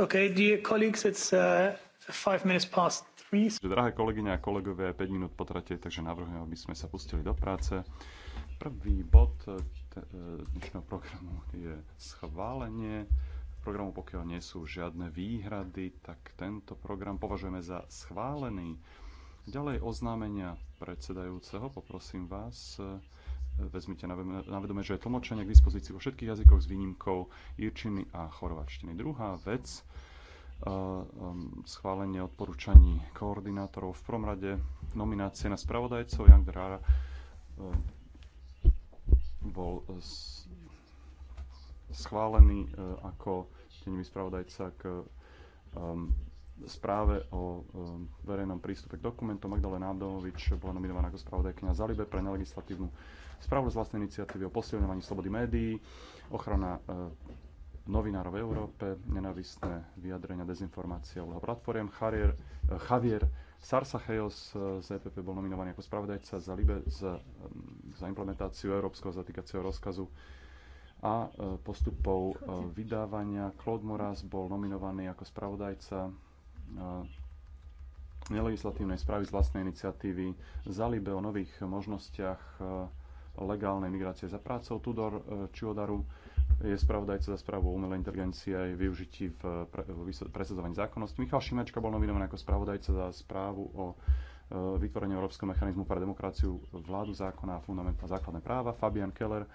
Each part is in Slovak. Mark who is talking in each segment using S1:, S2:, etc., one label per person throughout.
S1: Okay, dear colleagues, it's uh, five minutes past three. Drahé kolegyne a kolegové, 5 minút trate, takže navrhujem, aby sme sa pustili do práce. Prvý bod e, e, dnešného programu je schválenie programu, pokiaľ nie sú žiadne výhrady, tak tento program považujeme za schválený. Ďalej oznámenia predsedajúceho, poprosím vás, e, vezmite na vedomie, že je tlmočenie k dispozícii vo všetkých jazykoch s výnimkou írčiny a chorvačtiny. Druhá vec, eh, schválenie odporúčaní koordinátorov v prvom rade nominácie na spravodajcov Jan Drára eh, bol eh, schválený ako tenimi spravodajca k správe o verejnom prístupe k dokumentu. Magdalena Abdomovič bola nominovaná ako spravodajkňa Zalibe pre nelegislatívnu správu z vlastnej iniciatívy o posilňovaní slobody médií, ochrana e, novinárov v Európe, nenavistné vyjadrenia, dezinformácia, alebo platform. Javier, e, Javier Sarsachejos e, z EPP bol nominovaný ako spravodajca za, Libe, za, za implementáciu európskeho zatýkacieho rozkazu a postupov vydávania. Claude Moraz bol nominovaný ako spravodajca nelegislatívnej správy z vlastnej iniciatívy za Libe o nových možnostiach legálnej migrácie za prácou. Tudor eh, Čiodaru je spravodajca za správu o umelej inteligencie aj využití v, v presadzovaní zákonnosti. Michal Šimečka bol nominovaný ako spravodajca za správu o eh, vytvorení Európskeho mechanizmu pre demokraciu, vládu zákona a fundamentálne základné práva. Fabian Keller eh,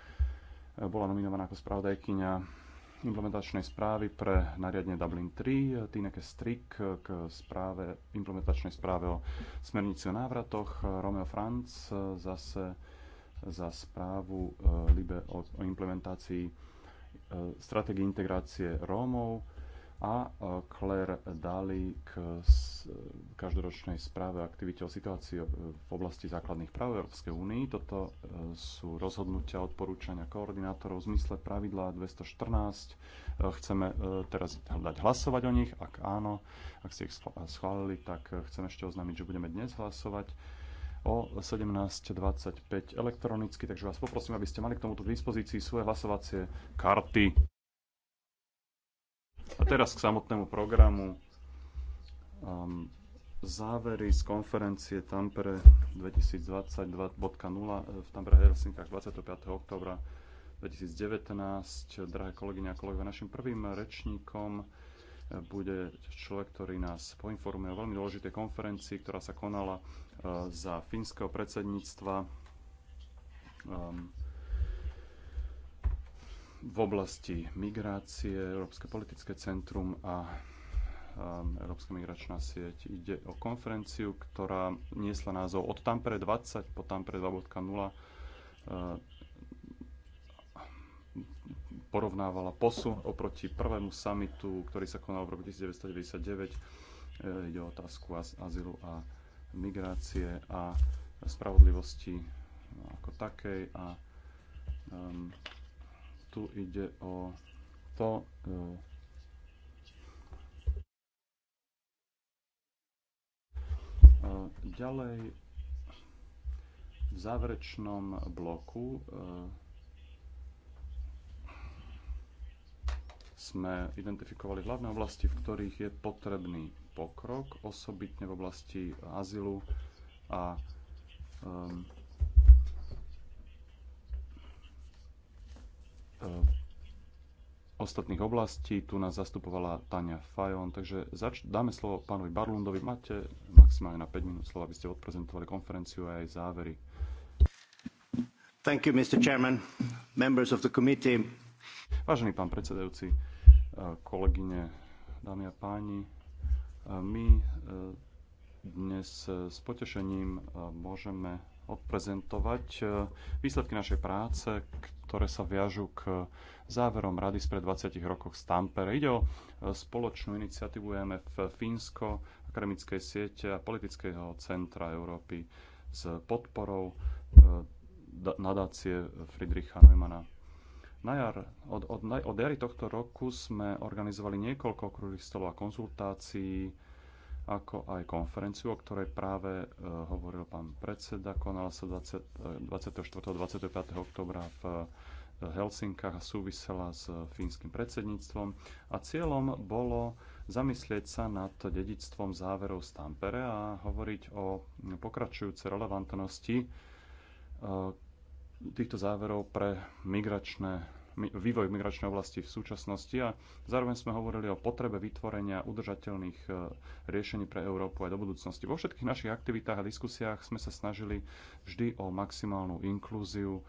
S1: bola nominovaná ako spravodajkyňa implementačnej správy pre nariadenie Dublin 3, Tineke Strik k správe, implementačnej správe o smernici o návratoch, Romeo Franz zase za správu e, Libe o, o implementácii e, stratégie integrácie Rómov a e, Claire Daly k každoročnej správe aktivite o situácii v oblasti základných práv Európskej únii. Toto sú rozhodnutia odporúčania koordinátorov v zmysle pravidla 214. Chceme teraz dať hlasovať o nich. Ak áno, ak ste ich schválili, tak chcem ešte oznámiť, že budeme dnes hlasovať o 17.25 elektronicky, takže vás poprosím, aby ste mali k tomuto k dispozícii svoje hlasovacie karty. A teraz k samotnému programu. Um, závery z konferencie Tampere 2022.0 e, v Tampere Helsinkách 25. oktobra 2019. Drahé kolegyne a kolegovia, našim prvým rečníkom e, bude človek, ktorý nás poinformuje o veľmi dôležitej konferencii, ktorá sa konala Eh, za fínskeho predsedníctva ehm, v oblasti migrácie, Európske politické centrum a ehm, Európska migračná sieť. Ide o konferenciu, ktorá niesla názov od Tampere 20 po Tampere 2.0 ehm, porovnávala posun oproti prvému samitu, ktorý sa konal v roku 1999. Eh, ide o otázku azylu a migrácie a spravodlivosti ako takej a um, tu ide o to, uh, Ďalej v záverečnom bloku uh, sme identifikovali hlavné oblasti, v ktorých je potrebný pokrok, osobitne v oblasti azylu a um, e, ostatných oblastí. Tu nás zastupovala Tania Fajon, takže zač- dáme slovo pánovi Barlundovi. Máte maximálne na 5 minút slova, aby ste odprezentovali konferenciu a aj závery. Thank you, Mr. Chairman, members of the committee. Vážený pán predsedajúci, e, kolegyne, dámy a páni, my e, dnes e, s potešením e, môžeme odprezentovať výsledky našej práce, ktoré sa viažu k záverom Rady spred 20 rokov z Tampere. Ide o spoločnú iniciatívu EMF Fínsko, akademickej siete a politického centra Európy s podporou nadácie Friedricha Neumana na jar, od, od, od jary tohto roku sme organizovali niekoľko okrúhlych stolov a konzultácií, ako aj konferenciu, o ktorej práve e, hovoril pán predseda. Konala sa 20, 24. 25. oktobra v e, Helsinkách a súvisela s e, fínskym predsedníctvom a cieľom bolo zamyslieť sa nad dedictvom záverov z Tampere a hovoriť o pokračujúcej relevantnosti týchto záverov pre migračné vývoj migračnej oblasti v súčasnosti a zároveň sme hovorili o potrebe vytvorenia udržateľných e, riešení pre Európu aj do budúcnosti. Vo všetkých našich aktivitách a diskusiách sme sa snažili vždy o maximálnu inklúziu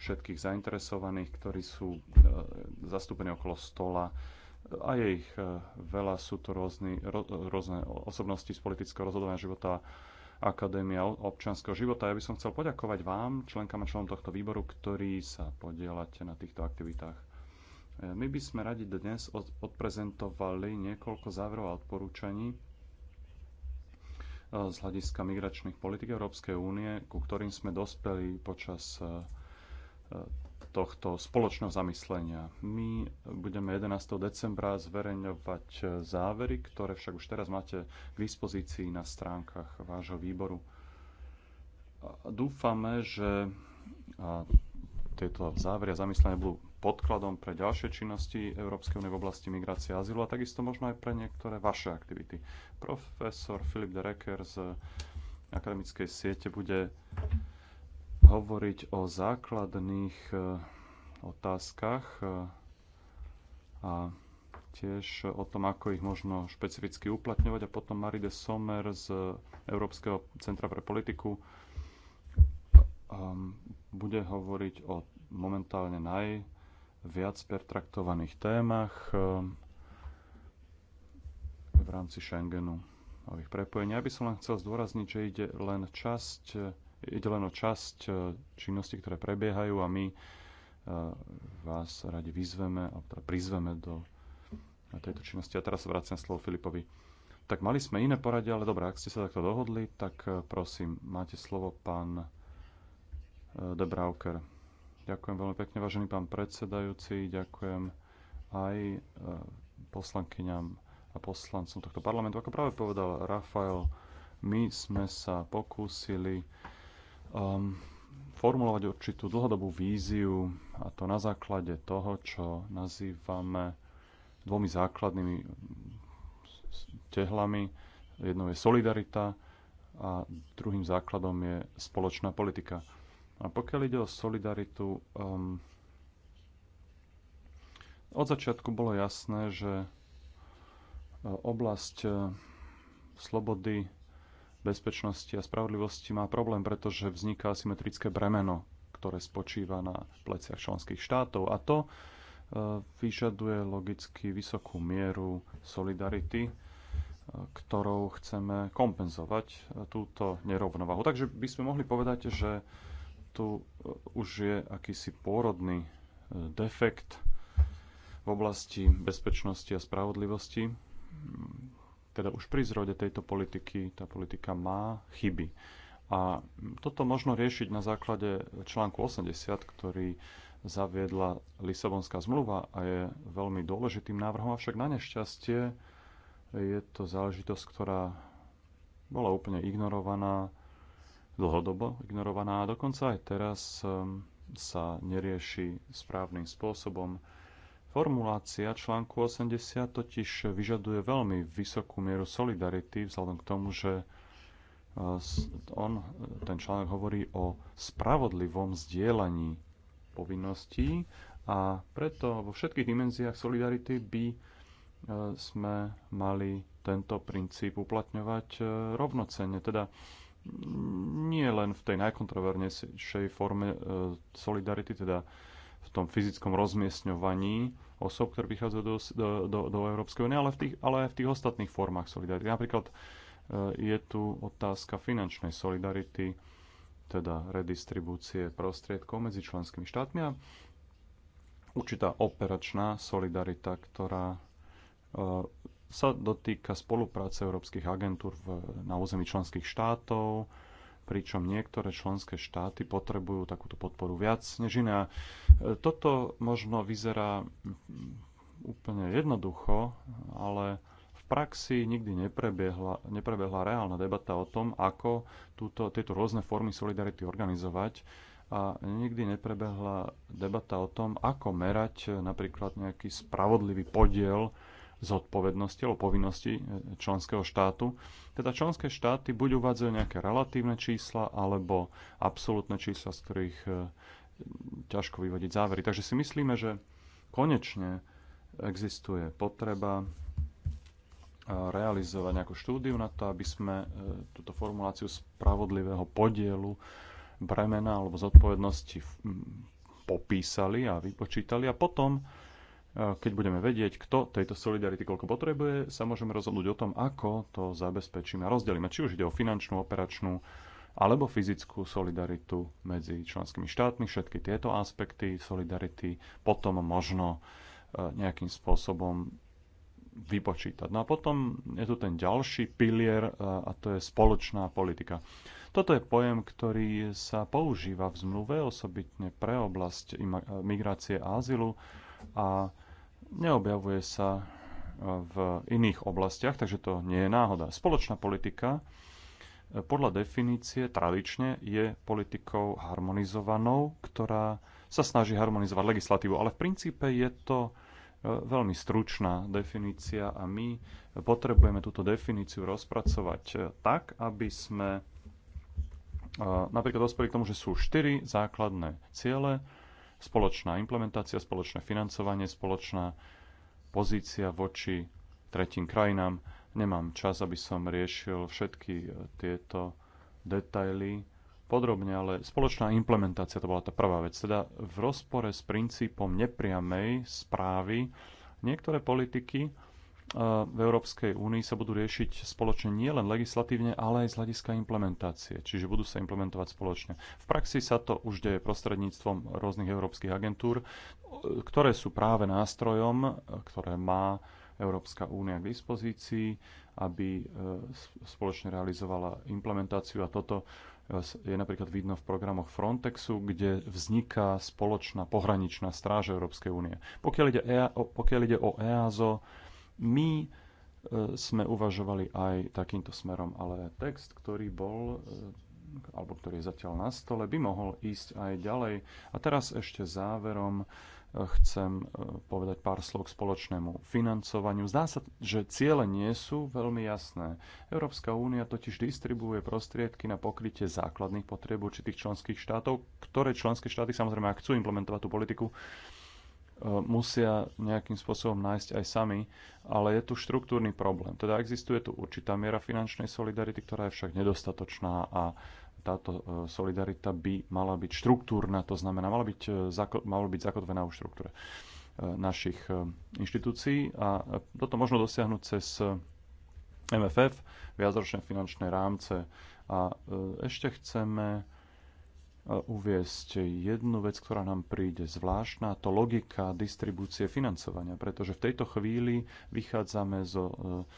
S1: všetkých zainteresovaných, ktorí sú e, zastúpení okolo stola a je ich e, veľa, sú to rôzny, rôzne osobnosti z politického rozhodovania života, Akadémia občanského života. Ja by som chcel poďakovať vám, členkám a členom tohto výboru, ktorí sa podielate na týchto aktivitách. E, my by sme radi dnes odprezentovali niekoľko záverov a odporúčaní e, z hľadiska migračných politik Európskej únie, ku ktorým sme dospeli počas e, tohto spoločného zamyslenia. My budeme 11. decembra zverejňovať závery, ktoré však už teraz máte k dispozícii na stránkach vášho výboru. Dúfame, že tieto závery a zamyslenia budú podkladom pre ďalšie činnosti Európskej únie v oblasti migrácie a azylu a takisto možno aj pre niektoré vaše aktivity. Profesor Filip de Recker z akademickej siete bude hovoriť o základných e, otázkach e, a tiež o tom, ako ich možno špecificky uplatňovať. A potom Maride Sommer z Európskeho centra pre politiku ehm, bude hovoriť o momentálne najviac pertraktovaných témach ehm, v rámci Schengenu o ich prepojení. Ja by som len chcel zdôrazniť, že ide len časť ide len o časť e, činnosti, ktoré prebiehajú a my e, vás radi vyzveme, alebo teda prizveme do tejto činnosti. A teraz vraciam slovo Filipovi. Tak mali sme iné poradie, ale dobré, ak ste sa takto dohodli, tak e, prosím, máte slovo pán Debrauker. Ďakujem veľmi pekne, vážený pán predsedajúci, ďakujem aj poslankyňam a poslancom tohto parlamentu. Ako práve povedal Rafael, my sme sa pokúsili um, formulovať určitú dlhodobú víziu a to na základe toho, čo nazývame dvomi základnými tehlami. Jednou je solidarita a druhým základom je spoločná politika. A pokiaľ ide o solidaritu, um, od začiatku bolo jasné, že e, oblasť e, slobody bezpečnosti a spravodlivosti má problém, pretože vzniká asymetrické bremeno, ktoré spočíva na pleciach členských štátov. A to e, vyžaduje logicky vysokú mieru solidarity, e, ktorou chceme kompenzovať e, túto nerovnovahu. Takže by sme mohli povedať, že tu už je akýsi pôrodný defekt v oblasti bezpečnosti a spravodlivosti, teda už pri zrode tejto politiky, tá politika má chyby. A toto možno riešiť na základe článku 80, ktorý zaviedla Lisabonská zmluva a je veľmi dôležitým návrhom, avšak na nešťastie je to záležitosť, ktorá bola úplne ignorovaná, dlhodobo ignorovaná a dokonca aj teraz ehm, sa nerieši správnym spôsobom. Formulácia článku 80 totiž vyžaduje veľmi vysokú mieru solidarity vzhľadom k tomu, že e, on, ten článok hovorí o spravodlivom zdieľaní povinností a preto vo všetkých dimenziách solidarity by e, sme mali tento princíp uplatňovať e, rovnocenne. Teda nie len v tej najkontrovernejšej forme solidarity, teda v tom fyzickom rozmiestňovaní osob, ktoré prichádzajú do, do, do, do Európskej únie, ale, ale aj v tých ostatných formách solidarity. Napríklad e, je tu otázka finančnej solidarity, teda redistribúcie prostriedkov medzi členskými štátmi a určitá operačná solidarita, ktorá e, sa dotýka spolupráce európskych agentúr v, na území členských štátov, pričom niektoré členské štáty potrebujú takúto podporu viac než iné. E, toto možno vyzerá úplne jednoducho, ale v praxi nikdy neprebehla, neprebehla reálna debata o tom, ako túto, tieto rôzne formy solidarity organizovať a nikdy neprebehla debata o tom, ako merať napríklad nejaký spravodlivý podiel zodpovednosti alebo povinnosti e, členského štátu. Teda členské štáty buď uvádzajú nejaké relatívne čísla alebo absolútne čísla, z ktorých e, ťažko vyvodiť závery. Takže si myslíme, že konečne existuje potreba e, realizovať nejakú štúdiu na to, aby sme túto formuláciu spravodlivého podielu bremena alebo zodpovednosti popísali a vypočítali a potom keď budeme vedieť, kto tejto solidarity koľko potrebuje, sa môžeme rozhodnúť o tom, ako to zabezpečíme a rozdelíme. Či už ide o finančnú, operačnú alebo fyzickú solidaritu medzi členskými štátmi. Všetky tieto aspekty solidarity potom možno e, nejakým spôsobom vypočítať. No a potom je tu ten ďalší pilier e, a to je spoločná politika. Toto je pojem, ktorý sa používa v zmluve osobitne pre oblasť e, migrácie a azylu a neobjavuje sa e, v iných oblastiach, takže to nie je náhoda. Spoločná politika e, podľa definície tradične je politikou harmonizovanou, ktorá sa snaží harmonizovať legislatívu, ale v princípe je to e, veľmi stručná definícia a my potrebujeme túto definíciu rozpracovať tak, aby sme napríklad dospeli k tomu, že sú štyri základné ciele, spoločná implementácia, spoločné financovanie, spoločná pozícia voči tretím krajinám. Nemám čas, aby som riešil všetky e, tieto detaily podrobne, ale spoločná implementácia to bola tá prvá vec. Teda v rozpore s princípom nepriamej správy niektoré politiky v Európskej únii sa budú riešiť spoločne nielen legislatívne, ale aj z hľadiska implementácie, čiže budú sa implementovať spoločne. V praxi sa to už deje prostredníctvom rôznych európskych agentúr, ktoré sú práve nástrojom, ktoré má Európska únia k dispozícii, aby e, spoločne realizovala implementáciu a toto e, je napríklad vidno v programoch Frontexu, kde vzniká spoločná pohraničná stráž Európskej únie. Pokiaľ ide, e o EASO, my e, sme uvažovali aj takýmto smerom, ale text, ktorý bol e, alebo ktorý je zatiaľ na stole, by mohol ísť aj ďalej. A teraz ešte záverom e, chcem povedať pár slov k spoločnému financovaniu. Zdá sa, že ciele nie sú veľmi jasné. Európska únia totiž distribuuje prostriedky na pokrytie základných potrieb určitých členských štátov, ktoré členské štáty samozrejme, ak chcú implementovať tú politiku, Eh, musia nejakým spôsobom nájsť aj sami, ale je tu štruktúrny problém. Teda existuje tu určitá miera finančnej solidarity, ktorá je však nedostatočná a táto eh, solidarita by mala byť štruktúrna, to znamená, mala byť, eh, mala byť zakotvená v štruktúre našich inštitúcií a toto možno dosiahnuť cez MFF, viacročné finančné rámce a ešte chceme uviesť jednu vec, ktorá nám príde zvláštna, to logika distribúcie financovania, pretože v tejto chvíli vychádzame zo, e,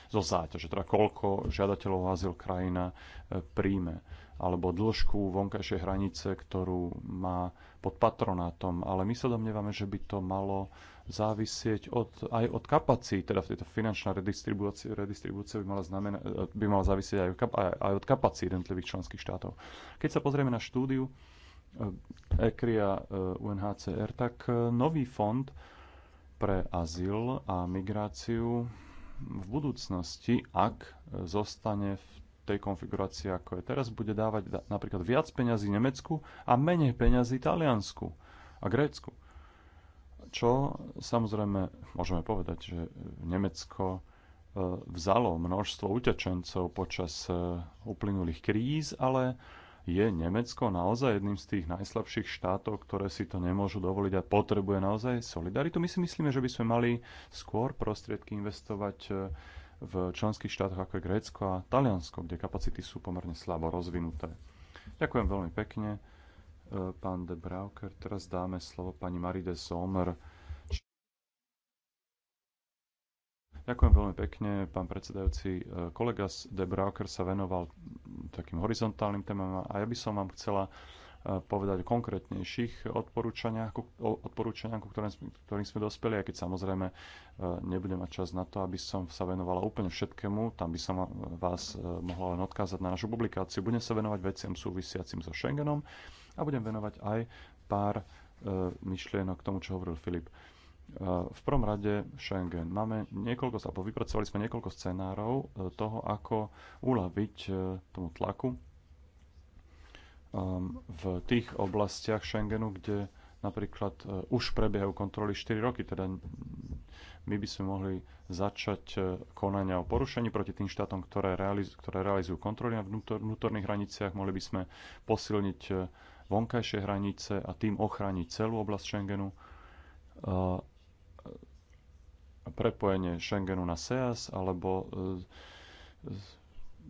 S1: zo záťaže, teda koľko žiadateľov azyl krajina e, príjme, alebo dĺžku vonkajšej hranice, ktorú má pod patronátom, ale my sa domnievame, že by to malo závisieť od, aj od kapacít, teda v tejto finančná redistribúcia, redistribúcia by, mala znamená e, by mala závisieť aj, aj od kapacít jednotlivých členských štátov. Keď sa pozrieme na štúdiu, ECRI a e, UNHCR, tak e, nový fond pre azyl a migráciu v budúcnosti, ak e, zostane v tej konfigurácii, ako je teraz, bude dávať napríklad viac peňazí Nemecku a menej peňazí Taliansku a Grécku. Čo samozrejme môžeme povedať, že Nemecko vzalo množstvo utečencov počas uplynulých kríz, ale je Nemecko naozaj jedným z tých najslabších štátov, ktoré si to nemôžu dovoliť a potrebuje naozaj solidaritu? My si myslíme, že by sme mali skôr prostriedky investovať e, v členských štátoch ako je Grécko a Taliansko, kde kapacity sú pomerne slabo rozvinuté. Ďakujem veľmi pekne, e, pán De Brauker. Teraz dáme slovo pani Maride Sommer Ďakujem veľmi pekne, pán predsedajúci. E, kolega De Brauker sa venoval takým horizontálnym témam a ja by som vám chcela e, povedať o konkrétnejších odporúčaniach, odporúčaniach ku ktorým, ktorým sme dospeli, aj keď samozrejme e, nebudem mať čas na to, aby som sa venovala úplne všetkému, tam by som vás mohla len odkázať na našu publikáciu. Budem sa venovať veciam súvisiacim so Schengenom a budem venovať aj pár myšlienok k tomu, čo hovoril Filip. V prvom rade Schengen. Máme niekoľko, alebo vypracovali sme niekoľko scenárov e, toho, ako uľaviť e, tomu tlaku e, v tých oblastiach Schengenu, kde napríklad už prebiehajú kontroly 4 roky, teda my by sme mohli začať konania o porušení proti tým štátom, ktoré, realiz- ktoré realizujú kontroly na vnútor- vnútorných hraniciach. Mohli by sme posilniť vonkajšie hranice a tým ochrániť celú oblasť Schengenu prepojenie Schengenu na SEAS alebo e,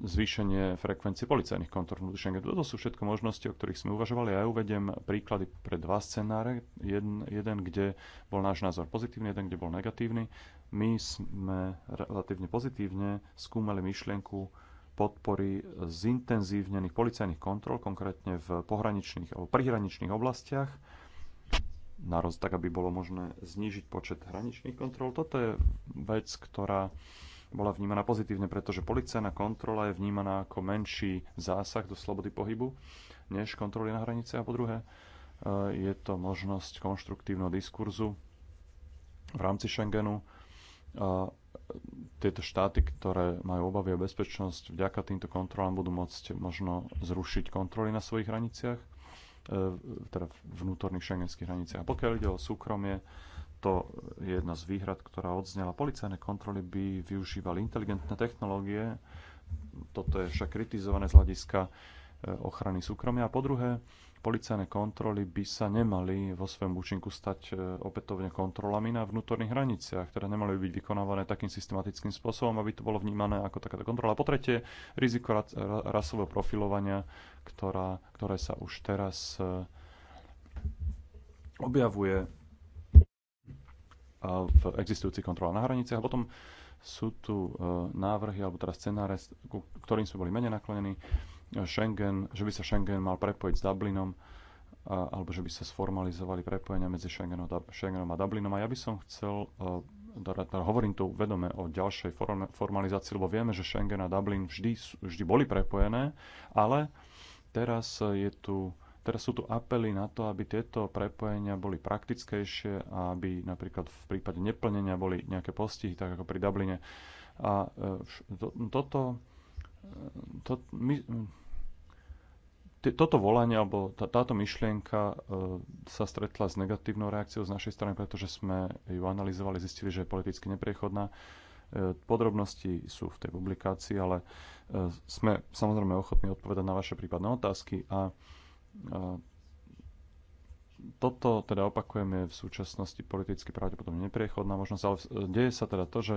S1: zvýšenie frekvencie policajných kontor vnútri Schengenu. Toto sú všetko možnosti, o ktorých sme uvažovali. Ja uvediem príklady pre dva scenáre. Jeden, jeden, kde bol náš názor pozitívny, jeden, kde bol negatívny. My sme relatívne pozitívne skúmali myšlienku podpory zintenzívnených policajných kontrol, konkrétne v pohraničných alebo prihraničných oblastiach, narost, tak aby bolo možné znížiť počet hraničných kontrol. Toto je vec, ktorá bola vnímaná pozitívne, pretože policajná kontrola je vnímaná ako menší zásah do slobody pohybu, než kontroly na hranice. A po druhé, e, je to možnosť konštruktívneho diskurzu v rámci Schengenu. E, tieto štáty, ktoré majú obavy o bezpečnosť, vďaka týmto kontrolám budú môcť možno zrušiť kontroly na svojich hraniciach E, teda vnútorných šengenských hraniciach. A pokiaľ ide o súkromie, to je jedna z výhrad, ktorá odznela. Policajné kontroly by využívali inteligentné technológie, toto je však kritizované z hľadiska e, ochrany súkromia. A po druhé, policajné kontroly by sa nemali vo svojom účinku stať e, opätovne kontrolami na vnútorných hraniciach, ktoré nemali by byť vykonávané takým systematickým spôsobom, aby to bolo vnímané ako takáto kontrola. Po tretie, riziko rasového profilovania, ktorá, ktoré sa už teraz e, objavuje e, v existujúcich kontrolách na hraniciach. A potom sú tu návrhy, alebo teraz scenáre, ktorým sme boli menej naklonení Schengen, že by sa Schengen mal prepojiť s Dublinom, alebo že by sa sformalizovali prepojenia medzi Schengenom, Schengenom a Dublinom. A ja by som chcel, e, teda, teda hovorím tu vedome o ďalšej formalizácii, lebo vieme, že Schengen a Dublin vždy, vždy boli prepojené, ale teraz, je tu, teraz sú tu apely na to, aby tieto prepojenia boli praktickejšie a aby napríklad v prípade neplnenia boli nejaké postihy, tak ako pri Dubline. A e, toto, e, to, my, toto volanie alebo tá, táto myšlienka e, sa stretla s negatívnou reakciou z našej strany, pretože sme ju analyzovali, zistili, že je politicky nepriechodná. E, podrobnosti sú v tej publikácii, ale e, sme samozrejme ochotní odpovedať na vaše prípadné otázky a e, toto teda opakujem je v súčasnosti politicky pravdepodobne nepriechodná možnosť, ale deje sa teda to, že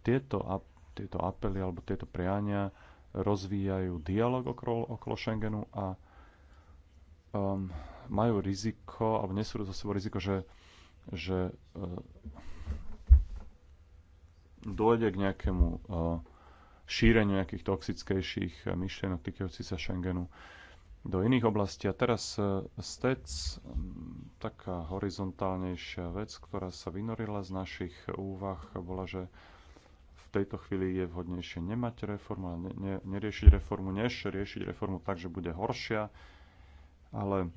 S1: tieto, ap, tieto apely alebo tieto priania rozvíjajú dialog okolo, okolo Schengenu a um, majú riziko, alebo nesú za sebou riziko, že, že uh, dojde k nejakému uh, šíreniu nejakých toxickejších myšlienok týkajúcich sa Schengenu do iných oblastí. A teraz uh, STEC, um, taká horizontálnejšia vec, ktorá sa vynorila z našich úvah, bola, že tejto chvíli je vhodnejšie nemať reformu a ne, ne, neriešiť reformu, než riešiť reformu tak, že bude horšia. Ale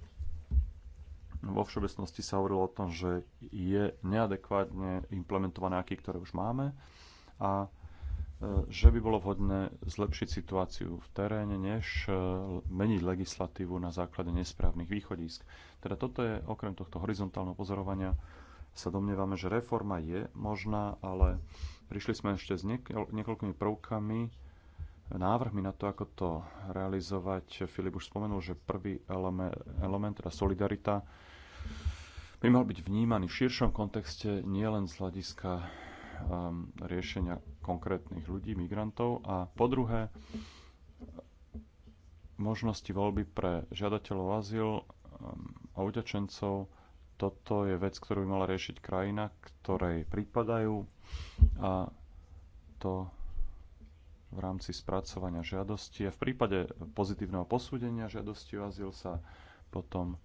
S1: vo všeobecnosti sa hovorilo o tom, že je neadekvátne implementované aký, ktoré už máme a e, že by bolo vhodné zlepšiť situáciu v teréne, než e, meniť legislatívu na základe nesprávnych východísk. Teda toto je okrem tohto horizontálneho pozorovania sa domnievame, že reforma je možná, ale Prišli sme ešte s niekoľkými prvkami, návrhmi na to, ako to realizovať. Filip už spomenul, že prvý element, element teda solidarita, by mal byť vnímaný v širšom kontexte nielen z hľadiska um, riešenia konkrétnych ľudí, migrantov a po druhé možnosti voľby pre žiadateľov azyl um, a utečencov. Toto je vec, ktorú by mala riešiť krajina, ktorej pripadajú a to v rámci spracovania žiadosti. A v prípade pozitívneho posúdenia žiadosti o azyl sa potom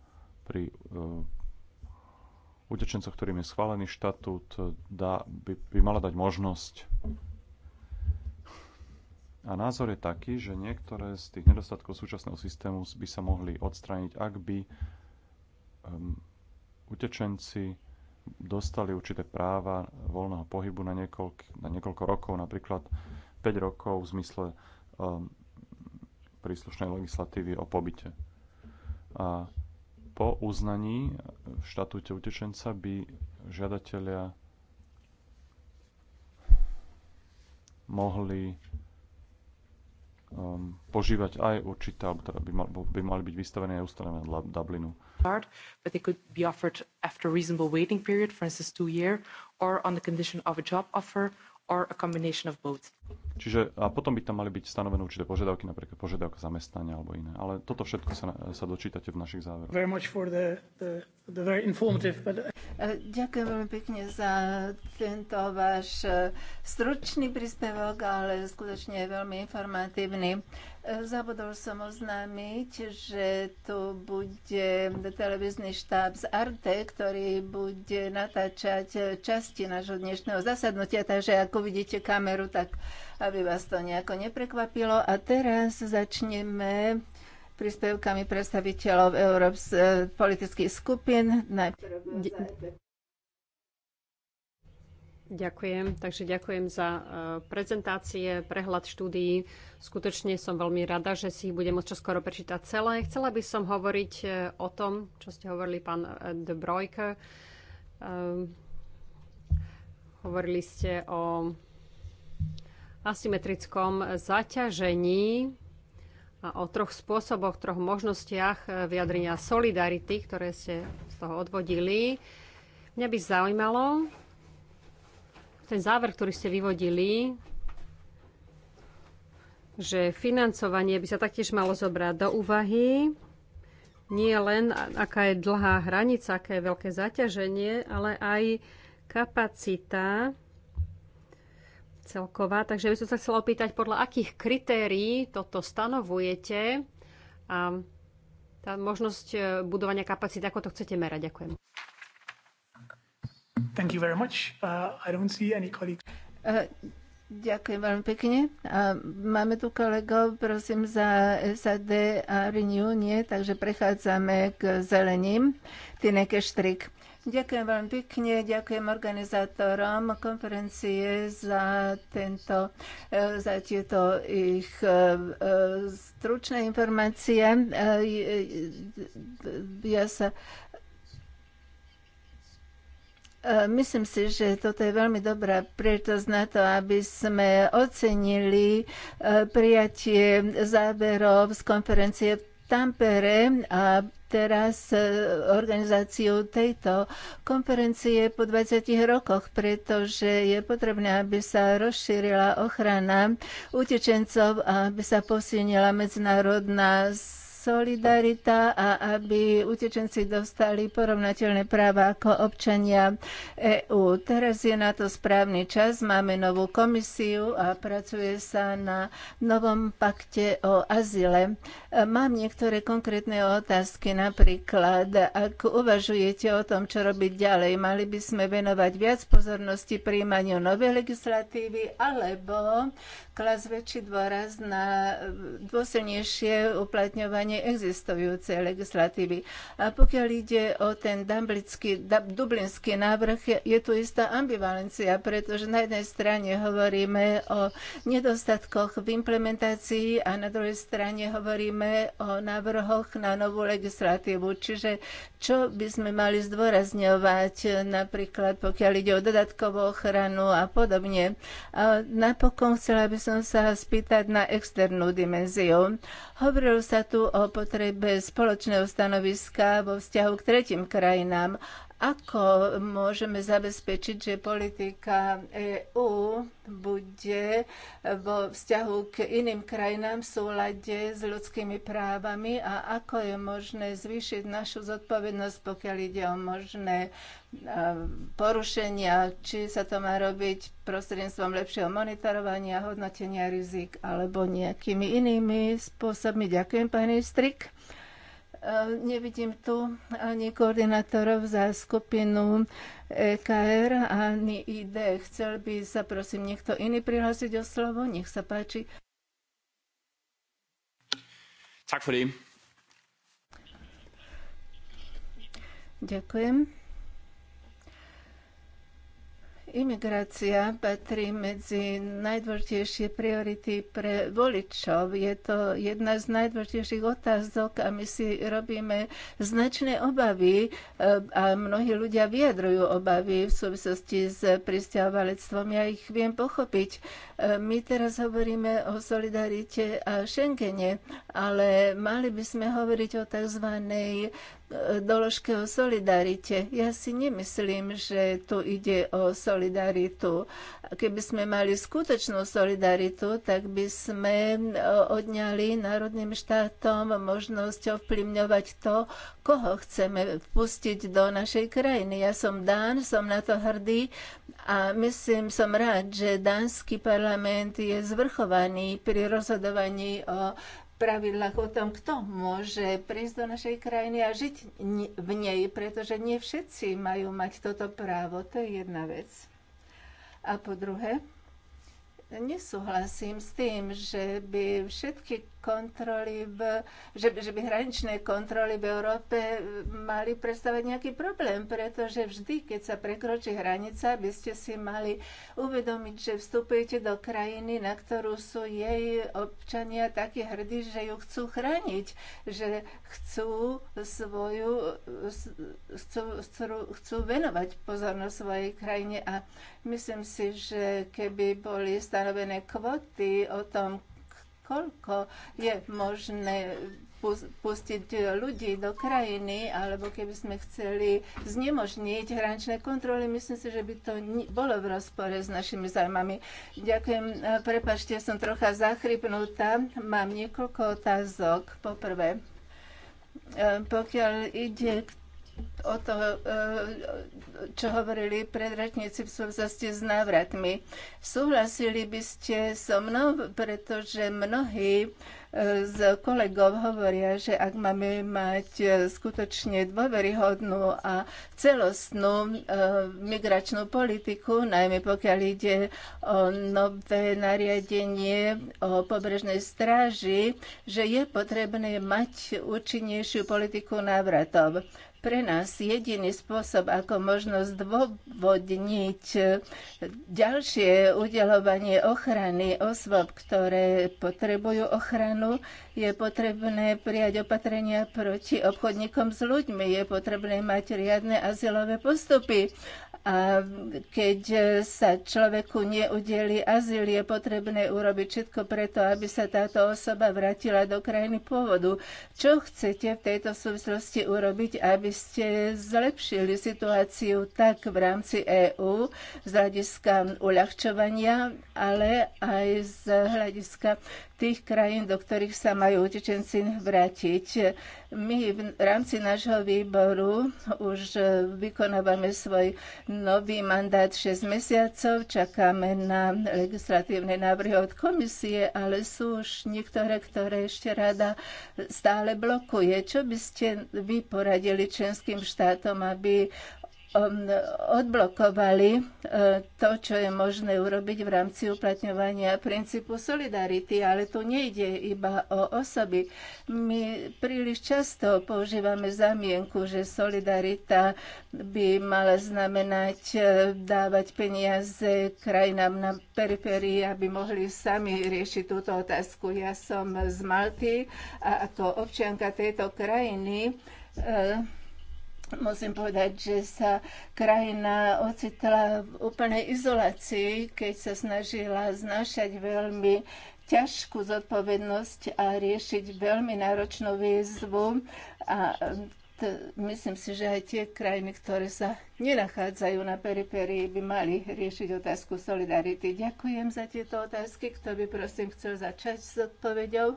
S1: pri uh, utečencoch, ktorým je schválený štatút, dá, by, by mala dať možnosť. A názor je taký, že niektoré z tých nedostatkov súčasného systému by sa mohli odstrániť, ak by um, utečenci dostali určité práva voľného pohybu na, niekoľk, na niekoľko rokov, napríklad 5 rokov v zmysle um, príslušnej legislatívy o pobyte. A po uznaní v štatúte utečenca by žiadatelia mohli um, požívať aj určité, alebo teda by, mal, by mali byť vystavené aj ustanovené Dublinu. but they could be offered after a reasonable waiting period, for instance two year, or on the condition of a job offer, or a combination of both. Čiže a potom by tam mali byť stanovené určité požiadavky, napríklad požiadavka zamestnania alebo iné. Ale toto všetko sa, sa dočítate v našich záveroch.
S2: Very
S3: much for the, the, the very informative, but...
S2: Uh, Ďakujem veľmi pekne za tento váš uh, stručný príspevok, ale skutočne je veľmi informatívny. Zabudol som oznámiť, že tu bude televízny štáb z Arte, ktorý bude natáčať časti nášho dnešného zasadnutia, takže ak uvidíte kameru, tak aby vás to nejako neprekvapilo. A teraz začneme príspevkami predstaviteľov Európs politických skupín. Najprv Ďakujem.
S4: Takže ďakujem za e, prezentácie, prehľad štúdií. Skutočne som veľmi rada, že si ich budem môcť skoro prečítať celé. Chcela by som hovoriť e, o tom, čo ste hovorili, pán e, De Brojke. hovorili ste o asymetrickom zaťažení a o troch spôsoboch, troch možnostiach vyjadrenia solidarity, ktoré ste z toho odvodili. Mňa by zaujímalo, ten záver, ktorý ste vyvodili, že financovanie by sa taktiež malo zobrať do úvahy, nie len aká je dlhá hranica, aké je veľké zaťaženie, ale aj kapacita celková. Takže by som sa chcela opýtať, podľa akých kritérií toto stanovujete a tá možnosť eh, budovania kapacity, ako to
S2: chcete merať. Ďakujem.
S1: Thank you very much. Uh, I don't see any colleagues.
S2: Uh, Ďakujem veľmi pekne. A máme tu kolego, prosím, za SAD a Renew, nie, takže prechádzame k zeleným. Tineke Štrik. Ďakujem veľmi pekne, ďakujem organizátorom konferencie za, tento, eh, za tieto ich eh, eh, stručné informácie. Ja sa E, myslím si, že toto je veľmi dobrá príležitosť na to, aby sme ocenili e, prijatie záverov z konferencie v Tampere a teraz e, organizáciu tejto konferencie po 20 rokoch, pretože je potrebné, aby sa rozšírila ochrana utečencov a aby sa posilnila medzinárodná solidarita a aby utečenci dostali porovnateľné práva ako občania EÚ. Teraz je na to správny čas, máme novú komisiu a pracuje sa na novom pakte o azile. Mám niektoré konkrétne otázky, napríklad, ak uvažujete o tom, čo robiť ďalej, mali by sme venovať viac pozornosti príjmaniu novej legislatívy alebo klas väčší dôraz na dôsilnejšie uplatňovanie neexistujúcej legislatívy. A pokiaľ ide o ten dublinský návrh, je tu istá ambivalencia, pretože na jednej strane hovoríme o nedostatkoch v implementácii a na druhej strane hovoríme o návrhoch na novú legislatívu. Čiže čo by sme mali zdôrazňovať, napríklad pokiaľ ide o dodatkovú ochranu a podobne. A napokon chcela by som sa spýtať na externú dimenziu. Hovorilo sa tu o o potrebe spoločného stanoviska vo vzťahu k tretím krajinám. Ako môžeme zabezpečiť, že politika EÚ bude vo vzťahu k iným krajinám v súlade s ľudskými právami a ako je možné zvýšiť našu zodpovednosť, pokiaľ ide o možné e, porušenia, či sa to má robiť prostredníctvom lepšieho monitorovania, hodnotenia rizik alebo nejakými inými spôsobmi. Ďakujem, pani Strik. E, nevidím tu ani koordinátorov za skupinu EKR ani ID. Chcel by sa prosím niekto iný prihlásiť o slovo? Nech sa páči. Tak for Ďakujem. Imigrácia patrí medzi najdôležitejšie priority pre voličov. Je to jedna z najdôležitejších otázok a my si robíme značné obavy e, a mnohí ľudia vyjadrujú obavy v súvislosti s pristahovalectvom. Ja ich viem pochopiť. My teraz hovoríme o solidarite a Schengene, ale mali by sme hovoriť o tzv e, doložke o solidarite. Ja si nemyslím, že tu ide o solidaritu. Keby sme mali skutočnú solidaritu, tak by sme e, odňali národným štátom možnosť ovplyvňovať to, koho chceme vpustiť do našej krajiny. Ja som Dán, som na to hrdý a myslím, som rád, že dánsky parlament je zvrchovaný pri rozhodovaní o pravidlách o tom, kto môže prísť do našej krajiny a žiť v nej, pretože nie všetci majú mať toto právo. To je jedna vec. A po druhé, nesúhlasím s tým, že by všetky kontroly v, že, že by hraničné kontroly v Európe e, mali predstavať nejaký problém, pretože vždy, keď sa prekročí hranica, by ste si mali uvedomiť, že vstupujete do krajiny, na ktorú sú jej občania takí hrdí, že ju chcú chrániť, že chcú svoju, chcú, chcú, chcú venovať pozornosť svojej krajine a myslím si, že keby boli stanovené kvoty o tom, koľko je možné pustiť ľudí do krajiny, alebo keby sme chceli znemožniť hraničné kontroly, myslím si, že by to bolo v rozpore s našimi zájmami. Ďakujem, e, prepačte, som trocha zachrypnutá. Mám niekoľko otázok. Poprvé, e, pokiaľ ide k o to, e, čo hovorili predratníci v súvislosti s návratmi. Súhlasili by ste so mnou, pretože mnohí e, z kolegov hovoria, že ak máme mať e, skutočne dôveryhodnú a celostnú migračnú politiku, najmä pokiaľ ide o nové nariadenie o pobrežnej stráži, že je potrebné mať účinnejšiu politiku návratov. Pre nás jediný spôsob, ako možno zdôvodniť ďalšie udelovanie ochrany osôb, ktoré potrebujú ochranu, je potrebné prijať opatrenia proti obchodníkom s ľuďmi, je potrebné mať riadne azylové postupy a keď sa človeku neudeli azyl, je potrebné urobiť všetko preto, aby sa táto osoba vrátila do krajiny pôvodu. Čo chcete v tejto súvislosti urobiť, aby ste zlepšili situáciu tak v rámci EÚ z hľadiska uľahčovania, ale aj z hľadiska tých krajín, do ktorých sa majú utečenci vrátiť. My v rámci nášho výboru už vykonávame svoj nový mandát 6 mesiacov, čakáme na legislatívne návrhy od komisie, ale sú už niektoré, ktoré ešte rada stále blokuje. Čo by ste vy poradili členským štátom, aby odblokovali eh, to, čo je možné urobiť v rámci uplatňovania princípu solidarity, ale tu nejde iba o osoby. My príliš často používame zamienku, že solidarita by mala znamenať eh, dávať peniaze krajinám na periférii, aby mohli sami riešiť túto otázku. Ja som z Malty a ako občianka tejto krajiny eh, Musím povedať, že sa krajina ocitla v úplnej izolácii, keď sa snažila znašať veľmi ťažkú zodpovednosť a riešiť veľmi náročnú výzvu. A myslím si, že aj tie krajiny, ktoré sa nenachádzajú na periférii, by mali riešiť otázku solidarity. Ďakujem za tieto otázky. Kto by prosím chcel začať s odpovedou?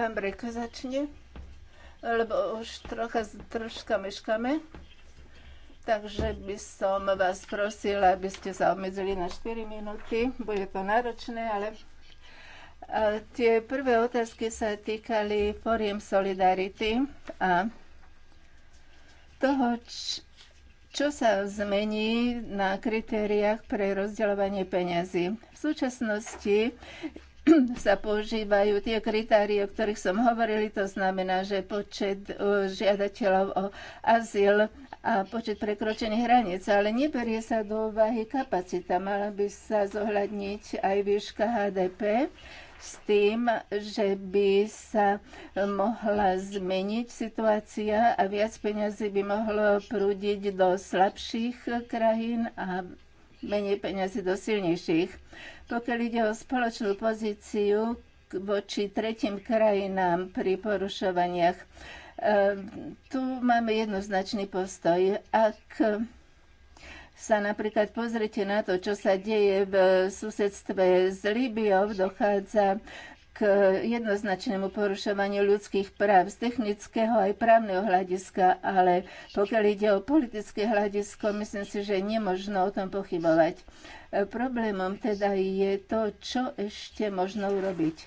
S2: Pán Breko začne, lebo už trocha, troška meškáme. Takže by som vás prosila, aby ste sa obmedzili na 4 minúty. Bude to náročné, ale a tie prvé otázky sa týkali foriem solidarity a toho, čo sa zmení na kritériách pre rozdeľovanie peňazí. V súčasnosti sa používajú tie kritérie, o ktorých som hovorili, to znamená, že počet e, žiadateľov o azyl a počet prekročených hraníc, ale neberie sa do úvahy kapacita. Mala by sa zohľadniť aj výška HDP s tým, že by sa mohla zmeniť situácia a viac peňazí by mohlo prúdiť do slabších krajín a menej peniazy do silnejších. Pokiaľ ide o spoločnú pozíciu voči tretím krajinám pri porušovaniach, e, tu máme jednoznačný postoj. Ak sa napríklad pozrite na to, čo sa deje v susedstve s Líbiou, dochádza k eh, jednoznačnému porušovaniu ľudských práv z technického aj právneho hľadiska, ale pokiaľ ide o politické hľadisko, myslím si, že nemožno o tom pochybovať. Eh, problémom teda je to, čo ešte možno urobiť.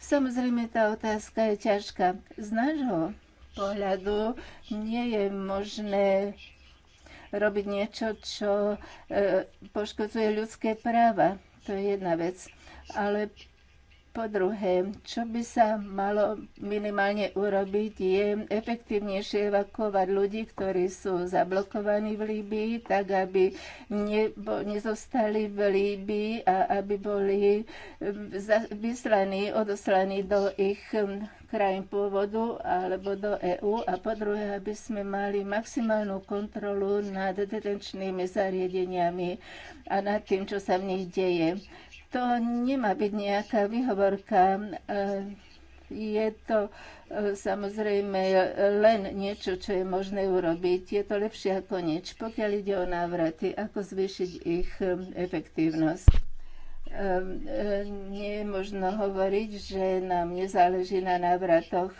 S2: Samozrejme, tá otázka je ťažká. Z nášho pohľadu nie je možné robiť niečo, čo eh, poškodzuje ľudské práva. To je jedna vec. Ale po druhé, čo by sa malo minimálne urobiť, je efektívnejšie evakuovať ľudí, ktorí sú zablokovaní v Líbii, tak aby nebo, nezostali v Líbii a aby boli um, vyslaní, odoslaní do ich um, krajín pôvodu alebo do EÚ a po druhé, aby sme mali maximálnu kontrolu nad detenčnými zariadeniami a nad tým, čo sa v nich deje to nemá byť nejaká vyhovorka. E, je to e, samozrejme len niečo, čo je možné urobiť. Je to lepšie ako nič, pokiaľ ide o návraty, ako zvýšiť ich e, efektívnosť nie je možno hovoriť, že nám nezáleží na návratoch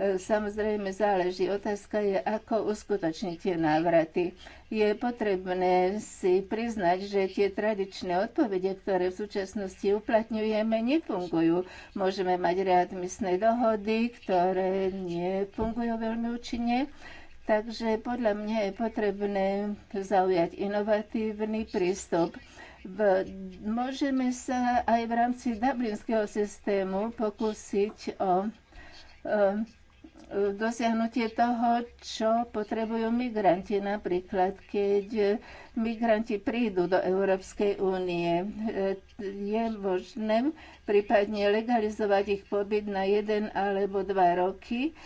S2: E, samozrejme záleží. Otázka je, ako uskutočniť tie návraty. Je potrebné si priznať, že tie tradičné odpovede, ktoré v súčasnosti uplatňujeme, nefungujú. Môžeme mať readmisné dohody, ktoré nefungujú veľmi účinne. Takže podľa mňa je potrebné zaujať inovatívny prístup. V, môžeme sa aj v rámci dublinského systému pokúsiť o, o e, dosiahnutie toho, čo potrebujú migranti. Napríklad, keď migranti prídu do Európskej únie, je možné prípadne legalizovať ich pobyt na jeden alebo dva roky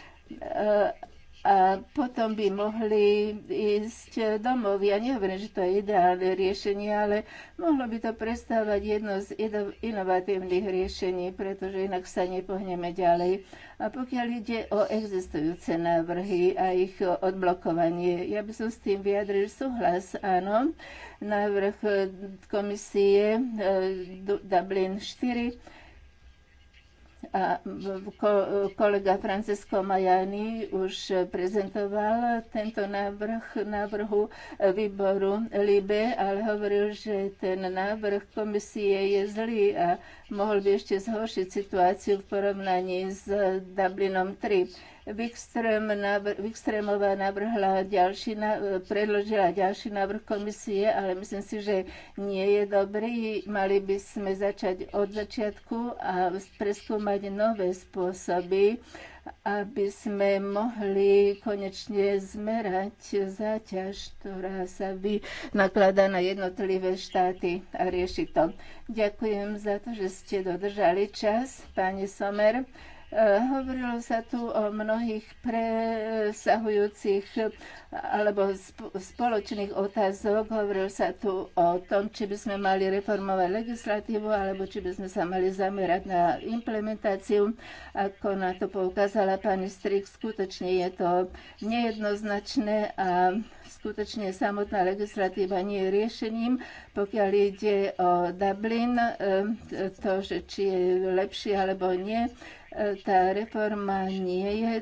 S2: a potom by mohli ísť domov. Ja nehovorím, že to je ideálne riešenie, ale mohlo by to prestávať jedno z inovatívnych riešení, pretože inak sa nepohneme ďalej. A pokiaľ ide o existujúce návrhy a ich odblokovanie, ja by som s tým vyjadril súhlas, áno. Návrh komisie eh, Dublin 4 a kolega Francesco Majani už prezentoval tento návrh návrhu výboru LIBE, ale hovoril, že ten návrh komisie je zlý a mohol by ešte zhoršiť situáciu v porovnaní s Dublinom 3. Wikströmová navrhla ďalší, predložila ďalší návrh komisie, ale myslím si, že nie je dobrý. Mali by sme začať od začiatku a preskúmať nové spôsoby, aby sme mohli konečne zmerať záťaž, ktorá sa vynakladá na jednotlivé štáty a rieši to. Ďakujem za to, že ste dodržali čas, pani Somer. Hovorilo sa tu o mnohých presahujúcich alebo spoločných otázok. Hovorilo sa tu o tom, či by sme mali reformovať legislatívu alebo či by sme sa mali zamerať na implementáciu. Ako na to poukázala pani Strik, skutočne je to nejednoznačné a skutočne samotná legislatíva nie je riešením. Pokiaľ ide o Dublin, e, to, že či je lepšie alebo nie, e, tá reforma nie je,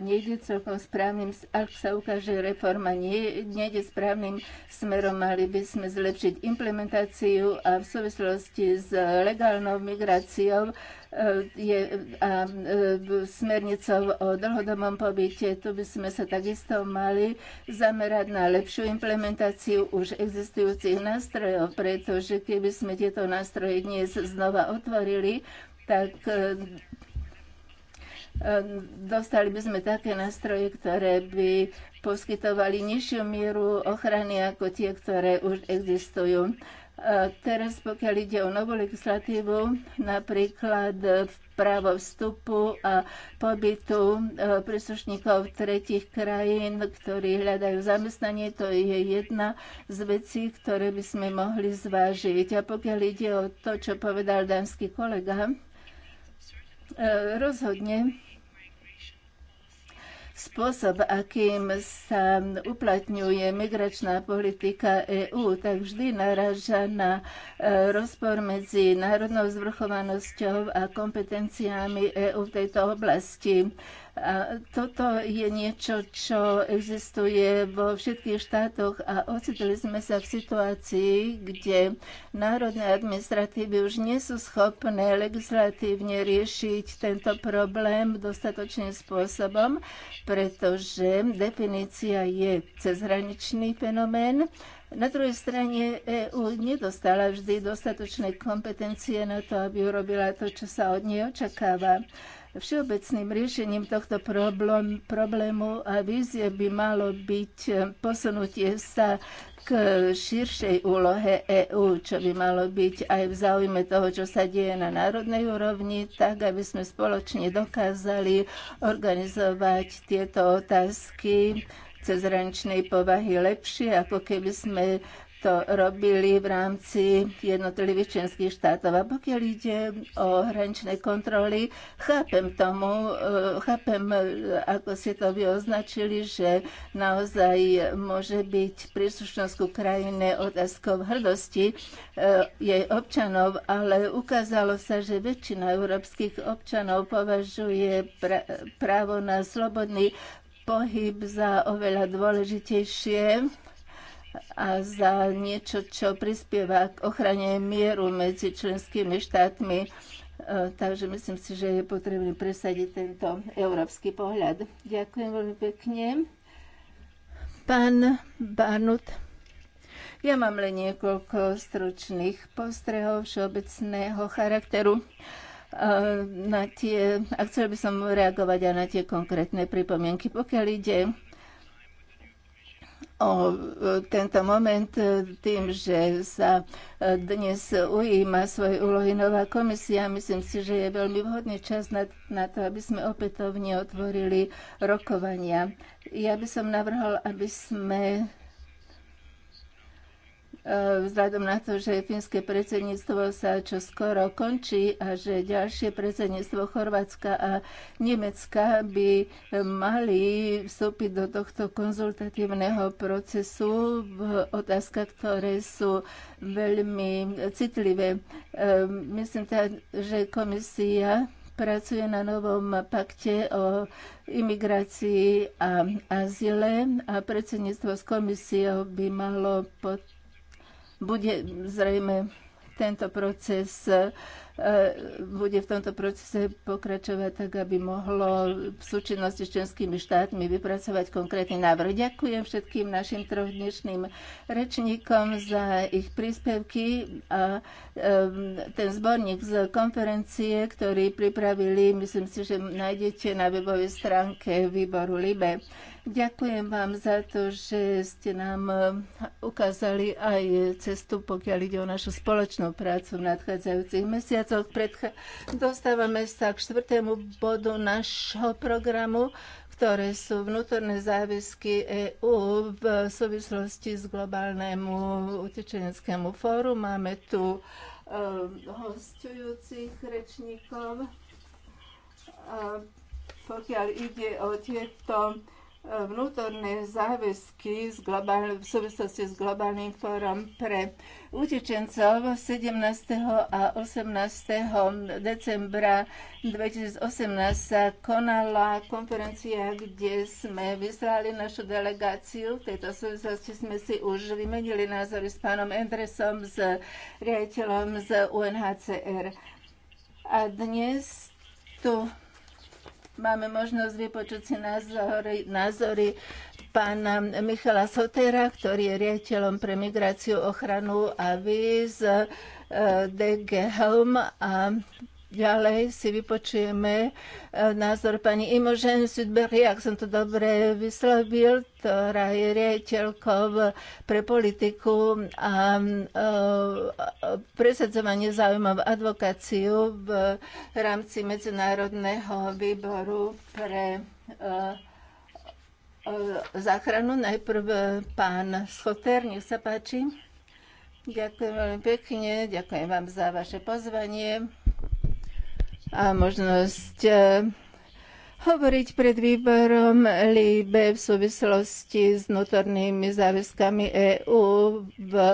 S2: nejde celkom správnym, ak sa ukáže, reforma nie, nejde správnym smerom, mali by sme zlepšiť implementáciu a v súvislosti s legálnou migráciou E, je a e, smernica o dlhodobom pobyte. Tu by sme sa takisto mali zamerať na lepšiu implementáciu už existujúcich nástrojov, pretože keby sme tieto nástroje dnes znova otvorili, tak e, dostali by sme také nástroje, ktoré by poskytovali nižšiu mieru ochrany ako tie, ktoré už existujú. Teraz, pokiaľ ide o novú legislatívu, napríklad právo vstupu a pobytu e, príslušníkov tretich krajín, ktorí hľadajú zamestnanie. To je jedna z vecí, ktoré by sme mohli zvážiť. A pokiaľ ide o to, čo povedal dánsky kolega, e, rozhodne spôsob, akým sa uplatňuje migračná politika EÚ, tak vždy naraža na e, rozpor medzi národnou zvrchovanosťou a kompetenciami EÚ v tejto oblasti. Toto je niečo, čo existuje vo všetkých štátoch a ocitli sme sa v situácii, kde národné administratívy už nie sú schopné legislatívne riešiť tento problém dostatočným spôsobom, pretože definícia je cezhraničný fenomén na druhej strane EU nedostala vždy dostatočné kompetencie na to, aby urobila to, čo sa od nej očakáva. Všeobecným riešením tohto problém, problému a vízie by malo byť posunutie sa k širšej úlohe EÚ, čo by malo byť aj v záujme toho, čo sa deje na národnej úrovni, tak aby sme spoločne dokázali organizovať tieto otázky cezraničnej povahy lepšie, ako keby sme to robili v rámci jednotlivých členských štátov. A pokiaľ ide o hraničné kontroly, chápem tomu, e, chápem, e, ako ste to vy označili, že naozaj môže byť príslušnosť ku krajine otázkou hrdosti e, jej občanov, ale ukázalo sa, že väčšina európskych občanov považuje právo na slobodný pohyb za oveľa dôležitejšie a za niečo, čo prispieva k ochrane mieru medzi členskými štátmi. E, takže myslím si, že je potrebné presadiť tento európsky pohľad. Ďakujem veľmi pekne. Pán Barnut, ja mám len niekoľko stručných postrehov všeobecného charakteru e, na tie, a chcel by som reagovať aj na tie konkrétne pripomienky. Pokiaľ ide o tento moment e, tým, že sa e, dnes ujíma svoje úlohy nová komisia. Myslím si, že je veľmi vhodný čas na, na to, aby sme opätovne otvorili rokovania. Ja by som navrhol, aby sme E, vzhľadom na to, že fínske predsedníctvo sa čo skoro končí a že ďalšie predsedníctvo Chorvátska a Nemecka by mali vstúpiť do tohto konzultatívneho procesu v otázkach, ktoré sú veľmi citlivé. E, myslím teda, že komisia pracuje na novom pakte o imigrácii a azile a predsedníctvo s komisiou by malo potom bude zrejme tento proces e, bude v tomto procese pokračovať tak, aby mohlo v súčinnosti s členskými štátmi vypracovať konkrétny návrh. Ďakujem všetkým našim troch dnešným rečníkom za ich príspevky a e, ten zborník z konferencie, ktorý pripravili, myslím si, že nájdete na webovej stránke výboru LIBE. Ďakujem vám za to, že ste nám e, ukázali aj cestu, pokiaľ ide o našu spoločnú prácu v nadchádzajúcich mesiacoch. Predcha- dostávame sa k štvrtému bodu našho programu, ktoré sú vnútorné záväzky EÚ v súvislosti s globálnemu utečeneckému fóru. Máme tu uh, hostujúcich rečníkov. Uh, pokiaľ ide o tieto vnútorné záväzky z globál, v súvislosti s globálnym fórom pre utečencov 17. a 18. decembra 2018 sa konala konferencia, kde sme vyslali našu delegáciu. V tejto súvislosti sme si už vymenili názory s pánom Endresom, s riaditeľom z UNHCR. A dnes tu máme možnosť vypočuť si názory, názory pána Michala Sotera, ktorý je riaditeľom pre migráciu, ochranu a víz eh, DG Helm a Ďalej si vypočujeme e, názor pani Imogen Sudberry, ak som to dobre vyslovil, ktorá je riaditeľkou pre politiku a e, presadzovanie záujmov advokáciu v rámci Medzinárodného výboru pre e, záchranu. Najprv pán Schoter, nech sa páči. Ďakujem veľmi pekne, ďakujem vám za vaše pozvanie a možnosť e, hovoriť pred výborom LIBE v súvislosti s vnútornými záväzkami EÚ e,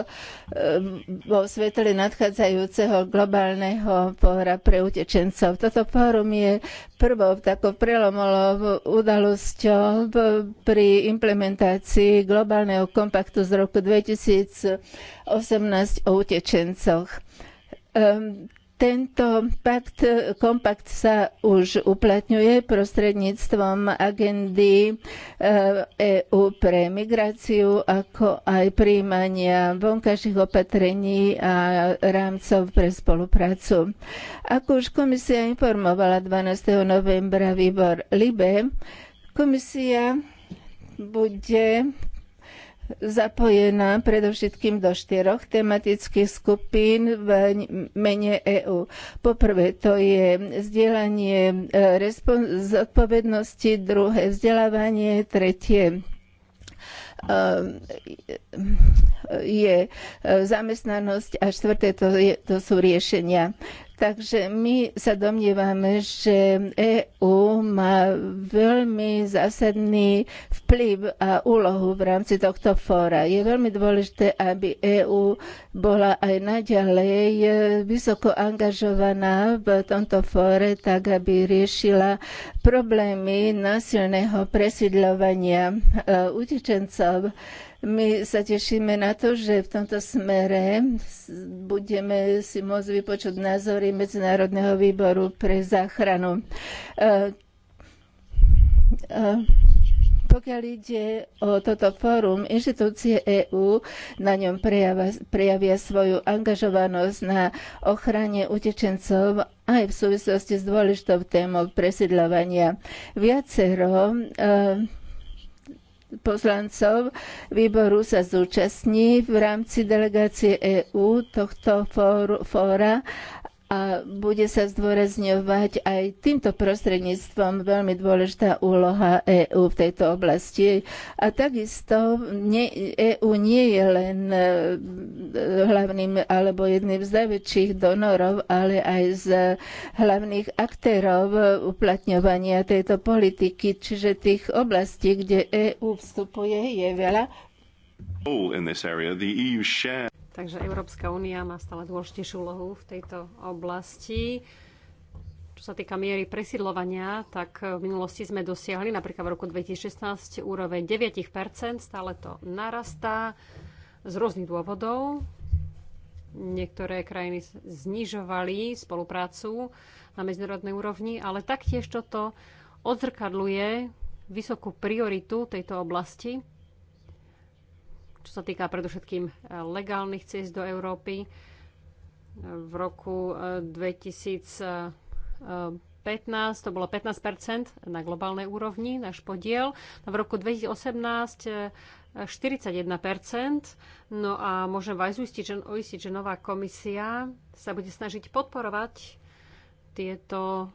S2: vo svetle nadchádzajúceho globálneho pohra pre utečencov. Toto fórum je prvou takou prelomolou udalosťou pri implementácii globálneho kompaktu z roku 2018 o utečencoch ehm, tento pakt, kompakt sa už uplatňuje prostredníctvom agendy EU eh, e pre migráciu, ako aj príjmania vonkajších opatrení a rámcov pre spoluprácu. Ako už komisia informovala 12. novembra výbor LIBE, komisia bude zapojená predovšetkým do štyroch tematických skupín v mene EÚ. Poprvé to je zdieľanie e, zodpovednosti, druhé vzdelávanie, tretie e, je e, zamestnanosť a štvrté to, je, to sú riešenia Takže my sa domnievame, že EÚ má veľmi zásadný vplyv a úlohu v rámci tohto fóra. Je veľmi dôležité, aby EÚ bola aj naďalej vysoko angažovaná v tomto fóre, tak aby riešila problémy násilného presídľovania e, utečencov. My sa tešíme na to, že v tomto smere budeme si môcť vypočuť názory Medzinárodného výboru pre záchranu. E, e, pokiaľ ide o toto fórum, inštitúcie EÚ na ňom prejavia svoju angažovanosť na ochrane utečencov aj v súvislosti s dôležitou témou presidľovania. Viacero uh, poslancov výboru sa zúčastní v rámci delegácie EÚ tohto fóra a bude sa zdôrazňovať aj týmto prostredníctvom veľmi dôležitá úloha EÚ v tejto oblasti. A takisto EÚ e nie je len e, hlavným alebo jedným z najväčších donorov, ale aj z hlavných aktérov uplatňovania tejto politiky, čiže tých oblastí, kde EÚ vstupuje, je veľa.
S4: Takže Európska únia má stále dôležitejšiu úlohu v tejto oblasti. Čo sa týka miery presidlovania, tak v minulosti sme dosiahli napríklad v roku 2016 úroveň 9 stále to narastá z rôznych dôvodov. Niektoré krajiny znižovali spoluprácu na medzinárodnej úrovni, ale taktiež toto odzrkadluje vysokú prioritu tejto oblasti čo sa týka predovšetkým eh, legálnych ciest do Európy. Eh, v roku 2015 eh, to bolo 15 na globálnej úrovni, náš podiel. V roku 2018 41 No a môžem vás uistiť, že, uistiť, že nová komisia sa bude snažiť podporovať tieto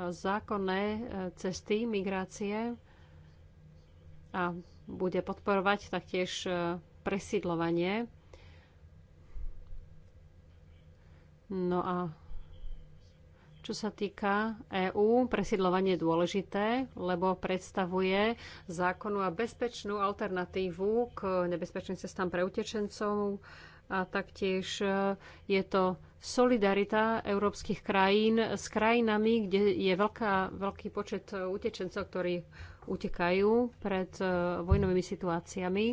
S4: zákonné cesty migrácie a bude podporovať taktiež e, presídlovanie. No a čo sa týka EÚ, presídlovanie je dôležité, lebo predstavuje zákonu a bezpečnú alternatívu k nebezpečným cestám pre utečencov a taktiež e, je to solidarita európskych krajín s krajinami, kde je veľká, veľký počet utečencov, ktorí utekajú pred e, vojnovými situáciami.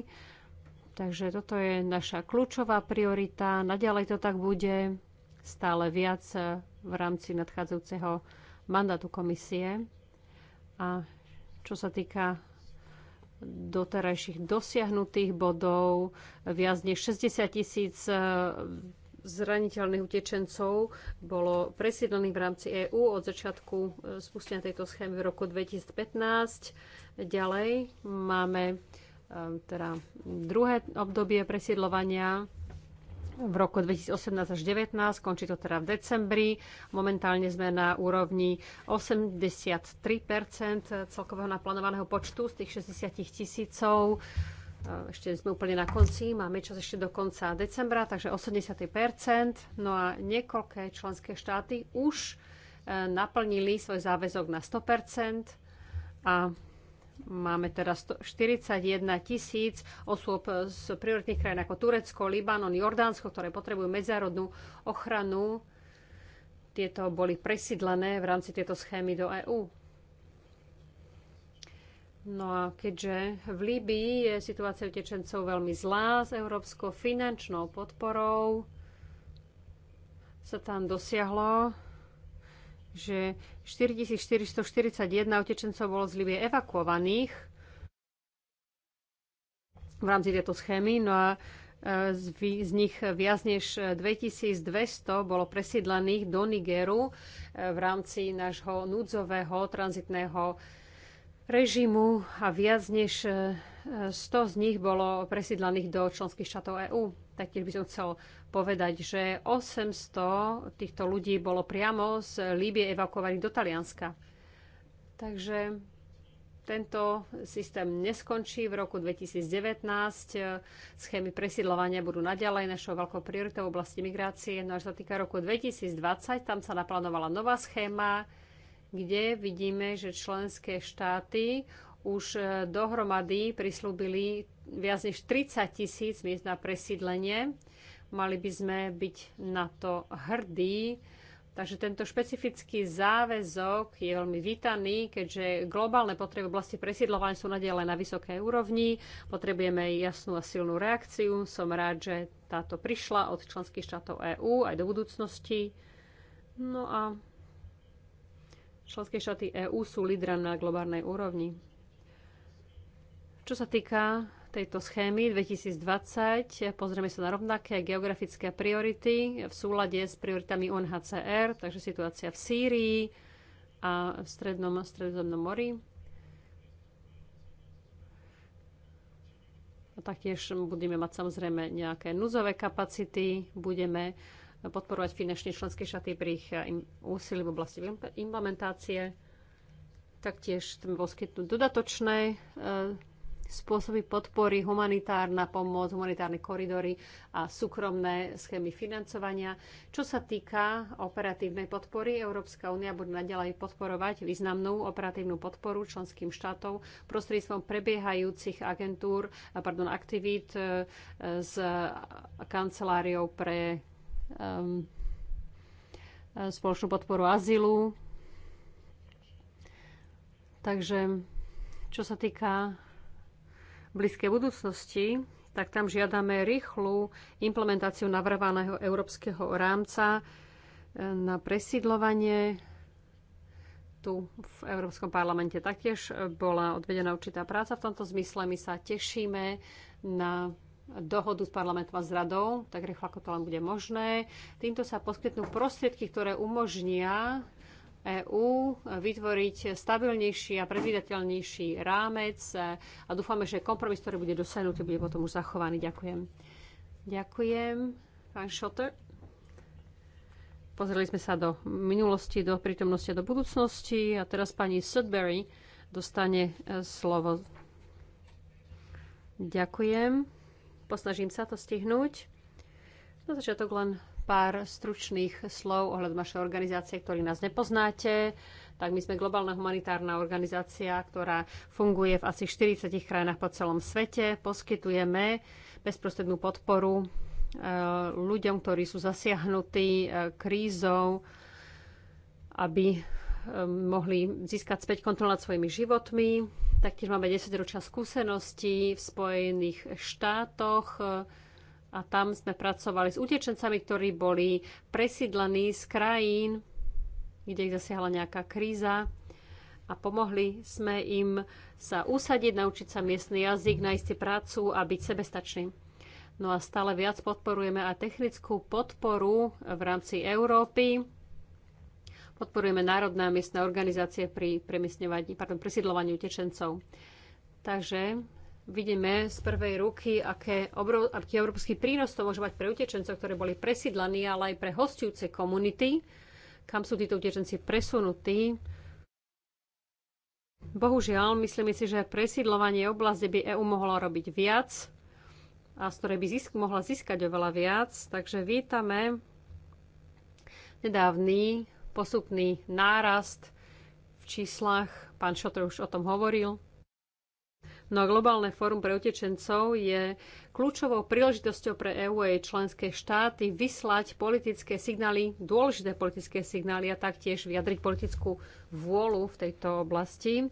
S4: Takže toto je naša kľúčová priorita. Naďalej to tak bude stále viac e, v rámci nadchádzajúceho mandátu komisie. A čo sa týka doterajších dosiahnutých bodov, viac než 60 tisíc e, zraniteľných utečencov bolo presídlených v rámci EÚ od začiatku e, spustenia tejto schémy v roku 2015. Ďalej máme e, teda druhé obdobie presídlovania v roku 2018 až 2019, končí to teda v decembri. Momentálne sme na úrovni 83 celkového naplánovaného počtu z tých 60 tisícov. Eh, ešte sme úplne na konci, máme čas ešte do konca decembra, takže 80%. No a niekoľké členské štáty už eh, naplnili svoj záväzok na 100% a máme teraz 41 tisíc osôb z prioritných krajín ako Turecko, Libanon, Jordánsko, ktoré potrebujú medzárodnú ochranu. Tieto boli presídlené v rámci tejto schémy do EÚ. No a keďže v Líbii je situácia utečencov veľmi zlá s európskou finančnou podporou, sa tam dosiahlo, že 4441 utečencov bolo z Líbie evakuovaných v rámci tejto schémy. No a e, z, z nich viac než 2200 bolo presídlených do Nigeru e, v rámci nášho núdzového tranzitného režimu a viac než 100 e, z nich bolo presídlených do členských štátov EÚ. Taktiež by som chcel povedať, že 800 týchto ľudí bolo priamo z Líbie evakuovaných do Talianska. Takže tento systém neskončí v roku 2019. E, schémy presídlovania budú naďalej našou veľkou prioritou v oblasti migrácie. No až sa týka roku 2020, tam sa naplánovala nová schéma, kde vidíme, že členské štáty už e, dohromady prislúbili viac než 30 tisíc miest na presídlenie. Mali by sme byť na to hrdí. Takže tento špecifický záväzok je veľmi vítaný, keďže globálne potreby v oblasti presídľovania sú nadalej na vysokej úrovni. Potrebujeme jasnú a silnú reakciu. Som rád, že táto prišla od členských štátov EÚ aj do budúcnosti. No a Členské štáty EÚ sú lídrom na globálnej úrovni. Čo sa týka tejto schémy 2020, pozrieme sa na rovnaké geografické priority v súlade s prioritami UNHCR, takže situácia v Sýrii a v strednom, stredozemnom mori. A taktiež budeme mať samozrejme nejaké núzové kapacity, budeme podporovať finančne členské štáty pri ich eh, úsilí v oblasti implementácie. Taktiež chceme poskytnúť dodatočné eh, spôsoby podpory, humanitárna pomoc, humanitárne koridory a súkromné schémy financovania. Čo sa týka operatívnej podpory, Európska únia bude naďalej podporovať významnú operatívnu podporu členským štátov prostredstvom prebiehajúcich agentúr, eh, pardon, aktivít s kanceláriou pre um, spoločnú podporu azylu. Takže čo sa týka blízkej budúcnosti, tak tam žiadame rýchlu implementáciu navrhovaného európskeho rámca eh, na presídlovanie. Tu v Európskom parlamente taktiež bola odvedená určitá práca v tomto zmysle. My sa tešíme na dohodu s parlamentom a s radou, tak rýchlo ako to len bude možné. Týmto sa poskytnú prostriedky, ktoré umožnia EÚ vytvoriť stabilnejší a predvídateľnejší rámec a dúfame, že kompromis, ktorý bude dosiahnutý, bude potom už zachovaný. Ďakujem. Ďakujem. Pán Šoter. Pozreli sme sa do minulosti, do prítomnosti a do budúcnosti a teraz pani Sudbury dostane e, slovo. Ďakujem. Posnažím sa to stihnúť. Na začiatok len pár stručných slov ohľadom našej organizácie, ktorý nás nepoznáte. Tak my sme globálna humanitárna organizácia, ktorá funguje v asi 40 krajinách po celom svete. Poskytujeme bezprostrednú podporu eh, ľuďom, ktorí sú zasiahnutí eh, krízou, aby eh, mohli získať späť kontrol nad svojimi životmi. Taktiež máme 10 ročia skúseností v Spojených štátoch e, a tam sme pracovali s utečencami, ktorí boli presídlení z krajín, kde ich zasiahla nejaká kríza a pomohli sme im sa usadiť, naučiť sa miestny jazyk, nájsť si prácu a byť sebestačným. No a stále viac podporujeme aj technickú podporu v rámci Európy podporujeme národné a miestne organizácie pri pardon, presidľovaní utečencov. Takže vidíme z prvej ruky, aké obrov, aký európsky prínos to môže mať pre utečencov, ktorí boli presídlení, ale aj pre hostujúce komunity, kam sú títo utečenci presunutí. Bohužiaľ, myslím si, že presídlovanie oblasti by EÚ mohla robiť viac a z ktorej by zisk, mohla získať oveľa viac. Takže vítame nedávny postupný nárast v číslach. Pán Šotr už o tom hovoril. No a globálne fórum pre utečencov je kľúčovou príležitosťou pre EU a jej členské štáty vyslať politické signály, dôležité politické signály a taktiež vyjadriť politickú vôľu v tejto oblasti.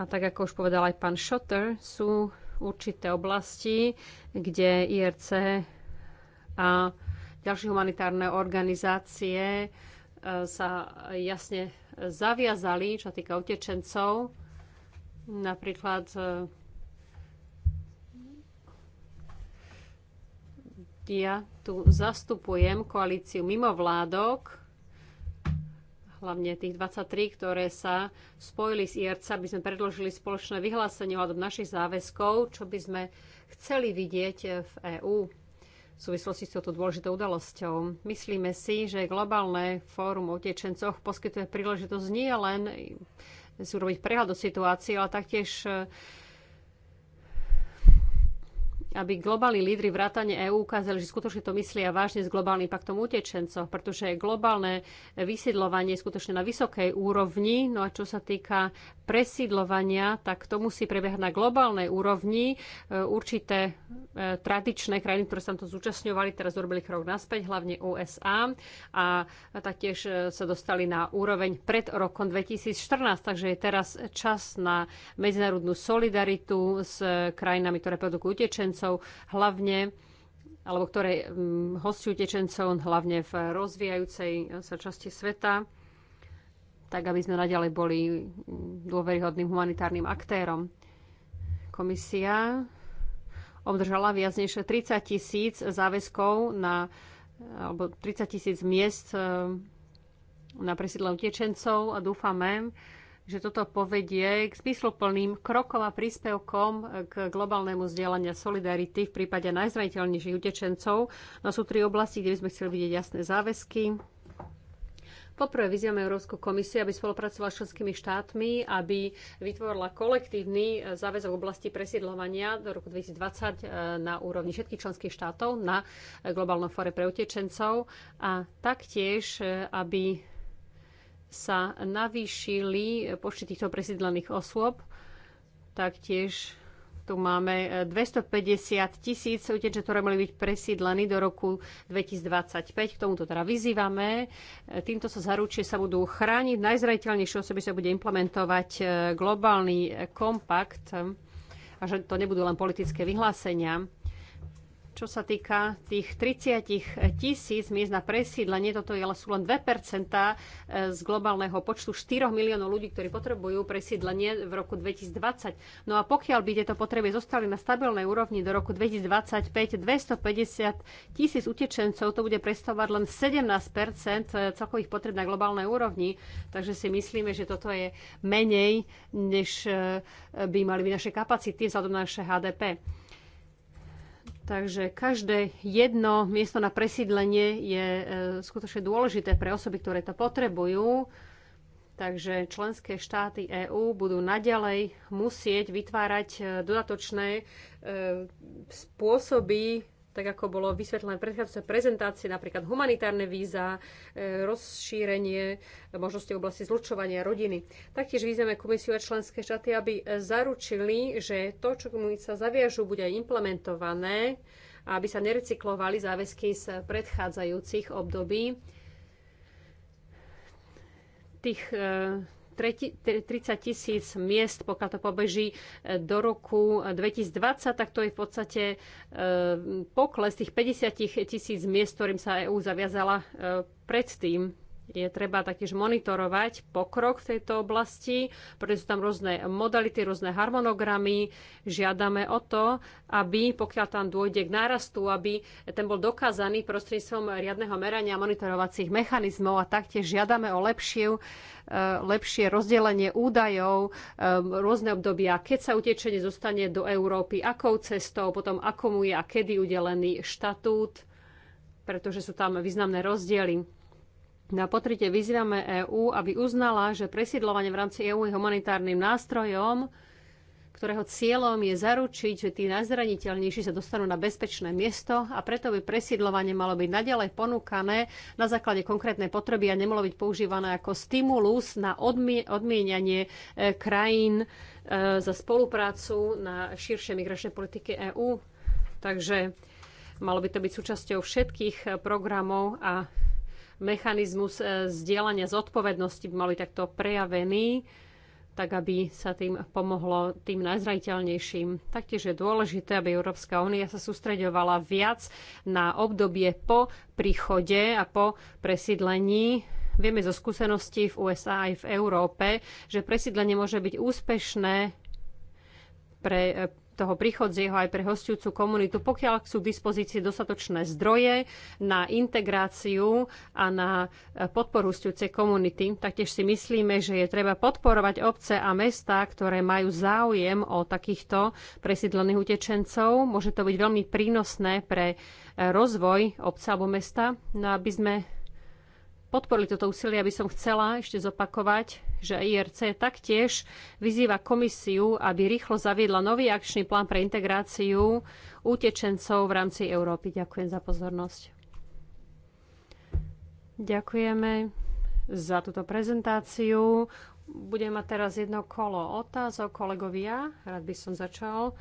S4: A tak ako už povedal aj pán Schotter, sú určité oblasti, kde IRC a ďalšie humanitárne organizácie sa jasne zaviazali, čo týka utečencov. Napríklad eh, ja tu zastupujem koalíciu mimovládok, hlavne tých 23, ktoré sa spojili s IRC, aby sme predložili spoločné vyhlásenie hľadom našich záväzkov, čo by sme chceli vidieť v EÚ v súvislosti s touto dôležitou udalosťou. Myslíme si, že globálne fórum o utečencoch poskytuje príležitosť nie len si urobiť prehľad o situácii, ale taktiež aby globálni lídry vrátane EÚ ukázali, že skutočne to myslia vážne s globálnym paktom utečencov, pretože globálne vysídlovanie je skutočne na vysokej úrovni. No a čo sa týka presídlovania, tak to musí prebiehať na globálnej úrovni. E, určité e, tradičné krajiny, ktoré sa to zúčastňovali, teraz urobili krok naspäť, hlavne USA a taktiež e, sa dostali na úroveň pred rokom 2014, takže je teraz čas na medzinárodnú solidaritu s krajinami, ktoré produkujú utečencov utečencov, hlavne alebo ktoré mm, hostiu utečencov hlavne v rozvíjajúcej sa časti sveta, tak aby sme naďalej boli mm, dôveryhodným humanitárnym aktérom. Komisia obdržala viac než 30 tisíc záväzkov na, alebo 30 tisíc miest eh, na presídle utečencov a dúfame, že toto povedie k zmysluplným krokom a príspevkom k globálnemu vzdelaniu solidarity v prípade najzraniteľnejších utečencov. No sú tri oblasti, kde by sme chceli vidieť jasné záväzky. Poprvé vyzývame Európsku komisiu, aby spolupracovala s členskými štátmi, aby vytvorila kolektívny e, záväzok v oblasti presiedľovania do roku 2020 e, na úrovni všetkých členských štátov na e, globálnom fóre pre utečencov a taktiež, aby sa navýšili počty týchto presídlených osôb. Taktiež tu máme 250 eh, tisíc utečencov, ktoré mali byť presídlení do roku 2025. K tomuto teda vyzývame. Eh, týmto sa zaručie sa budú chrániť. Najzraniteľnejšie osoby sa bude implementovať eh, globálny kompakt a že to nebudú len politické vyhlásenia. Čo sa týka tých 30 tisíc miest na presídlenie, toto je, ale sú len 2 e, z globálneho počtu 4 miliónov ľudí, ktorí potrebujú presídlenie v roku 2020. No a pokiaľ by tieto potreby zostali na stabilnej úrovni do roku 2025, 250 tisíc utečencov, to bude predstavovať len 17 e, celkových potreb na globálnej úrovni. Takže si myslíme, že toto je menej, než e, by mali by naše kapacity vzhľadom na naše HDP. Takže každé jedno miesto na presídlenie je e, skutočne dôležité pre osoby, ktoré to potrebujú. Takže členské štáty EÚ budú naďalej musieť vytvárať e, dodatočné e, spôsoby tak ako bolo vysvetlené v predchádzajúcej prezentácii, napríklad humanitárne víza, e, rozšírenie možnosti v oblasti zlučovania rodiny. Taktiež vyzveme komisiu a členské štáty, aby zaručili, že to, čo sa zaviažu, bude aj implementované aby sa nerecyklovali záväzky z predchádzajúcich období. Tých e, 30 tisíc miest, pokiaľ to pobeží e, do roku 2020, e, tak to je v podstate e, pokles tých 50 tisíc miest, ktorým sa EÚ zaviazala predtým je treba taktiež monitorovať pokrok v tejto oblasti, pretože sú tam rôzne modality, rôzne harmonogramy. Žiadame o to, aby pokiaľ tam dôjde k nárastu, aby ten bol dokázaný prostredníctvom riadneho merania a monitorovacích mechanizmov a taktiež žiadame o lepšie, eh, lepšie rozdelenie údajov, eh, rôzne obdobia, keď sa utečenie zostane do Európy, akou cestou, potom ako mu je a kedy udelený štatút, pretože sú tam významné rozdiely. No a po vyzývame EÚ, aby uznala, že presiedľovanie v rámci EÚ je humanitárnym nástrojom, ktorého cieľom je zaručiť, že tí najzraniteľnejší sa dostanú na bezpečné miesto a preto by presiedľovanie malo byť naďalej ponúkané na základe konkrétnej potreby a nemalo byť používané ako stimulus na odmie- odmienanie e, krajín e, za spoluprácu na širšej migračnej politike EÚ. Takže malo by to byť súčasťou všetkých programov a mechanizmus e, zdieľania zodpovednosti by mali takto prejavený, tak aby sa tým pomohlo tým najzraniteľnejším. Taktiež je dôležité, aby Európska únia sa sústreďovala viac na obdobie po príchode a po presídlení Vieme zo skúseností v USA aj v Európe, že presídlenie môže byť úspešné pre toho prichodzieho aj pre hostujúcu komunitu, pokiaľ sú k dispozícii dostatočné zdroje na integráciu a na e, podporu hostujúcej komunity. Taktiež si myslíme, že je treba podporovať obce a mesta, ktoré majú záujem o takýchto presídlených utečencov. Môže to byť veľmi prínosné pre e, rozvoj obca alebo mesta. No aby sme podporili toto úsilie, aby som chcela ešte zopakovať, že IRC taktiež vyzýva komisiu, aby rýchlo zaviedla nový akčný plán pre integráciu utečencov v rámci Európy. Ďakujem za pozornosť. Ďakujeme za túto prezentáciu. Budem mať teraz jedno kolo otázok kolegovia. Rád by som začal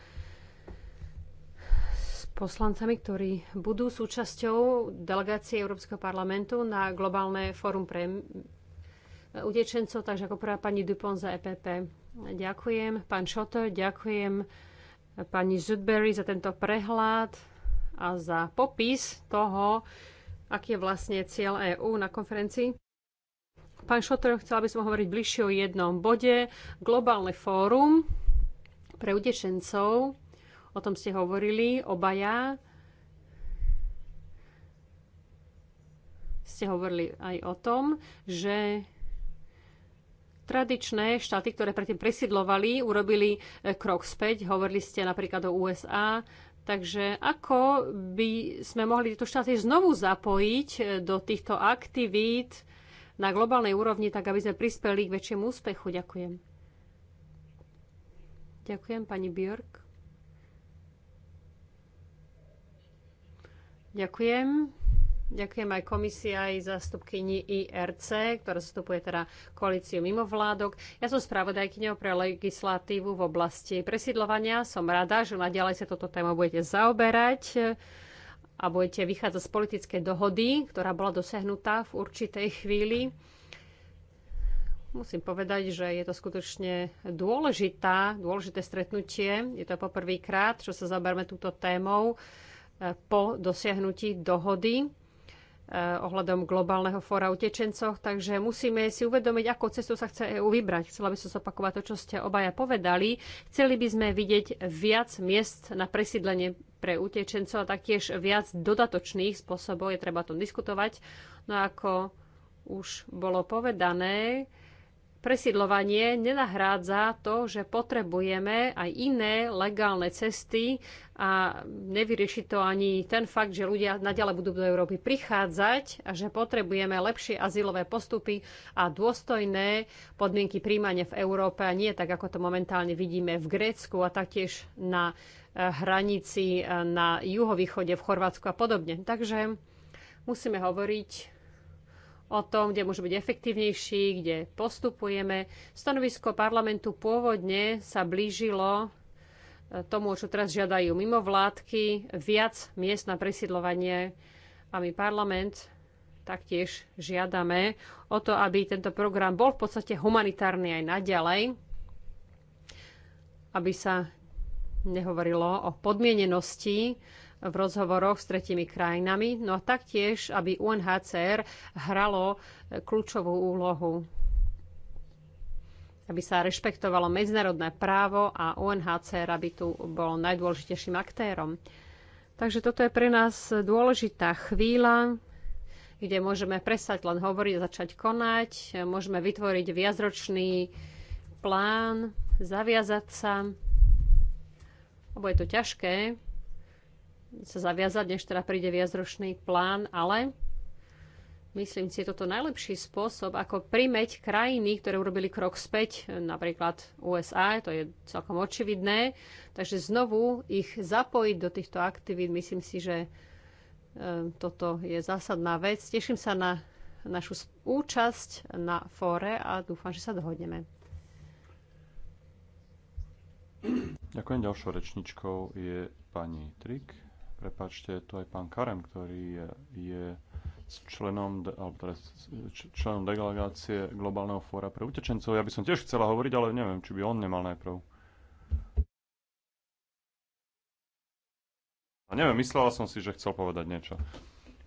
S4: poslancami, ktorí budú súčasťou delegácie Európskeho parlamentu na globálne fórum pre utečencov, takže ako prvá pani Dupont za EPP. Ďakujem, pán Šoto, ďakujem pani Zudberry za tento prehľad a za popis toho, aký je vlastne cieľ EÚ na konferencii. Pán Šotor, chcela by som hovoriť bližšie o jednom bode. Globálne fórum pre utečencov O tom ste hovorili obaja. Ste hovorili aj o tom, že tradičné štáty, ktoré predtým presidlovali, urobili e, krok späť. Hovorili ste napríklad o USA, Takže ako by sme mohli tieto štáty znovu zapojiť e, do týchto aktivít na globálnej úrovni, tak aby sme prispeli k väčšiemu úspechu? Ďakujem. Ďakujem, pani Björk. Ďakujem. Ďakujem aj komisii, aj zástupkyni IRC, ktorá zastupuje teda koalíciu mimovládok. Ja som spravodajkyňou pre legislatívu v oblasti presídľovania. Som rada, že naďalej sa toto téma budete zaoberať a budete vychádzať z politickej dohody, ktorá bola dosiahnutá v určitej chvíli. Musím povedať, že je to skutočne dôležitá, dôležité stretnutie. Je to poprvýkrát, čo sa zaberme túto témou. E, po dosiahnutí dohody e, ohľadom globálneho fóra utečencoch, takže musíme si uvedomiť, ako cestu sa chce EU vybrať. Chcela by som zopakovať to, čo ste obaja povedali. Chceli by sme vidieť viac miest na presídlenie pre utečencov a taktiež viac dodatočných spôsobov, je treba o tom diskutovať. No ako už bolo povedané, presídlovanie nenahrádza to, že potrebujeme aj iné legálne cesty a nevyrieši to ani ten fakt, že ľudia naďalej budú do Európy prichádzať a že potrebujeme lepšie azylové postupy a dôstojné podmienky príjmania v Európe a nie tak, ako to momentálne vidíme v Grécku a taktiež na eh, hranici eh, na juhovýchode v Chorvátsku a podobne. Takže musíme hovoriť o tom, kde môže byť efektívnejší, kde postupujeme. Stanovisko parlamentu pôvodne sa blížilo eh, tomu, čo teraz žiadajú mimo vládky, viac miest na presídlovanie a my parlament taktiež žiadame o to, aby tento program bol v podstate humanitárny aj naďalej, aby sa nehovorilo o podmienenosti v rozhovoroch s tretimi krajinami, no a taktiež, aby UNHCR hralo e, kľúčovú úlohu aby sa rešpektovalo medzinárodné právo a UNHCR, aby tu bol najdôležitejším aktérom. Takže toto je pre nás dôležitá chvíľa, kde môžeme presať len hovoriť a začať konať, môžeme vytvoriť viacročný plán, zaviazať sa. Lebo je to ťažké, sa zaviazať, než teda príde viacročný plán, ale myslím si, je toto najlepší spôsob, ako primeť krajiny, ktoré urobili krok späť, napríklad USA, to je celkom očividné, takže znovu ich zapojiť do týchto aktivít, myslím si, že e, toto je zásadná vec. Teším sa na našu účasť na fóre a dúfam, že sa dohodneme.
S1: Ďakujem. Ďalšou rečničkou je pani Trik prepačte, je tu aj pán Karem, ktorý je, je členom, alebo teda členom delegácie Globálneho fóra pre utečencov. Ja by som tiež chcela hovoriť, ale neviem, či by on nemal najprv. A neviem, myslela som si, že chcel povedať niečo.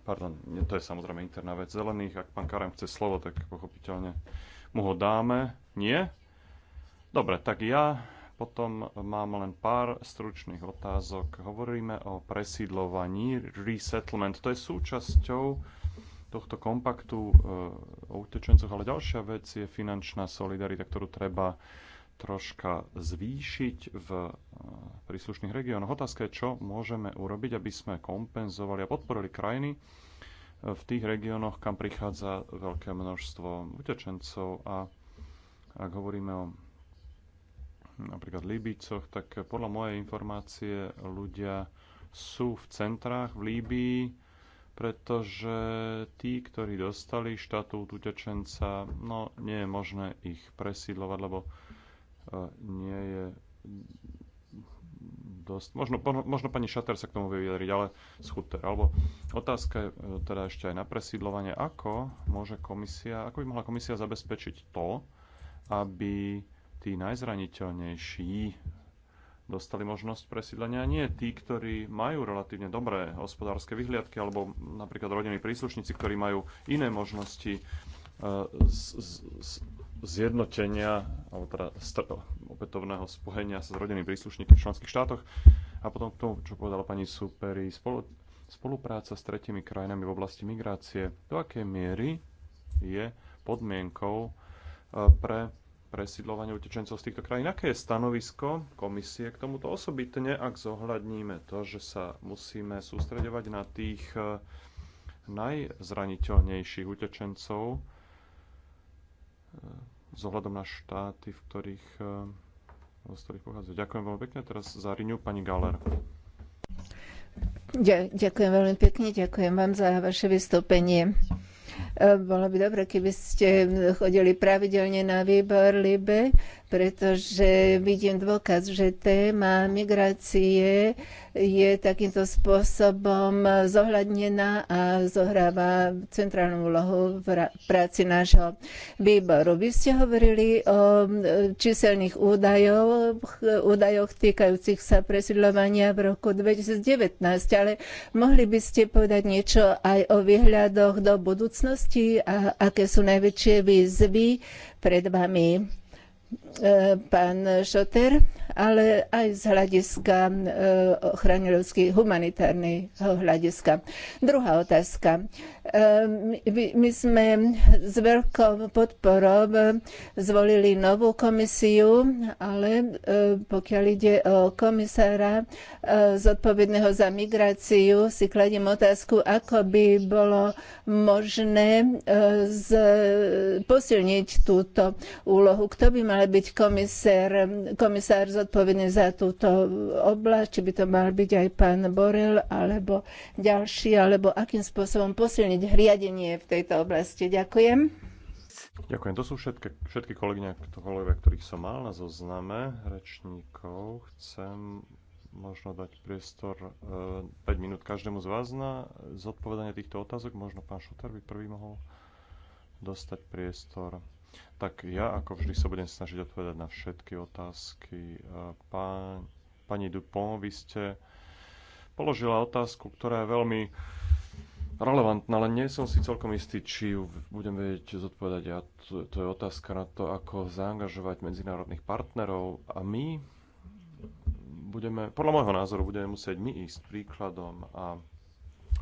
S1: Pardon, to je samozrejme interná vec zelených. Ak pán Karem chce slovo, tak pochopiteľne mu ho dáme. Nie? Dobre, tak ja potom mám len pár stručných otázok. Hovoríme o presídlovaní, resettlement. To je súčasťou tohto kompaktu e, o utečencoch, ale ďalšia vec je finančná solidarita, ktorú treba troška zvýšiť v e, príslušných regiónoch. Otázka je, čo môžeme urobiť, aby sme kompenzovali a podporili krajiny e, v tých regiónoch, kam prichádza veľké množstvo utečencov. A ak hovoríme o napríklad Líbicoch, tak podľa mojej informácie ľudia sú v centrách v Líbii, pretože tí, ktorí dostali štatút utečenca, no nie je možné ich presídlovať, lebo e, nie je dosť. Možno, možno pani Šater sa k tomu vie vyjadriť, ale schúter. Alebo otázka je e, teda ešte aj na presídlovanie, ako môže komisia, ako by mohla komisia zabezpečiť to, aby tí najzraniteľnejší dostali možnosť presídlenia, nie tí, ktorí majú relatívne dobré hospodárske vyhliadky, alebo napríklad rodinní príslušníci, ktorí majú iné možnosti e, zjednotenia, alebo teda opätovného spojenia sa s rodinnými príslušníkmi v členských štátoch. A potom k tomu, čo povedala pani Superi, spolu, spolupráca s tretimi krajinami v oblasti migrácie, do akej miery je podmienkou e, pre presídľovanie utečencov z týchto krajín. Aké je stanovisko komisie k tomuto osobitne, ak zohľadníme to, že sa musíme sústredovať na tých eh, najzraniteľnejších utečencov z eh, ohľadom na štáty, v ktorých, eh, z ktorých pochádza. Ďakujem veľmi pekne. Teraz za Riňu pani Galer.
S2: Ďakujem veľmi pekne, ďakujem vám za vaše vystúpenie. Bolo by dobre, keby ste chodili pravidelne na výbor LIBE, pretože vidím dôkaz, že téma migrácie je takýmto spôsobom zohľadnená a zohráva centrálnu úlohu v práci nášho výboru. Vy ste hovorili o e, číselných údajoch, údajoch týkajúcich sa presidľovania v roku 2019, ale mohli by ste povedať niečo aj o výhľadoch do budúcnosti a aké sú najväčšie výzvy pred vami? E, pán Šoter, ale aj z hľadiska e, ochrany ľudských humanitárneho hľadiska. Druhá otázka. Ehm, my sme s veľkou podporou ehm, zvolili novú komisiu, ale ehm, pokiaľ ide o komisára zodpovedného za migráciu, si kladiem otázku, ako by bolo možné z, posilniť túto úlohu. Kto by mal byť komisár, komisár zodpovedný za túto oblasť? Či by to mal byť aj pán Borel, alebo ďalší, alebo akým spôsobom posilniť posilniť riadenie v tejto oblasti. Ďakujem.
S1: Ďakujem. To sú všetky, všetky kolegyne, kolegovia, ktorých som mal na zozname rečníkov. Chcem možno dať priestor e, 5 minút každému z vás na zodpovedanie týchto otázok. Možno pán Šuter by prvý mohol dostať priestor. Tak ja ako vždy sa budem snažiť odpovedať na všetky otázky. E, pán, pani Dupont, vy ste položila otázku, ktorá je veľmi relevantná, ale nie som si celkom istý, či ju budem vedieť zodpovedať. A to, to je otázka na to, ako zaangažovať medzinárodných partnerov. A my budeme, podľa môjho názoru, budeme musieť my ísť príkladom a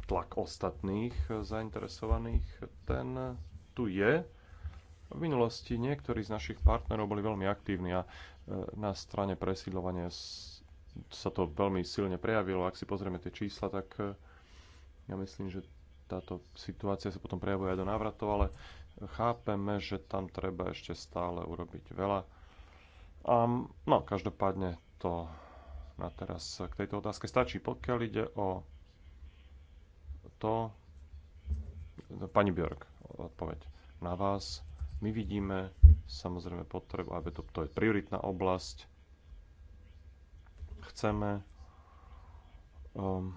S1: tlak ostatných zainteresovaných, ten tu je. V minulosti niektorí z našich partnerov boli veľmi aktívni a e, na strane presídľovania sa to veľmi silne prejavilo. Ak si pozrieme tie čísla, tak e, ja myslím, že táto situácia sa potom prejavuje aj do návratov, ale chápeme, že tam treba ešte stále urobiť veľa. Um, no, každopádne to na teraz k tejto otázke stačí. Pokiaľ ide o to, pani Björk, odpoveď na vás. My vidíme samozrejme potrebu, aby to, to je prioritná oblasť. Chceme um,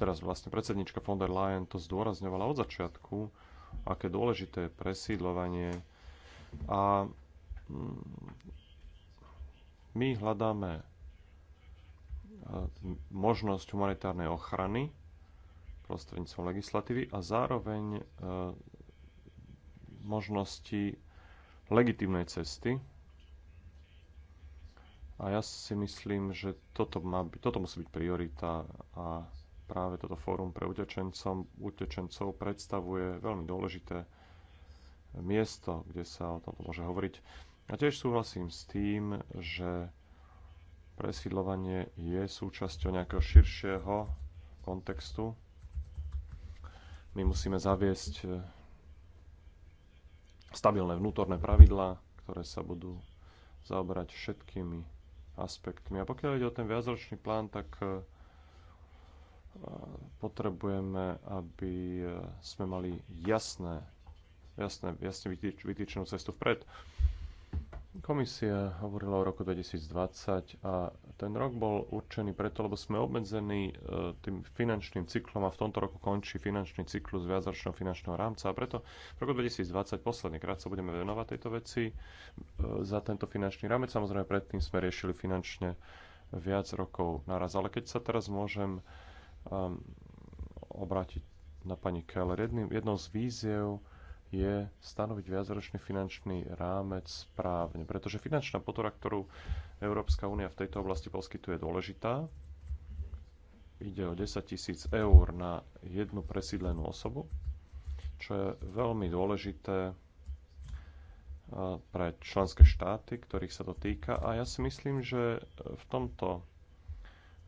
S1: teraz vlastne predsednička von der Leyen to zdôrazňovala od začiatku, aké dôležité je presídlovanie. A mm, my hľadáme e, možnosť humanitárnej ochrany prostredníctvom legislatívy a zároveň e, možnosti legitímnej cesty. A ja si myslím, že toto, má, toto musí byť priorita a práve toto fórum pre utečencom, utečencov predstavuje veľmi dôležité miesto, kde sa o tomto môže hovoriť. A tiež súhlasím s tým, že presídľovanie je súčasťou nejakého širšieho kontextu. My musíme zaviesť eh, stabilné vnútorné pravidlá, ktoré sa budú zaoberať všetkými aspektmi. A pokiaľ ide o ten viacročný plán, tak eh, potrebujeme, aby eh, sme mali jasné, jasné, jasne vytýčenú cestu vpred. Komisia hovorila o roku 2020 a ten rok bol určený preto, lebo sme obmedzení eh, tým finančným cyklom a v tomto roku končí finančný cyklus viacročného finančného rámca a preto v roku 2020 posledný krát sa budeme venovať tejto veci eh, za tento finančný rámec. Samozrejme predtým sme riešili finančne viac rokov naraz, ale keď sa teraz môžem um, obrátiť na pani Keller. Jedným, jednou z víziev je stanoviť viacročný finančný rámec správne, pretože finančná podpora, ktorú Európska únia v tejto oblasti poskytuje, je dôležitá. Ide o 10 tisíc eur na jednu presídlenú osobu, čo je veľmi dôležité eh, pre členské štáty, ktorých sa to týka. A ja si myslím, že v tomto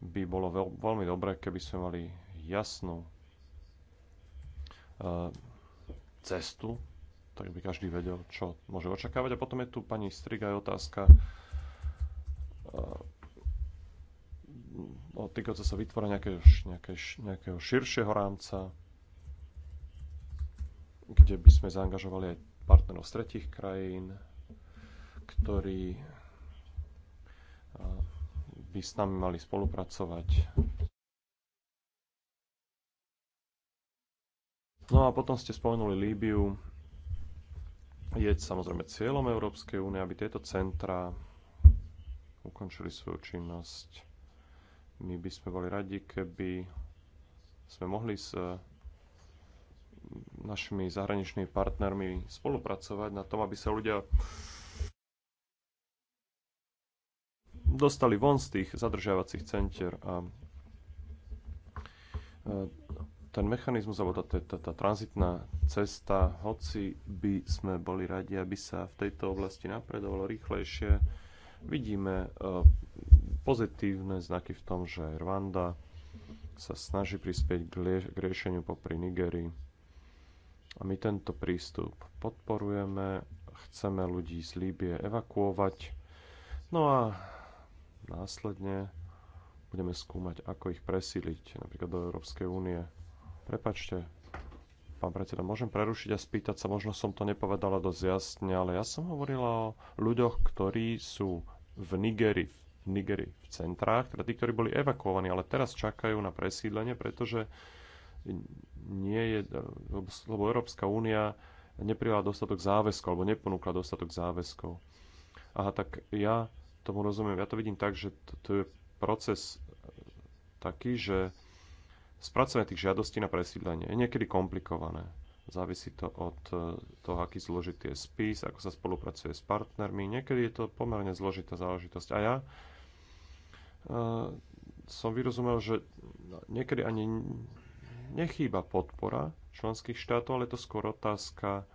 S1: by bolo veľ, veľmi dobré, keby sme mali jasnú uh, cestu, tak by každý vedel, čo môže očakávať. A potom je tu pani Striga aj otázka uh, e, týkajúca sa vytvorenia nejakého, nejakého, nejakého širšieho rámca, kde by sme zaangažovali aj partnerov z tretich krajín, ktorí uh, by s nami mali spolupracovať. No a potom ste spomenuli Líbiu. Je samozrejme cieľom Európskej únie, aby tieto centra ukončili svoju činnosť. My by sme boli radi, keby sme mohli s eh, našimi zahraničnými partnermi spolupracovať na tom, aby sa ľudia dostali von z tých zadržiavacích centier a e, ten mechanizmus, alebo tá, tá, tá tranzitná cesta, hoci by sme boli radi, aby sa v tejto oblasti napredovalo rýchlejšie, vidíme e, pozitívne znaky v tom, že Rwanda sa snaží prispieť k, k riešeniu popri Nigerii. A my tento prístup podporujeme, chceme ľudí z Líbie evakuovať. No a Následne budeme skúmať, ako ich presíliť napríklad do Európskej únie. Prepačte, pán predseda, môžem prerušiť a spýtať sa, možno som to nepovedala dosť jasne, ale ja som hovorila o ľuďoch, ktorí sú v Nigeri, v Nigeri, v centrách, teda tí, ktorí boli evakuovaní, ale teraz čakajú na presídlenie, pretože nie je, lebo Európska únia neprijala dostatok záväzkov, alebo neponúkla dostatok záväzkov. Aha, tak ja tomu rozumiem. Ja to vidím tak, že to, to je proces e, taký, že spracovanie tých žiadostí na presídlenie je niekedy komplikované. Závisí to od e, toho, aký zložitý je spis, ako sa spolupracuje s partnermi. Niekedy je to pomerne zložitá záležitosť. A ja uh, som vyrozumel, že no, niekedy ani nechýba podpora členských štátov, ale je to skôr otázka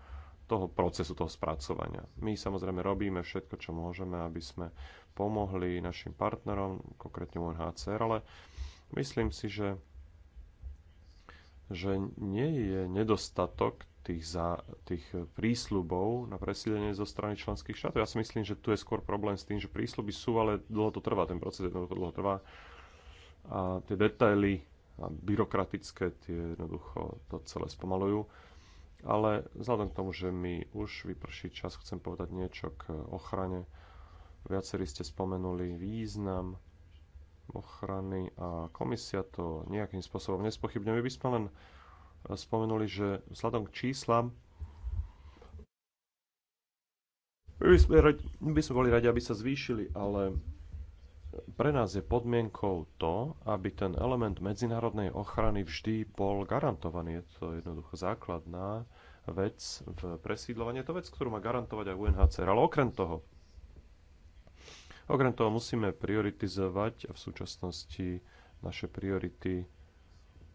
S1: toho procesu, toho spracovania. My samozrejme robíme všetko, čo môžeme, aby sme pomohli našim partnerom, konkrétne UNHCR, ale myslím si, že, že nie je nedostatok tých, za, tých prísľubov na presídenie zo strany členských štátov. Ja si myslím, že tu je skôr problém s tým, že prísľuby sú, ale dlho to trvá, ten proces jednoducho dlho trvá. A tie detaily a byrokratické tie jednoducho to celé spomalujú. Ale vzhľadom k tomu, že mi už vyprší čas, chcem povedať niečo k ochrane. Viacerí ste spomenuli význam ochrany a komisia to nejakým spôsobom nespochybňuje. My by sme len spomenuli, že vzhľadom k číslam my by sme boli radi, aby sa zvýšili, ale pre nás je podmienkou to, aby ten element medzinárodnej ochrany vždy bol garantovaný. Je to jednoducho základná vec v presídlovaní. Je to vec, ktorú má garantovať aj UNHCR. Ale okrem toho, okrem toho musíme prioritizovať a v súčasnosti naše priority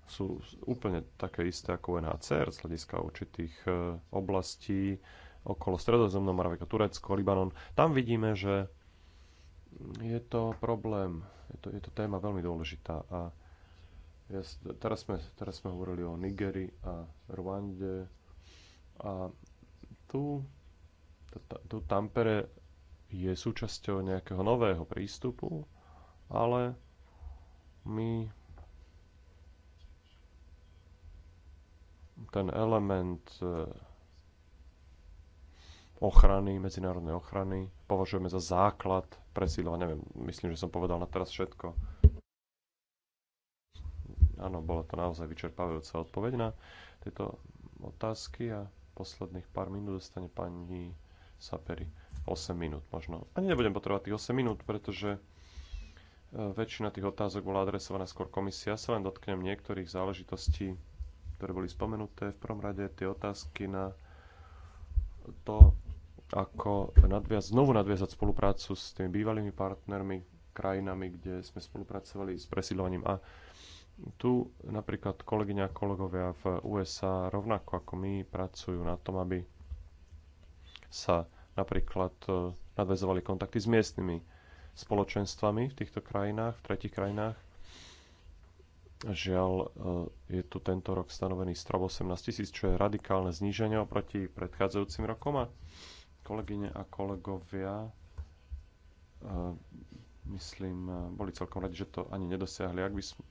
S1: sú úplne také isté ako UNHCR z hľadiska určitých e, oblastí okolo Stredozemnom, Maravika, Turecko, Libanon. Tam vidíme, že je to problém, je to, je to téma veľmi dôležitá a ja, teraz, sme, teraz sme hovorili o Nigeri a Rwande a tu, tu Tampere je súčasťou nejakého nového prístupu, ale my ten element e, ochrany, medzinárodnej ochrany, považujeme za základ presídlovania. Neviem, myslím, že som povedal na teraz všetko. Áno, bola to naozaj vyčerpávajúca odpoveď na tieto otázky a posledných pár minút dostane pani Saperi. 8 minút možno. Ani nebudem potrebovať tých 8 minút, pretože e, väčšina tých otázok bola adresovaná skôr komisia. Ja sa len dotknem niektorých záležitostí, ktoré boli spomenuté. V prvom rade tie otázky na to, ako nadviaz, znovu nadviazať spoluprácu s tými bývalými partnermi, krajinami, kde sme spolupracovali s presídlovaním. A tu napríklad kolegyňa a kolegovia v USA rovnako ako my pracujú na tom, aby sa napríklad e, nadvezovali kontakty s miestnymi spoločenstvami v týchto krajinách, v tretich krajinách. Žiaľ, e, je tu tento rok stanovený strop 18 tisíc, čo je radikálne zníženie oproti predchádzajúcim rokom a Kolegyne a kolegovia, e, myslím, e, boli celkom radi, že to ani nedosiahli. Ak by sme,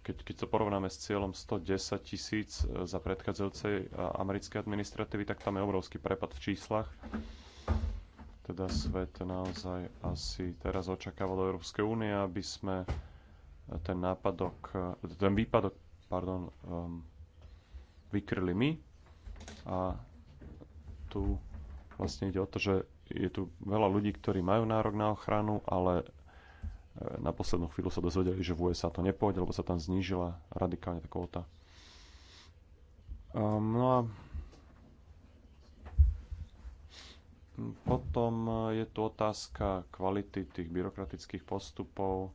S1: keď, keď to porovnáme s cieľom 110 tisíc e, za predchádzajúcej americkej administratívy, tak tam je obrovský prepad v číslach. Teda svet naozaj asi teraz očakával do Európskej únie, aby sme ten nápadok, ten výpadok, pardon, um, vykryli my. A tu Vlastne ide o to, že je tu veľa ľudí, ktorí majú nárok na ochranu, ale e, na poslednú chvíľu sa dozvedeli, že v USA to nepôjde, lebo sa tam znížila radikálne tá kvóta. Um, no a potom e, je tu otázka kvality tých byrokratických postupov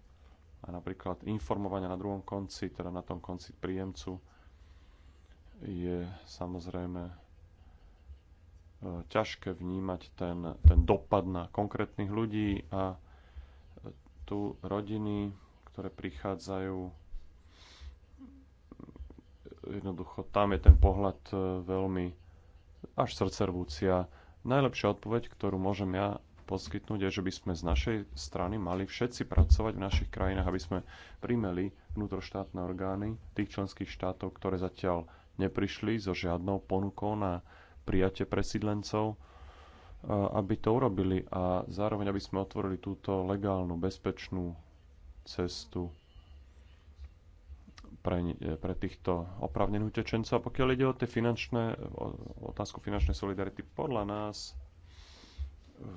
S1: a napríklad informovania na druhom konci, teda na tom konci príjemcu je samozrejme ťažké vnímať ten, ten dopad na konkrétnych ľudí a tu rodiny, ktoré prichádzajú, jednoducho tam je ten pohľad e, veľmi až srdcervúci a najlepšia odpoveď, ktorú môžem ja poskytnúť, je, že by sme z našej strany mali všetci pracovať v našich krajinách, aby sme primeli vnútroštátne orgány tých členských štátov, ktoré zatiaľ neprišli so žiadnou ponukou na prijatie presídlencov, aby to urobili a zároveň, aby sme otvorili túto legálnu, bezpečnú cestu pre, pre týchto opravnených utečencov. A pokiaľ ide o, tie finančné, o otázku finančnej solidarity, podľa nás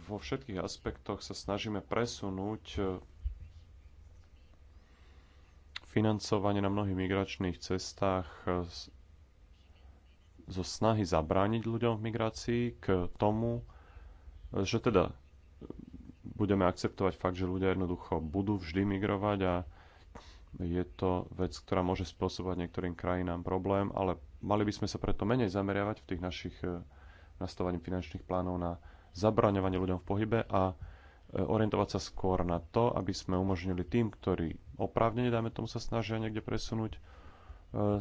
S1: vo všetkých aspektoch sa snažíme presunúť financovanie na mnohých migračných cestách zo snahy zabrániť ľuďom v migrácii k tomu, že teda budeme akceptovať fakt, že ľudia jednoducho budú vždy migrovať a je to vec, ktorá môže spôsobovať niektorým krajinám problém, ale mali by sme sa preto menej zameriavať v tých našich eh, nastavovaní finančných plánov na zabraňovanie ľuďom v pohybe a eh, orientovať sa skôr na to, aby sme umožnili tým, ktorí oprávnene, dajme tomu, sa snažia niekde presunúť,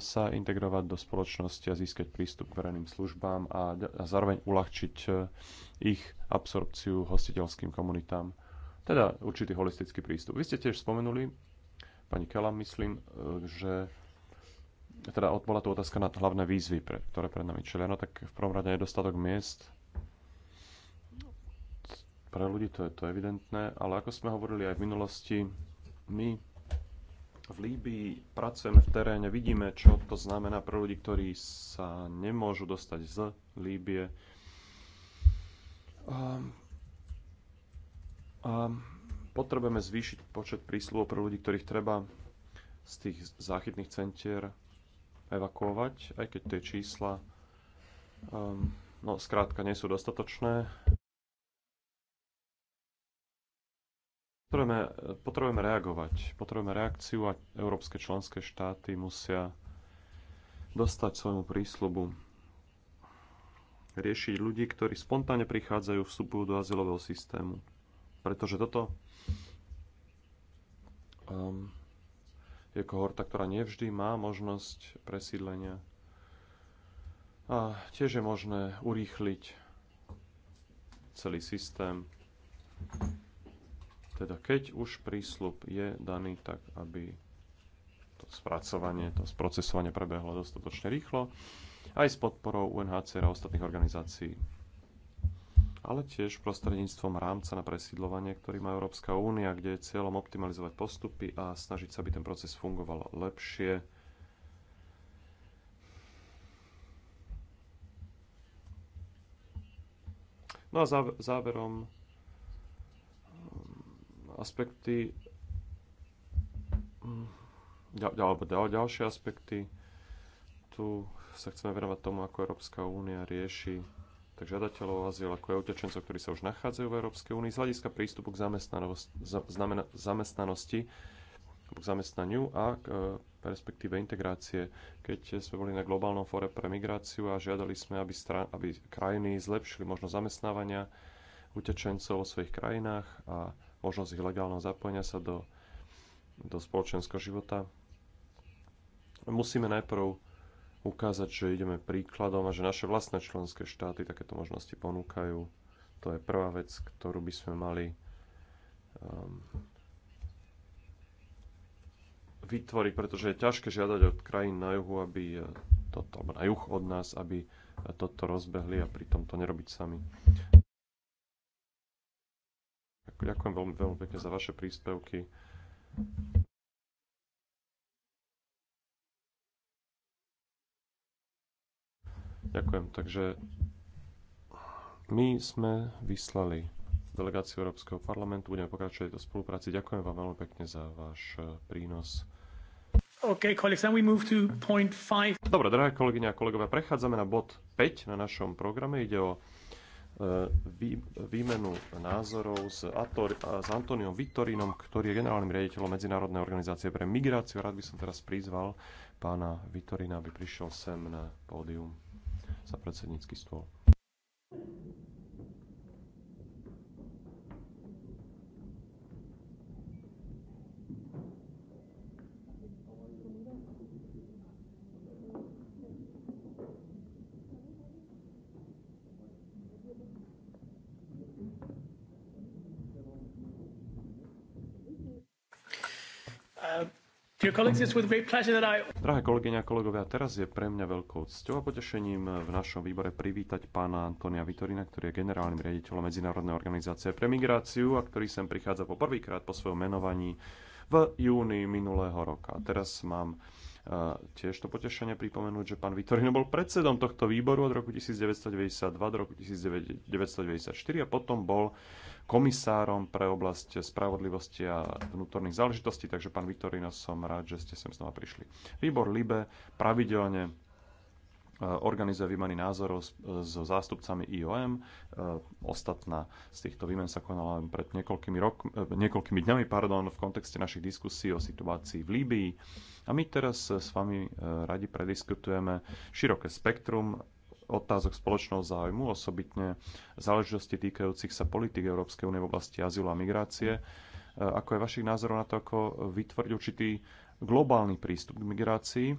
S1: sa integrovať do spoločnosti a získať prístup k verejným službám a, a zároveň uľahčiť e, ich absorpciu hostiteľským komunitám. Teda určitý holistický prístup. Vy ste tiež spomenuli, pani Kela, myslím, e, že teda bola tu otázka na hlavné výzvy, pre, ktoré pred nami čelia. No tak v prvom rade dostatok miest pre ľudí, to je to evidentné, ale ako sme hovorili aj v minulosti, my v Líbii pracujeme v teréne, vidíme, čo to znamená pre ľudí, ktorí sa nemôžu dostať z Líbie. Um, a potrebujeme zvýšiť počet prísluhov pre ľudí, ktorých treba z tých záchytných centier evakuovať, aj keď tie čísla um, no, skrátka nie sú dostatočné. Potrebujeme, potrebujeme reagovať. Potrebujeme reakciu a európske členské štáty musia dostať svojmu prísľubu riešiť ľudí, ktorí spontánne prichádzajú, vstupujú do azylového systému. Pretože toto um, je kohorta, ktorá nevždy má možnosť presídlenia. A tiež je možné urýchliť celý systém teda keď už prísľub je daný tak, aby to spracovanie, to sprocesovanie prebehlo dostatočne rýchlo, aj s podporou UNHCR a ostatných organizácií ale tiež prostredníctvom rámca na presídlovanie, ktorý má Európska únia, kde je cieľom optimalizovať postupy a snažiť sa, aby ten proces fungoval lepšie. No a záverom aspekty mm, alebo ďal, ďalšie aspekty. Tu sa chceme venovať tomu, ako Európska únia rieši tak žiadateľov o azyl, ako aj utečencov, ktorí sa už nachádzajú v Európskej únii, z hľadiska prístupu k zamestnanosti, k zamestnaniu a k e, perspektíve integrácie. Keď sme boli na globálnom fóre pre migráciu a žiadali sme, aby, stran, aby krajiny zlepšili možnosť zamestnávania utečencov vo svojich krajinách a možnosť ich legálneho zapojenia sa do, do spoločenského života. Musíme najprv ukázať, že ideme príkladom a že naše vlastné členské štáty takéto možnosti ponúkajú. To je prvá vec, ktorú by sme mali um, vytvoriť, pretože je ťažké žiadať od krajín na juhu, aby eh, toto, alebo na juh od nás, aby eh, toto rozbehli a pritom to nerobiť sami. Ďakujem veľmi, veľmi pekne za vaše príspevky. Ďakujem. Takže my sme vyslali delegáciu Európskeho parlamentu, budeme pokračovať do spolupráci. Ďakujem vám veľmi pekne za váš e, prínos. Okay, colleagues, then we move to point five. Dobre, drahé kolegyne a kolegovia, prechádzame na bod 5 na našom programe. Ide o E, výmenu názorov s, Ator, s Antoniom Vitorinom, ktorý je generálnym riaditeľom Medzinárodnej organizácie pre migráciu. Rád by som teraz prizval pána Vitorina, aby prišiel sem na pódium za predsednícky stôl.
S3: Drahé
S1: kolegyne a kolegovia, teraz je pre mňa veľkou cťou a potešením v našom výbore privítať pána Antonia Vitorina, ktorý je generálnym riaditeľom Medzinárodnej organizácie pre migráciu a ktorý sem prichádza po prvýkrát po svojom menovaní v júni minulého roka. A teraz mám e, tiež to potešenie pripomenúť, že pán Vitorino bol predsedom tohto výboru od roku 1992 do roku 1994 a potom bol komisárom pre oblasť spravodlivosti a vnútorných záležitostí, takže pán Vitorino, som rád, že ste sem znova prišli. Výbor LIBE pravidelne e, organizuje výmeny názorov e, so zástupcami IOM. E, ostatná z týchto výmen sa konala len pred niekoľkými, rok, niekoľkými dňami pardon, v kontexte našich diskusí o situácii v Líbii. A my teraz s vami radi prediskutujeme široké spektrum otázok spoločného záujmu, osobitne záležitosti týkajúcich sa politik Európskej únie v oblasti azylu a migrácie, e, ako je vašich názorov na to, ako vytvoriť určitý globálny prístup k migrácii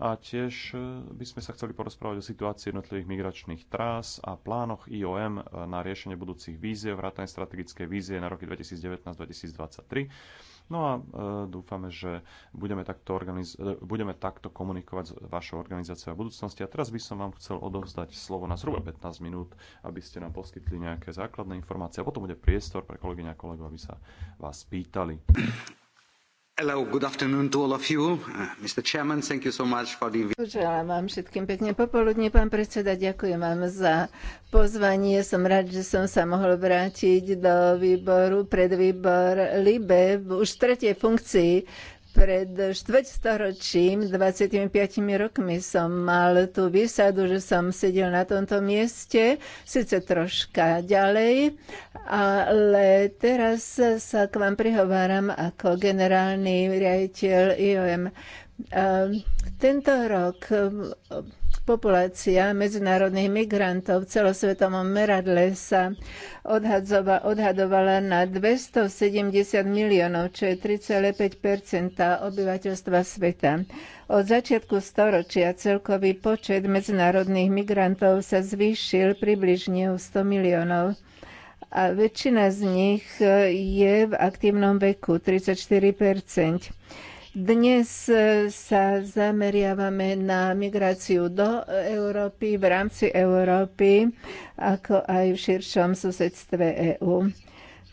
S1: a tiež e, by sme sa chceli porozprávať o situácii jednotlivých migračných trás a plánoch IOM e, na riešenie budúcich vízie, vrátane strategické vízie na roky 2019-2023 No a e, dúfame, že budeme takto, organiz- e, budeme takto komunikovať s vašou organizáciou v budúcnosti. A teraz by som vám chcel odovzdať slovo na zhruba 15 minút, aby ste nám poskytli nejaké základné informácie a potom bude priestor pre kolegyňa a kolegov, aby sa vás pýtali.
S5: Hello, good afternoon to all of you. Uh, Mr. Chairman, thank you so much for
S2: the vám všetkým pekne popoludne, pán predseda, ďakujem vám za pozvanie. Som rád, že som sa mohol vrátiť do výboru pred výbor LIBE už v tretej funkcii pred štvrťstoročím, 25 rokmi som mal tú výsadu, že som sedel na tomto mieste, sice troška ďalej, ale teraz sa k vám prihováram ako generálny riaditeľ IOM. Tento rok Populácia medzinárodných migrantov v celosvetovom meradle sa odhadovala na 270 miliónov, čo je 3,5 obyvateľstva sveta. Od začiatku storočia celkový počet medzinárodných migrantov sa zvýšil približne o 100 miliónov a väčšina z nich je v aktívnom veku 34 dnes e, sa zameriavame na migráciu do Európy, v rámci Európy, ako aj v širšom susedstve EÚ.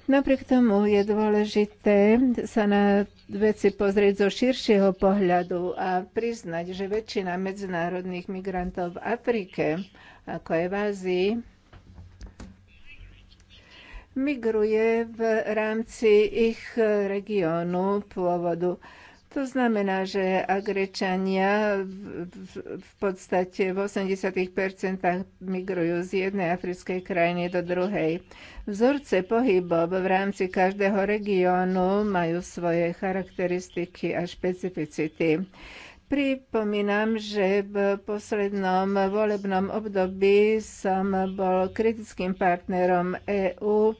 S2: Napriek tomu je dôležité sa na veci pozrieť zo širšieho pohľadu a priznať, že väčšina medzinárodných migrantov v Afrike, ako aj v Ázii, migruje v rámci ich regiónu pôvodu. To znamená, že Agrečania v, v podstate v 80% migrujú z jednej africkej krajiny do druhej. Vzorce pohybov v rámci každého regiónu majú svoje charakteristiky a špecificity. Pripomínam, že v poslednom volebnom období som bol kritickým partnerom EÚ,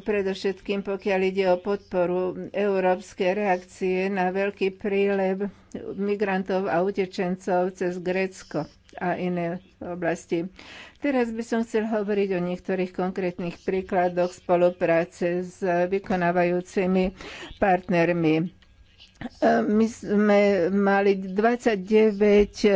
S2: predovšetkým pokiaľ ide o podporu európskej reakcie na veľký prílev migrantov a utečencov cez Grécko a iné oblasti. Teraz by som chcel hovoriť o niektorých konkrétnych príkladoch spolupráce s vykonávajúcimi partnermi. E, my sme mali 29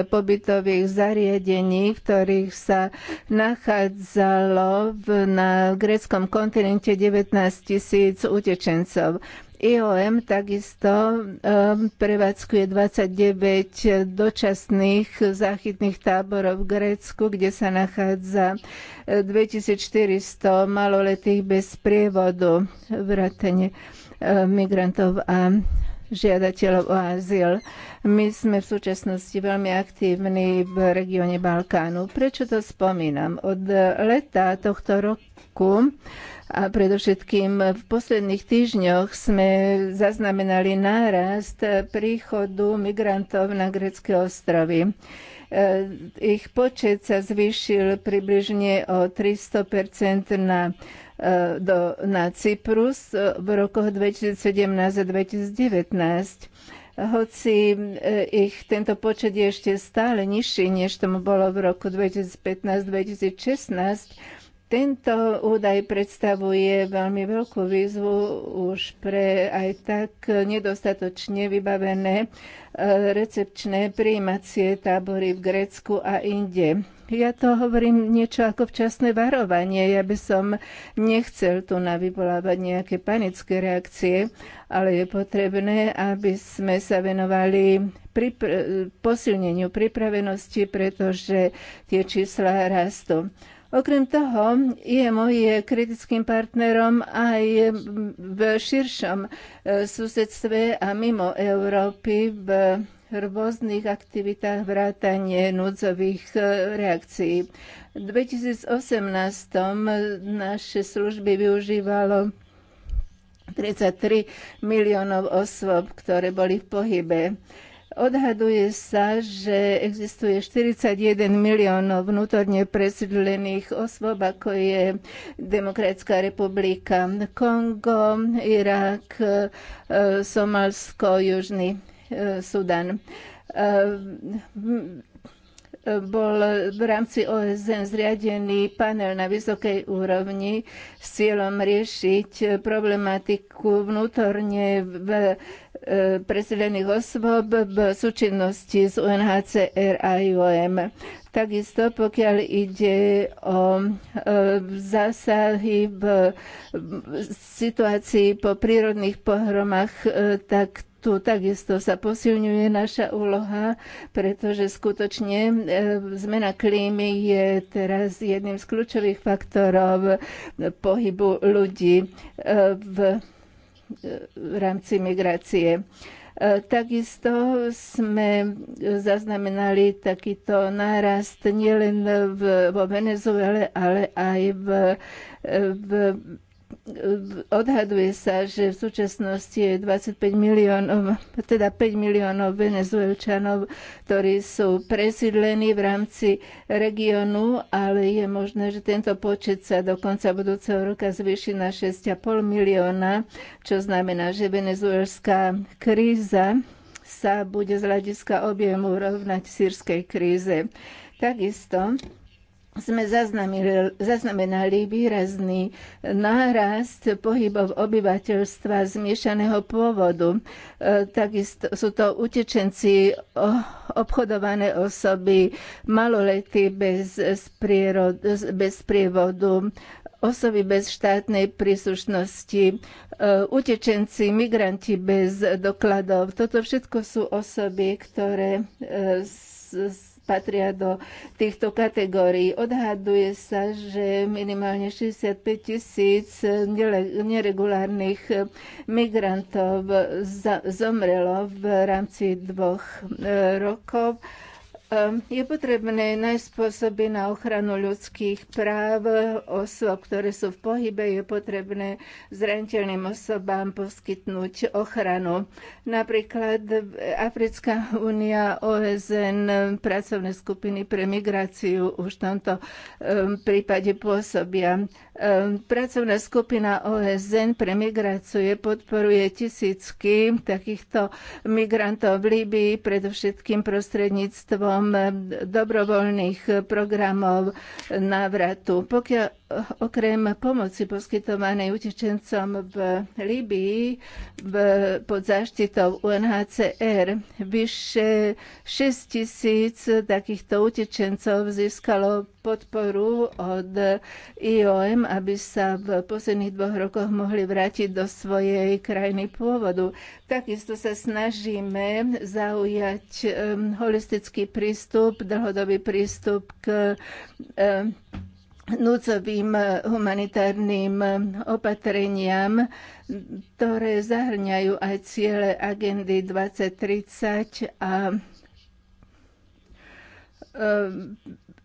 S2: pobytových zariadení, v ktorých sa nachádzalo na gréckom kontinente 19 tisíc utečencov. IOM takisto e, prevádzkuje 29 dočasných záchytných táborov v Grécku, kde sa nachádza 2400 e, maloletých bez prievodu vrátane migrantov a žiadateľov o azyl. My sme v súčasnosti veľmi aktívni v regióne Balkánu. Prečo to spomínam? Od leta tohto roku a predovšetkým v posledných týždňoch sme zaznamenali nárast príchodu migrantov na grecké ostrovy. E, ich počet sa zvýšil približne o 300 na E, do, na Cyprus e, v rokoch 2017 a 2019 hoci e, ich tento počet je ešte stále nižší, než tomu bolo v roku 2015-2016, tento údaj predstavuje veľmi veľkú výzvu už pre aj tak nedostatočne vybavené recepčné príjmacie tábory v Grécku a inde. Ja to hovorím niečo ako včasné varovanie. Ja by som nechcel tu navyvolávať nejaké panické reakcie, ale je potrebné, aby sme sa venovali pripr- posilneniu pripravenosti, pretože tie čísla rastú. Okrem toho, IMO je kritickým partnerom aj v širšom eh, susedstve a mimo Európy v rôznych aktivitách vrátanie núdzových e, reakcií. V 2018 naše služby využívalo 33 miliónov osôb, ktoré boli v pohybe. Odhaduje sa, že existuje 41 miliónov vnútorne presídlených osôb, ako je Demokratická republika Kongo, Irak, e, Somalsko, Južný Sudan e, bol v rámci OSN zriadený panel na vysokej úrovni s cieľom riešiť problematiku vnútorne v E, presídlených osôb v súčinnosti s UNHCR a IOM. Takisto pokiaľ ide o e, zásahy v situácii po prírodných pohromách, e, tak tu takisto sa posilňuje naša úloha, pretože skutočne zmena klímy je teraz jedným z kľúčových faktorov pohybu ľudí v v rámci migrácie. E, takisto sme zaznamenali takýto nárast nielen v, vo Venezuele, ale aj v, v Odhaduje sa, že v súčasnosti je 25 miliónov, teda 5 miliónov venezuelčanov, ktorí sú presídlení v rámci regiónu, ale je možné, že tento počet sa do konca budúceho roka zvýši na 6,5 milióna, čo znamená, že venezuelská kríza sa bude z hľadiska objemu rovnať sírskej kríze. Takisto sme zaznamenali výrazný nárast pohybov obyvateľstva zmiešaného pôvodu. E, takisto sú to utečenci, obchodované osoby, malolety bez, spriero, bez prievodu, osoby bez štátnej príslušnosti, e, utečenci, migranti bez dokladov. Toto všetko sú osoby, ktoré z, e, z, patria do týchto kategórií. Odhaduje sa, že minimálne 65 tisíc neregulárnych migrantov zomrelo v rámci dvoch e, rokov Ehm, je potrebné nájsť spôsoby na ochranu ľudských práv osôb, ktoré sú v pohybe. Je potrebné zraniteľným osobám poskytnúť ochranu. Napríklad Africká únia, OSN, pracovné skupiny pre migráciu už v tomto ehm, prípade pôsobia. Ehm, pracovná skupina OSN pre migráciu podporuje tisícky takýchto migrantov v Líbii, predovšetkým prostredníctvom cieľom dobrovoľných programov návratu. Pokiaľ okrem pomoci poskytovanej utečencom v Líbii v, pod záštitou UNHCR vyše 6 tisíc takýchto utečencov získalo podporu od IOM, aby sa v posledných dvoch rokoch mohli vrátiť do svojej krajiny pôvodu. Takisto sa snažíme zaujať holistický prístup, dlhodobý prístup k núcovým eh, humanitárnym opatreniam, ktoré zahrňajú aj ciele agendy 2030 a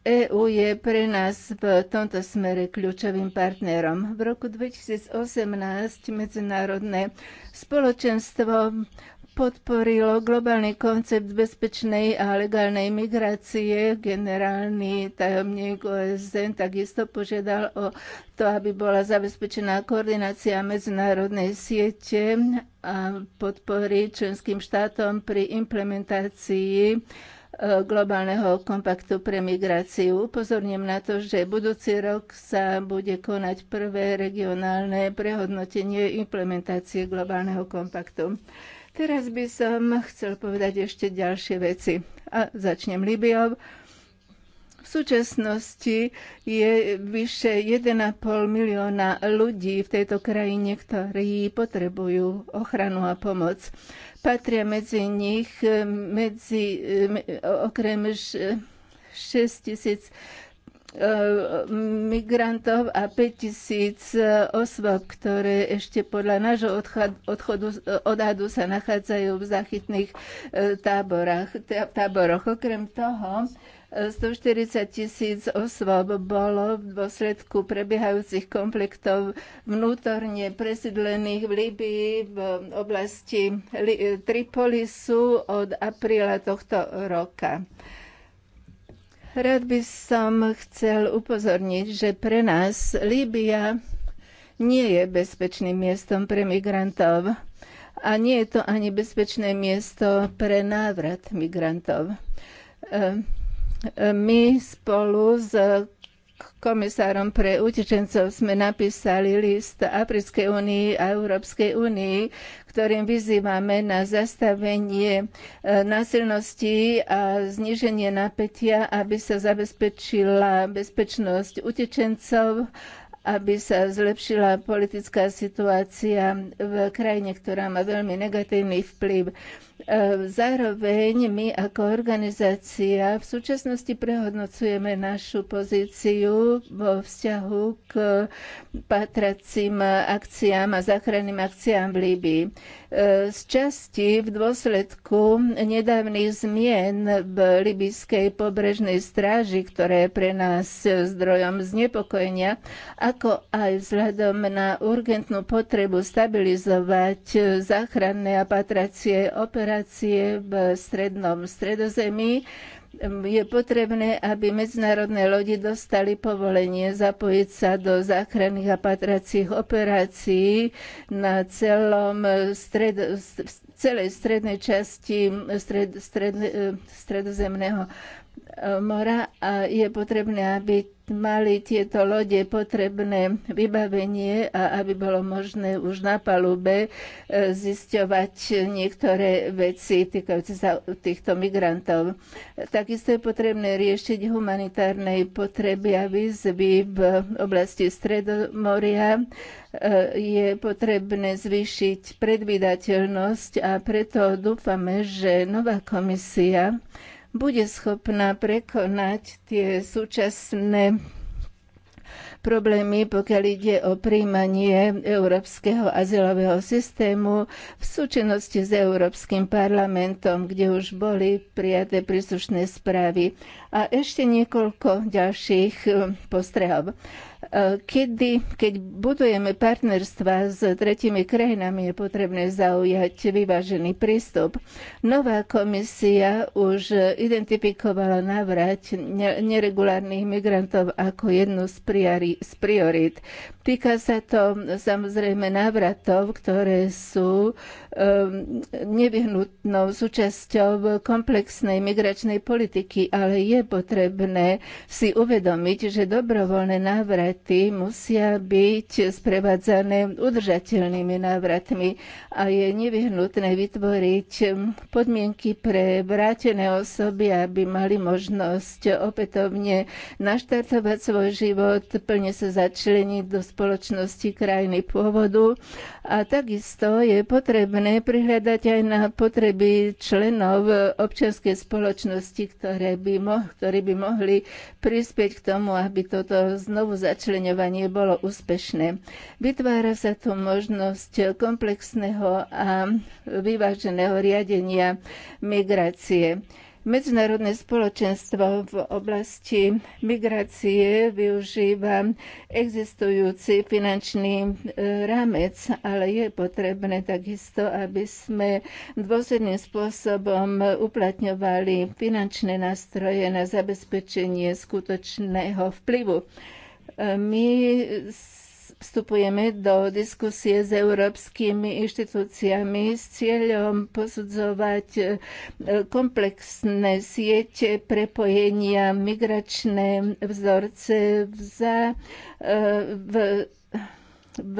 S2: EÚ je pre nás v tomto smere kľúčovým partnerom. V roku 2018 medzinárodné spoločenstvo podporilo globálny koncept bezpečnej a legálnej migrácie. Generálny tajomník OSN takisto požiadal o to, aby bola zabezpečená koordinácia medzinárodnej siete a podpory členským štátom pri implementácii E, globálneho kompaktu pre migráciu. Upozorním na to, že budúci rok sa bude konať prvé regionálne prehodnotenie implementácie globálneho kompaktu. Teraz by som chcel povedať ešte ďalšie veci. A začnem Libiou. V súčasnosti je vyše 1,5 milióna ľudí v tejto krajine, ktorí potrebujú ochranu a pomoc. Patria medzi nich e, medzi, e, okrem 6 tisíc e, migrantov a 5000 osôb, ktoré ešte podľa nášho odchodu, odhadu sa nachádzajú v zachytných táborách, táboroch. Okrem toho, 140 tisíc osôb bolo v dôsledku prebiehajúcich konfliktov vnútorne presídlených v Líbii v oblasti Tripolisu od apríla tohto roka. Rád by som chcel upozorniť, že pre nás Líbia nie je bezpečným miestom pre migrantov a nie je to ani bezpečné miesto pre návrat migrantov. Ehm, my spolu s komisárom pre utečencov sme napísali list Africkej únii a Európskej únii, ktorým vyzývame na zastavenie e, násilností a zníženie napätia, aby sa zabezpečila bezpečnosť utečencov, aby sa zlepšila politická situácia v krajine, ktorá má veľmi negatívny vplyv E, zároveň my ako organizácia v súčasnosti prehodnocujeme našu pozíciu vo vzťahu k patracím akciám a záchranným akciám v Líbii. E, z časti v dôsledku nedávnych zmien v Libyskej pobrežnej stráži, ktoré je pre nás zdrojom znepokojenia, ako aj vzhľadom na urgentnú potrebu stabilizovať záchranné a patracie operácie, operácie v strednom stredozemí je potrebné, aby medzinárodné lodi dostali povolenie zapojiť sa do záchranných a patracích operácií na celom stred, celej strednej časti stred, stred, stredozemného mora a je potrebné, aby mali tieto lode potrebné vybavenie a aby bolo možné už na palube e, zisťovať niektoré veci týkajúce sa týchto migrantov. Takisto je potrebné riešiť humanitárne potreby a výzvy v oblasti Stredomoria. E, je potrebné zvýšiť predvydateľnosť a preto dúfame, že nová komisia bude schopná prekonať tie súčasné problémy, pokiaľ ide o príjmanie európskeho azylového systému v súčinnosti s Európskym parlamentom, kde už boli prijaté príslušné správy. A ešte niekoľko ďalších postrehov. Kedy, keď budujeme partnerstva s tretimi krajinami, je potrebné zaujať vyvážený prístup. Nová komisia už identifikovala navrať neregulárnych migrantov ako jednu z, priori, z priorit. Týka sa to samozrejme návratov, ktoré sú um, nevyhnutnou súčasťou komplexnej migračnej politiky, ale je potrebné si uvedomiť, že dobrovoľné návrat návraty musia byť sprevádzané udržateľnými návratmi a je nevyhnutné vytvoriť podmienky pre vrátené osoby, aby mali možnosť opätovne naštartovať svoj život, plne sa začleniť do spoločnosti krajiny pôvodu a takisto je potrebné prihľadať aj na potreby členov občianskej spoločnosti, ktoré by, mo- ktorí by mohli prispieť k tomu, aby toto znovu začalo začlenovanie bolo úspešné. Vytvára sa tu možnosť komplexného a vyváženého riadenia migrácie. Medzinárodné spoločenstvo v oblasti migrácie využíva existujúci finančný e, rámec, ale je potrebné takisto, aby sme dôsledným spôsobom uplatňovali finančné nástroje na zabezpečenie skutočného vplyvu my vstupujeme do diskusie s európskymi inštitúciami s cieľom posudzovať e, komplexné siete prepojenia, migračné vzorce za, e, v, v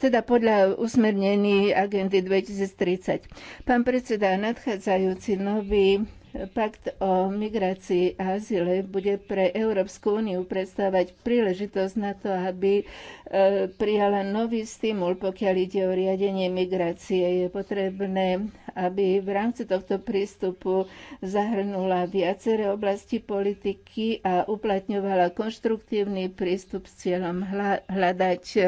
S2: teda podľa usmernení agendy 2030. Pán predseda, nadchádzajúci nový Pakt o migrácii a azile bude pre Európsku úniu predstavať príležitosť na to, aby e, prijala nový stimul, pokiaľ ide o riadenie migrácie. Je potrebné, aby v rámci tohto prístupu zahrnula viaceré oblasti politiky a uplatňovala konštruktívny prístup s cieľom hľadať e,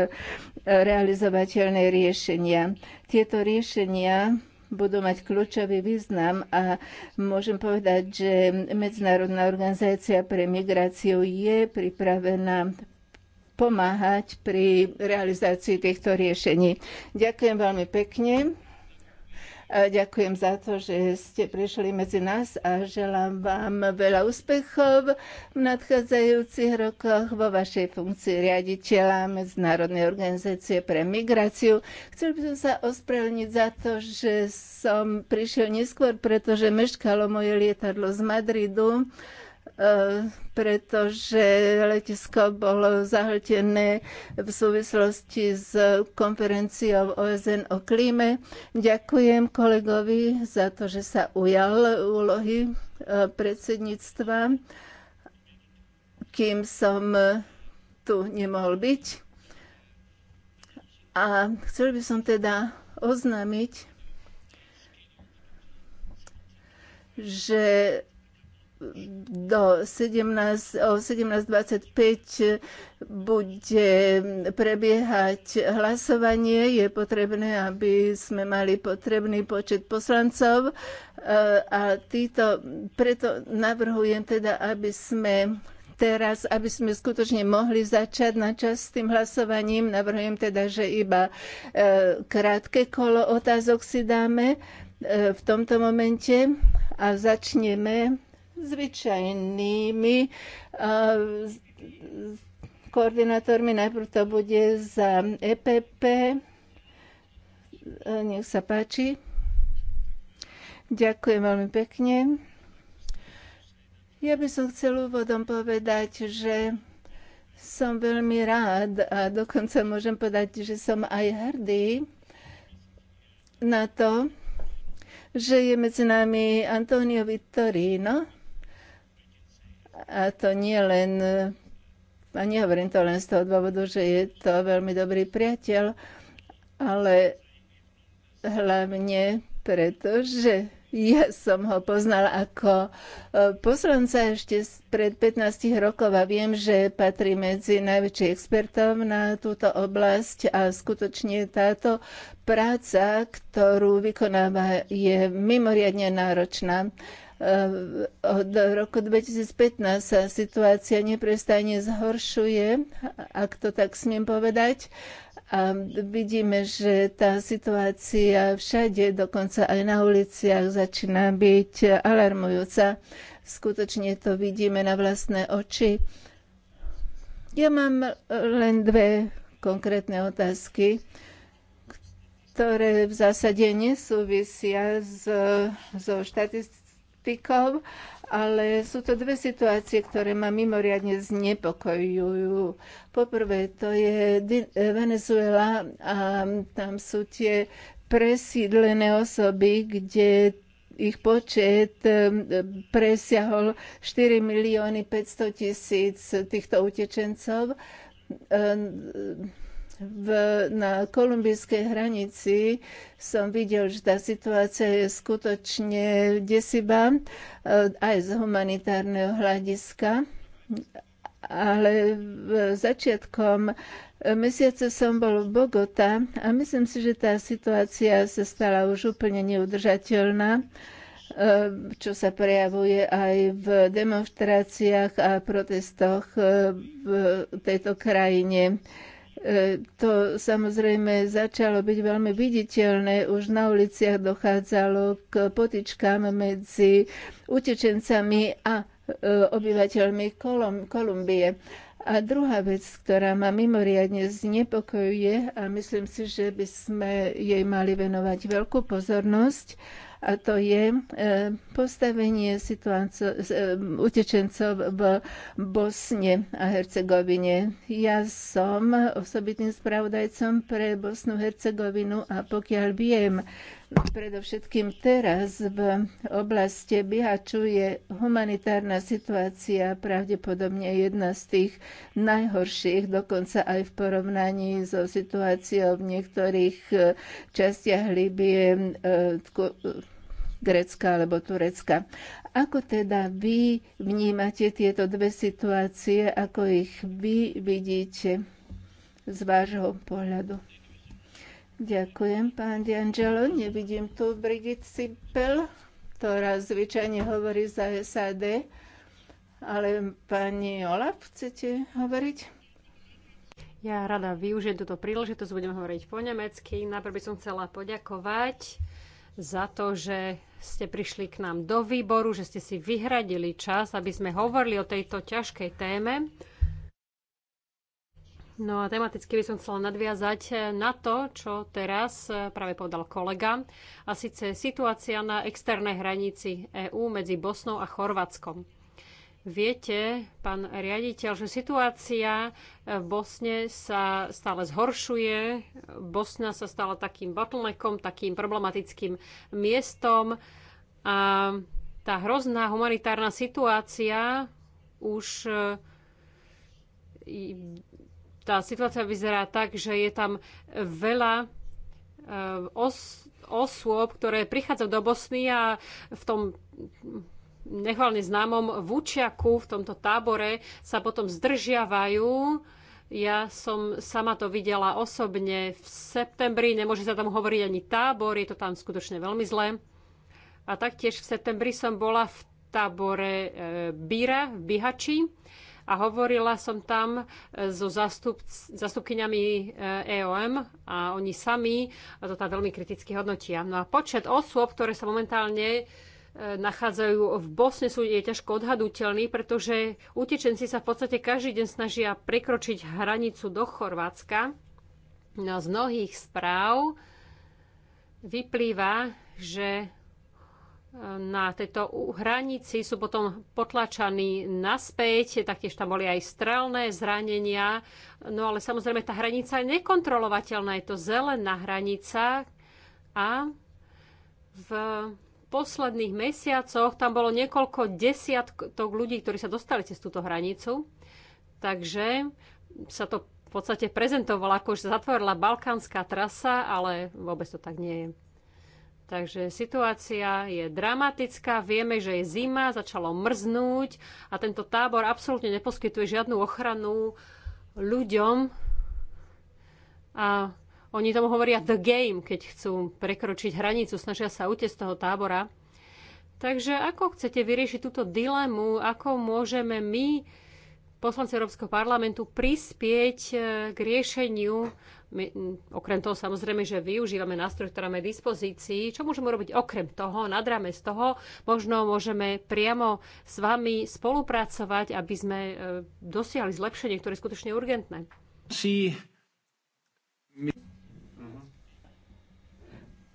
S2: realizovateľné riešenia. Tieto riešenia budú mať kľúčový význam a môžem povedať, že Medzinárodná organizácia pre migráciu je pripravená pomáhať pri realizácii týchto riešení. Ďakujem veľmi pekne. Ďakujem za to, že ste prišli medzi nás a želám vám veľa úspechov v nadchádzajúcich rokoch vo vašej funkcii riaditeľa Medzinárodnej organizácie pre migráciu. Chcel by som sa ospravedlniť za to, že som prišiel neskôr, pretože meškalo moje lietadlo z Madridu. E, pretože letisko bolo zahltené v súvislosti s konferenciou OSN o klíme. Ďakujem kolegovi za to, že sa ujal úlohy e, predsedníctva, kým som tu nemohol byť. A chcel by som teda oznámiť, že do 17, 17.25 bude prebiehať hlasovanie. Je potrebné, aby sme mali potrebný počet poslancov e, a títo, preto navrhujem teda, aby sme teraz, aby sme skutočne mohli začať na čas s tým hlasovaním. Navrhujem teda, že iba e, krátke kolo otázok si dáme e, v tomto momente a začneme zvyčajnými eh, koordinátormi. Najprv to bude za EPP. Eh, nech sa páči. Ďakujem veľmi pekne. Ja by som chcel úvodom povedať, že som veľmi rád a dokonca môžem povedať, že som aj hrdý na to, že je medzi nami Antonio Vittorino, a to nie len, a nehovorím to len z toho dôvodu, že je to veľmi dobrý priateľ, ale hlavne preto, že ja som ho poznala ako e, poslanca ešte pred 15 rokov a viem, že patrí medzi najväčších expertov na túto oblasť a skutočne táto práca, ktorú vykonáva, je mimoriadne náročná. Od roku 2015 sa situácia neprestane zhoršuje, ak to tak smiem povedať. A vidíme, že tá situácia všade, dokonca aj na uliciach, začína byť alarmujúca. Skutočne to vidíme na vlastné oči. Ja mám len dve konkrétne otázky, ktoré v zásade nesúvisia so, so praktikov, ale sú to dve situácie, ktoré ma mimoriadne znepokojujú. Poprvé to je Venezuela a tam sú tie presídlené osoby, kde ich počet e, presiahol 4 milióny 500 tisíc týchto utečencov e, v, na kolumbijskej hranici som videl, že tá situácia je skutočne desivá e, aj z humanitárneho hľadiska. Ale začiatkom mesiace som bol v Bogota a myslím si, že tá situácia sa stala už úplne neudržateľná e, čo sa prejavuje aj v demonstráciách a protestoch e, v tejto krajine. E, to samozrejme začalo byť veľmi viditeľné. Už na uliciach dochádzalo k potičkám medzi utečencami a e, obyvateľmi Kolum- Kolumbie. A druhá vec, ktorá ma mimoriadne znepokojuje a myslím si, že by sme jej mali venovať veľkú pozornosť, a to je e, postavenie e, utečencov v Bosne a Hercegovine. Ja som osobitným spravodajcom pre Bosnu Hercegovinu a pokiaľ viem, predovšetkým teraz v oblasti Bihaču je humanitárna situácia pravdepodobne jedna z tých najhorších, dokonca aj v porovnaní so situáciou v niektorých e, častiach Libie, Grécka alebo Turecka. Ako teda vy vnímate tieto dve situácie, ako ich vy vidíte z vášho pohľadu? Ďakujem, pán D'Angelo. Nevidím tu Brigit Sipel, ktorá zvyčajne hovorí za SAD. Ale pani Olaf, chcete hovoriť?
S4: Ja rada využijem túto príležitosť, budem hovoriť po nemecky. Najprv by som chcela poďakovať za to, že ste prišli k nám do výboru, že ste si vyhradili čas, aby sme hovorili o tejto ťažkej téme. No a tematicky by som chcela nadviazať na to, čo teraz práve povedal kolega, a síce situácia na externej hranici EÚ medzi Bosnou a Chorvátskom. Viete, pán riaditeľ, že situácia v Bosne sa stále zhoršuje. Bosna sa stala takým bottleneckom, takým problematickým miestom. A tá hrozná humanitárna situácia už e, tá situácia vyzerá tak, že je tam veľa e, os, osôb, ktoré prichádzajú do Bosny a v tom nechválne známom Vúčiaku v tomto tábore sa potom zdržiavajú. Ja som sama to videla osobne v septembri, nemôže sa tam hovoriť ani tábor, je to tam skutočne veľmi zlé. A taktiež v septembri som bola v tábore e, Bíra v Bihači a hovorila som tam e, so zastup, zastupkyňami EOM e a oni sami a to tam veľmi kriticky hodnotia. No a počet osôb, ktoré sa momentálne nachádzajú v Bosne, sú je ťažko odhadnutelní, pretože utečenci sa v podstate každý deň snažia prekročiť hranicu do Chorvátska. No z mnohých správ vyplýva, že e, na tejto hranici sú potom potlačaní naspäť, taktiež tam boli aj strelné zranenia. No ale samozrejme tá hranica je nekontrolovateľná, je to zelená hranica a v posledných mesiacoch tam bolo niekoľko desiatok ľudí, ktorí sa dostali cez túto hranicu. Takže sa to v podstate prezentovalo, ako už sa zatvorila balkánska trasa, ale vôbec to tak nie je. Takže situácia je dramatická, vieme, že je zima, začalo mrznúť a tento tábor absolútne neposkytuje žiadnu ochranu ľuďom. A oni tomu hovoria the game, keď chcú prekročiť hranicu, snažia sa utieť z toho tábora. Takže ako chcete vyriešiť túto dilemu, ako môžeme my, poslanci Európskeho parlamentu, prispieť eh, k riešeniu, my, okrem toho samozrejme, že využívame nástroj, ktorý máme v dispozícii, čo môžeme robiť okrem toho, nadráme z toho, možno môžeme priamo s vami spolupracovať, aby sme eh, dosiahli zlepšenie, ktoré je skutočne urgentné. Sí.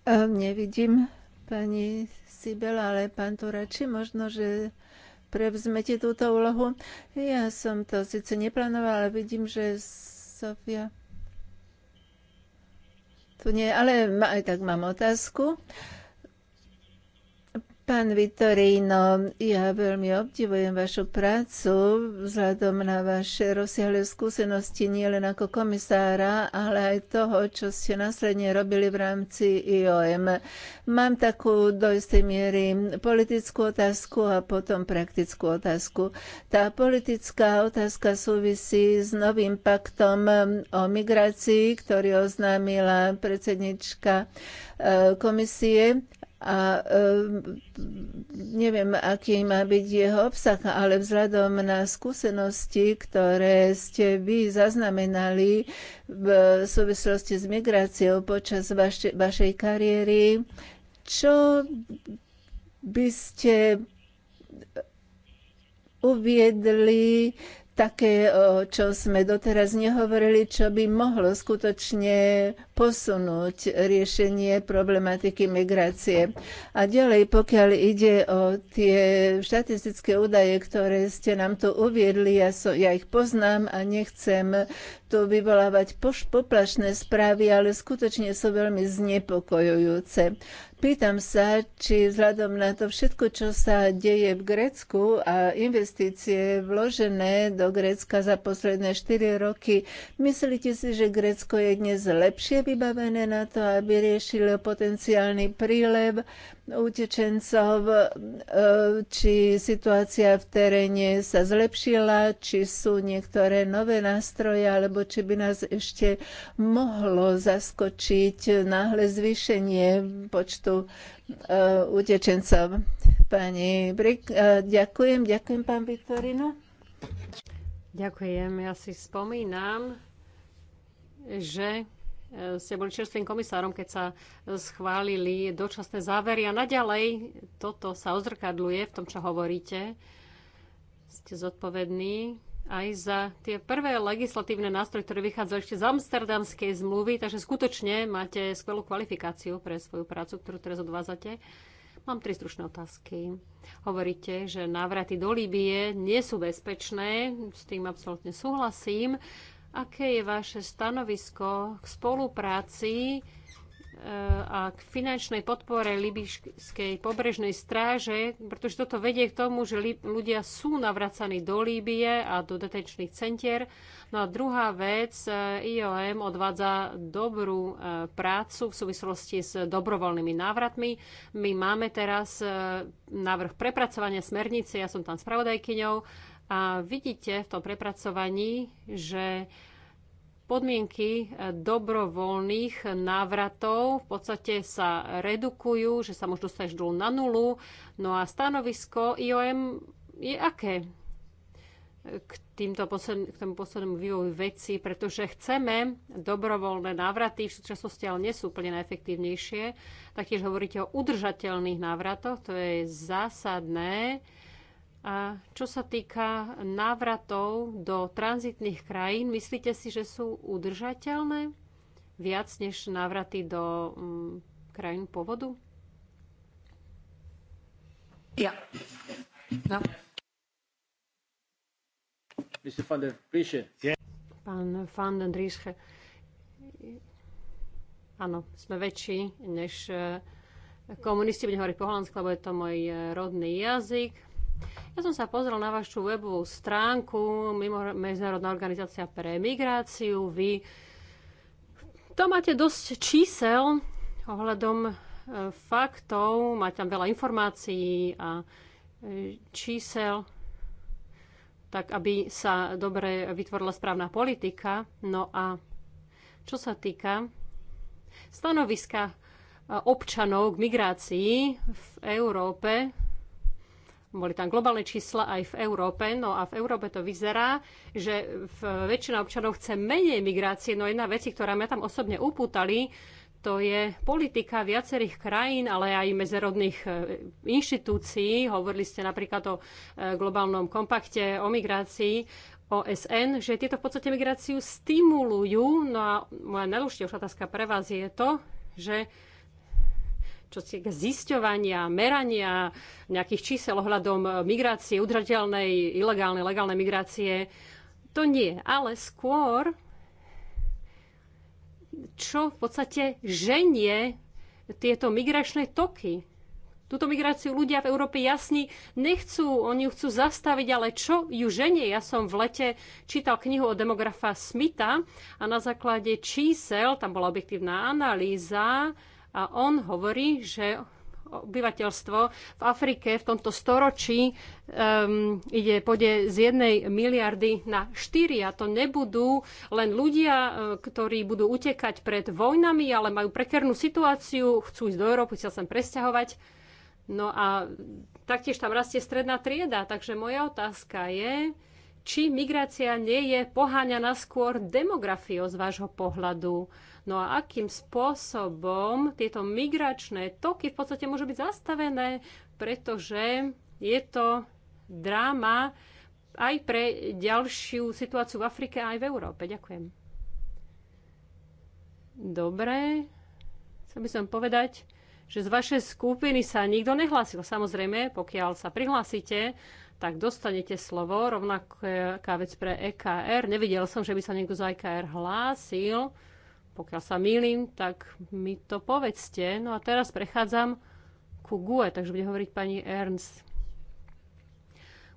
S2: Ehm, nevidím pani Sibela, ale pán Turači, možno, že prevzmete túto úlohu. Ja som to síce neplánovala, ale vidím, že Sofia tu nie, ale aj tak mám otázku. Uh, Pán Vitorino, ja veľmi obdivujem vašu prácu vzhľadom na vaše rozsiahle skúsenosti nielen ako komisára, ale aj toho, čo ste následne robili v rámci IOM. Mám takú do istej miery politickú otázku a potom praktickú otázku. Tá politická otázka súvisí s novým paktom o migrácii, ktorý oznámila predsednička eh, komisie a e, neviem, aký má byť jeho obsah, ale vzhľadom na skúsenosti, ktoré ste vy zaznamenali v súvislosti s migráciou počas vaše, vašej kariéry, čo by ste uviedli také, o e, čo sme doteraz nehovorili, čo by mohlo skutočne posunúť riešenie problematiky migrácie. A ďalej, pokiaľ ide o tie štatistické údaje, ktoré ste nám tu uviedli, ja, so, ja ich poznám a nechcem tu vyvolávať poš, poplašné správy, ale skutočne sú veľmi znepokojujúce. Pýtam sa, či vzhľadom na to všetko, čo sa deje v Grécku a investície vložené do Grécka za posledné 4 roky, myslíte si, že Grécko je dnes lepšie vybavené na to, aby riešilo potenciálny prílev utečencov, e, či situácia v teréne sa zlepšila, či sú niektoré nové nástroje, alebo či by nás ešte mohlo zaskočiť náhle zvýšenie počtu e, utečencov. Pani Brik, e, ďakujem, ďakujem pán Viktorino.
S4: Ďakujem, ja si spomínam, že E, ste boli čerstvým komisárom, keď sa schválili dočasné závery a naďalej toto sa ozrkadluje v tom, čo hovoríte. Ste zodpovední aj za tie prvé legislatívne nástroje, ktoré vychádzajú ešte z Amsterdamskej zmluvy, takže skutočne máte skvelú kvalifikáciu pre svoju prácu, ktorú teraz odvádzate. Mám tri stručné otázky. Hovoríte, že návraty do Líbie nie sú bezpečné, s tým absolútne súhlasím. Aké je vaše stanovisko k spolupráci e, a k finančnej podpore Libyjskej pobrežnej stráže, pretože toto vedie k tomu, že ľudia sú navracaní do Líbie a do detenčných centier. No a druhá vec, e, IOM odvádza dobrú e, prácu v súvislosti s dobrovoľnými návratmi. My máme teraz návrh prepracovania smernice, ja som tam spravodajkyňou a vidíte v tom prepracovaní, že podmienky dobrovoľných návratov v podstate sa redukujú, že sa môžu dostať dolu na nulu. No a stanovisko IOM je aké k, týmto posledn- k tomu poslednému vývoju veci, pretože chceme dobrovoľné návraty, v súčasnosti ale nie sú úplne najefektívnejšie. Taktiež hovoríte o udržateľných návratoch, to je zásadné a čo sa týka návratov do tranzitných krajín, myslíte si, že sú udržateľné viac než návraty do mm, krajín povodu? Ja. No. Pán van den Driesche. Áno, sme väčší než eh, komunisti, budem hovoriť po holandsku, lebo je to môj eh, rodný jazyk ja som sa pozrel na vašu webovú stránku Medzinárodná organizácia pre migráciu. Vy to máte dosť čísel ohľadom e, faktov, máte tam veľa informácií a e, čísel, tak aby sa dobre vytvorila správna politika. No a čo sa týka stanoviska e, občanov k migrácii v Európe, boli tam globálne čísla aj v Európe. No a v Európe to vyzerá, že väčšina občanov chce menej migrácie. No jedna veci, ktorá ma tam osobne upútali, to je politika viacerých krajín, ale aj medzirodných e, inštitúcií. Hovorili ste napríklad o e, globálnom kompakte, o migrácii, OSN, že tieto v podstate migráciu stimulujú. No a moja najdôležitejšia otázka pre vás je to, že čo si zisťovania, merania nejakých čísel ohľadom migrácie, udržateľnej, ilegálnej, legálnej migrácie. To nie, ale skôr, čo v podstate ženie tieto migračné toky. Túto migráciu ľudia v Európe jasní nechcú, oni ju chcú zastaviť, ale čo ju ženie? Ja som v lete čítal knihu od demografa Smitha a na základe čísel, tam bola objektívna analýza, a on hovorí, že obyvateľstvo v Afrike v tomto storočí um, ide pôjde z jednej miliardy na štyri. A to nebudú len ľudia, eh, ktorí budú utekať pred vojnami, ale majú prekernú situáciu, chcú ísť do Európy, chcú sa sem presťahovať. No a taktiež tam rastie stredná trieda. Takže moja otázka je, či migrácia nie je poháňaná skôr demografiou z vášho pohľadu. No a akým spôsobom tieto migračné toky v podstate môžu byť zastavené, pretože je to dráma aj pre ďalšiu situáciu v Afrike aj v Európe. Ďakujem. Dobre. Chcel by som povedať, že z vašej skupiny sa nikto nehlásil. Samozrejme, pokiaľ sa prihlásite, tak dostanete slovo. Rovnaká vec pre EKR. Nevidel som, že by sa niekto z EKR hlásil. Pokiaľ sa mýlim, tak mi to povedzte. No a teraz prechádzam ku GUE, takže bude hovoriť pani Ernst.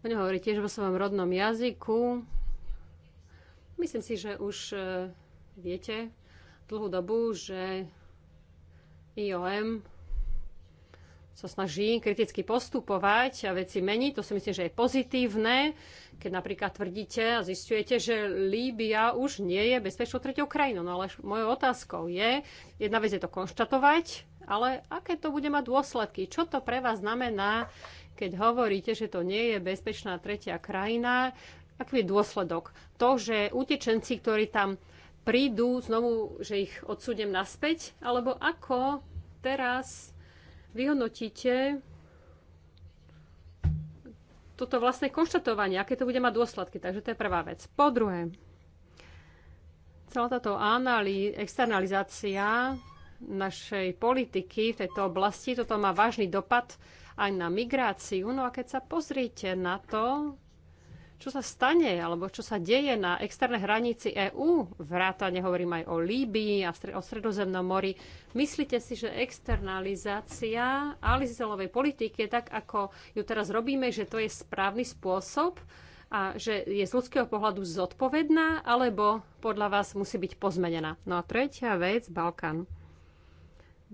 S4: Bude hovoriť tiež vo svojom rodnom jazyku. Myslím si, že už e, viete dlhú dobu, že IOM sa snaží kriticky postupovať a veci meniť. To si myslím, že je pozitívne, keď napríklad tvrdíte a zistujete, že Líbia už nie je bezpečnou tretou krajinou. No ale mojou otázkou je, jedna vec je to konštatovať, ale aké to bude mať dôsledky? Čo to pre vás znamená, keď hovoríte, že to nie je bezpečná tretia krajina? Aký je dôsledok? To, že utečenci, ktorí tam prídu, znovu, že ich odsúdem naspäť? Alebo ako teraz vyhodnotíte toto vlastné konštatovanie, aké to bude mať dôsledky. Takže to je prvá vec. Po druhé, celá táto analý, externalizácia našej politiky v tejto oblasti, toto má vážny dopad aj na migráciu. No a keď sa pozriete na to, čo sa stane alebo čo sa deje na externej hranici EÚ, vrátane hovorím aj o Líbii a o Sredozemnom mori, myslíte si, že externalizácia alizelovej politiky, tak ako ju teraz robíme, že to je správny spôsob a že je z ľudského pohľadu zodpovedná, alebo podľa vás musí byť pozmenená? No a tretia vec, Balkán.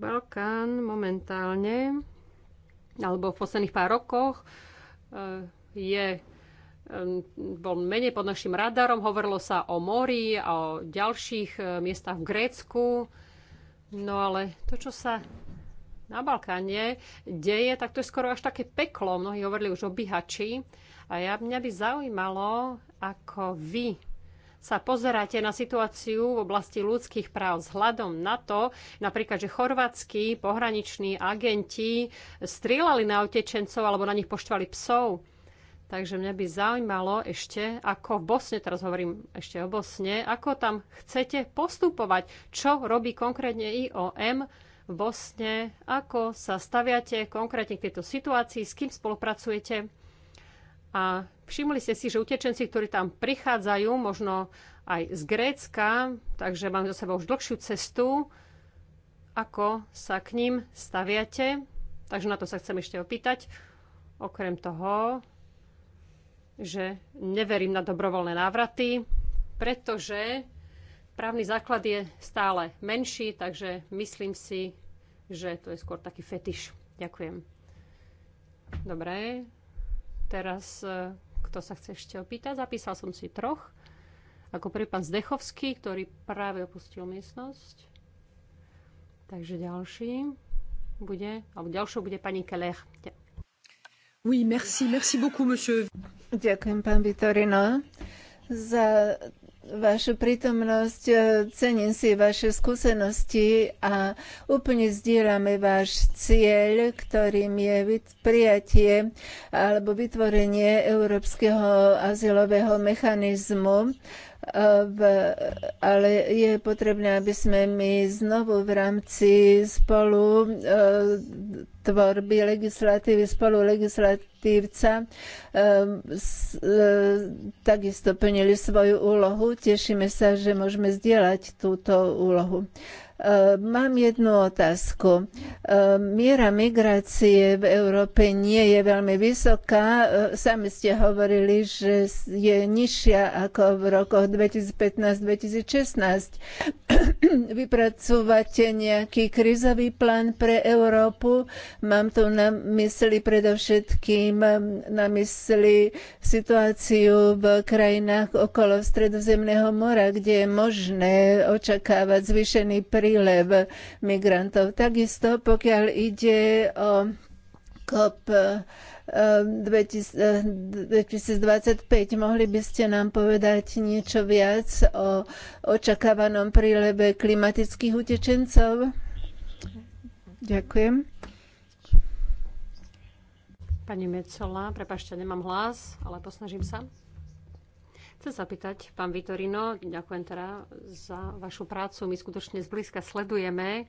S4: Balkán momentálne, alebo v posledných pár rokoch, e, je bol menej pod našim radarom. Hovorilo sa o mori a o ďalších e, miestach v Grécku. No ale to, čo sa na Balkáne deje, tak to je skoro až také peklo. Mnohí hovorili už o bihači. A ja, mňa by zaujímalo, ako vy sa pozeráte na situáciu v oblasti ľudských práv vzhľadom na to, napríklad, že chorvátsky pohraniční agenti strieľali na utečencov alebo na nich poštvali psov. Takže mňa by zaujímalo ešte, ako v Bosne, teraz hovorím ešte o Bosne, ako tam chcete postupovať, čo robí konkrétne IOM v Bosne, ako sa staviate konkrétne k tejto situácii, s kým spolupracujete. A všimli ste si, že utečenci, ktorí tam prichádzajú, možno aj z Grécka, takže máme za sebou už dlhšiu cestu, ako sa k ním staviate. Takže na to sa chcem ešte opýtať. Okrem toho, že neverím na dobrovoľné návraty, pretože právny základ je stále menší, takže myslím si, že to je skôr taký fetiš. Ďakujem. Dobre, teraz e, kto sa chce ešte opýtať? Zapísal som si troch. Ako prvý pán Zdechovský, ktorý práve opustil miestnosť. Takže ďalší bude, alebo ďalšou bude pani Kelech.
S2: Oui, merci, merci beaucoup, monsieur. Ďakujem, pán Vitorino, za vašu prítomnosť, cením si vaše skúsenosti a úplne zdieľame váš cieľ, ktorým je prijatie alebo vytvorenie Európskeho azylového mechanizmu. E, v, ale je potrebné, aby sme my znovu v rámci spolu e, tvorby legislatívy spolu legislatívca um, uh, takisto plnili svoju úlohu. Tešíme sa, že môžeme zdieľať túto úlohu. Uh, mám jednu otázku. Uh, miera migrácie v Európe nie je veľmi vysoká. Sami ste hovorili, že je nižšia ako v rokoch 2015-2016. Vypracúvate nejaký krizový plán pre Európu, Mám tu na mysli predovšetkým na mysli situáciu v krajinách okolo Stredozemného mora, kde je možné očakávať zvýšený prílev migrantov. Takisto, pokiaľ ide o COP 2025. Eh, mohli by ste nám povedať niečo viac o očakávanom prílebe klimatických utečencov? Ďakujem.
S4: Pani Mecola, prepašte, nemám hlas, ale posnažím sa. Chcem sa pýtať, pán Vitorino, ďakujem teda za vašu prácu. My skutočne zblízka sledujeme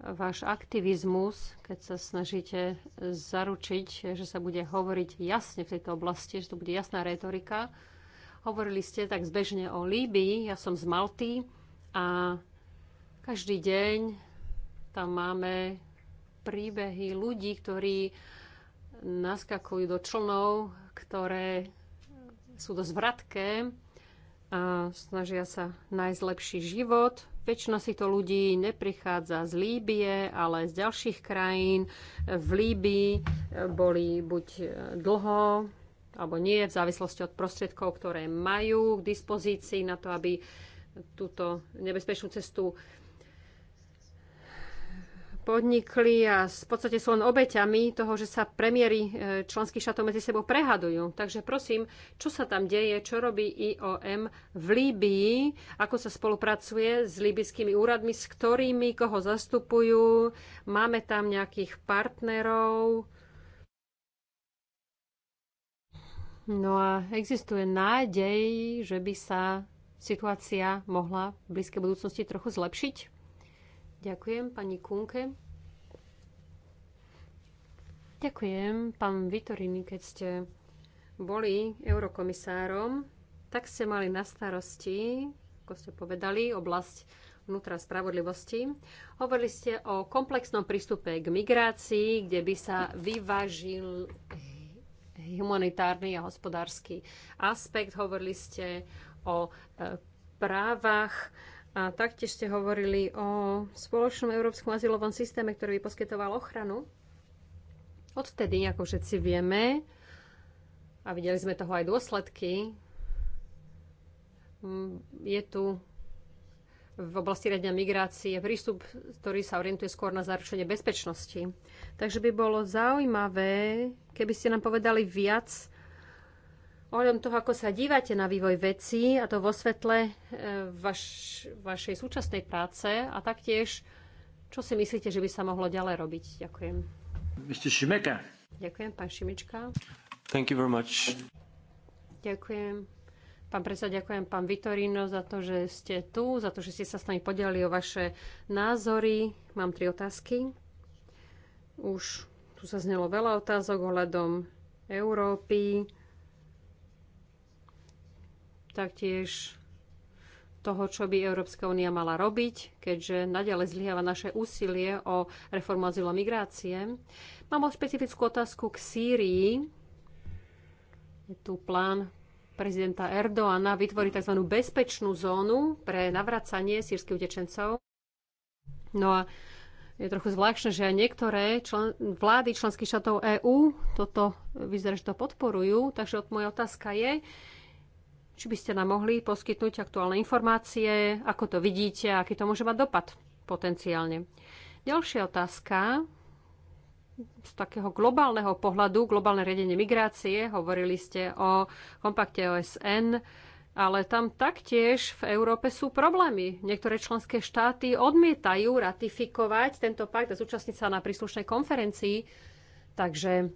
S4: váš aktivizmus, keď sa snažíte zaručiť, že sa bude hovoriť jasne v tejto oblasti, že to bude jasná retorika. Hovorili ste tak zbežne o Líbii, ja som z Malty a každý deň tam máme príbehy ľudí, ktorí naskakujú do člnov, ktoré sú dosť vratké a snažia sa nájsť lepší život. Väčšina si to ľudí neprichádza z Líbie, ale z ďalších krajín. V Líbii boli buď dlho alebo nie, v závislosti od prostriedkov, ktoré majú k dispozícii na to, aby túto nebezpečnú cestu podnikli a v podstate sú len obeťami toho, že sa premiéry e, členských štátov medzi sebou prehadujú. Takže prosím, čo sa tam deje, čo robí IOM v Líbii, ako sa spolupracuje s líbyskými úradmi, s ktorými koho zastupujú, máme tam nejakých partnerov. No a existuje nádej, že by sa situácia mohla v blízkej budúcnosti trochu zlepšiť? Ďakujem pani Kunke. Ďakujem pán Vitorini, keď ste boli eurokomisárom, tak ste mali na starosti, ako ste povedali, oblasť vnútra spravodlivosti. Hovorili ste o komplexnom prístupe k migrácii, kde by sa vyvážil humanitárny a hospodársky aspekt. Hovorili ste o e, právach a taktiež ste hovorili o spoločnom európskom azylovom systéme, ktorý by poskytoval ochranu. Odtedy, ako všetci vieme, a videli sme toho aj dôsledky, je tu v oblasti riadenia migrácie prístup, ktorý sa orientuje skôr na zaručenie bezpečnosti. Takže by bolo zaujímavé, keby ste nám povedali viac ohľadom toho, ako sa dívate na vývoj veci a to vo svetle e, vaš, vašej súčasnej práce a taktiež, čo si myslíte, že by sa mohlo ďalej robiť? Ďakujem.
S3: Mr. Šimeka.
S4: Ďakujem, pán Šimička.
S1: Thank you very much.
S4: Ďakujem. Pán predseda, ďakujem pán Vitorino za to, že ste tu, za to, že ste sa s nami podelili o vaše názory. Mám tri otázky. Už tu sa znelo veľa otázok ohľadom Európy taktiež toho, čo by Európska únia mala robiť, keďže naďalej zlyháva naše úsilie o reformu azylu migrácie. Mám špecifickú otázku k Sýrii. Je tu plán prezidenta Erdoána vytvoriť tzv. bezpečnú zónu pre navracanie sírskych utečencov. No a je trochu zvláštne, že aj niektoré člen, vlády členských štátov EÚ toto vyzerá, že to podporujú. Takže moja otázka je, či by ste nám mohli poskytnúť aktuálne informácie, ako to vidíte, aký to môže mať dopad potenciálne. Ďalšia otázka z takého globálneho pohľadu, globálne riadenie migrácie, hovorili ste o kompakte OSN, ale tam taktiež v Európe sú problémy. Niektoré členské štáty odmietajú ratifikovať tento pakt a zúčastniť sa na príslušnej konferencii. Takže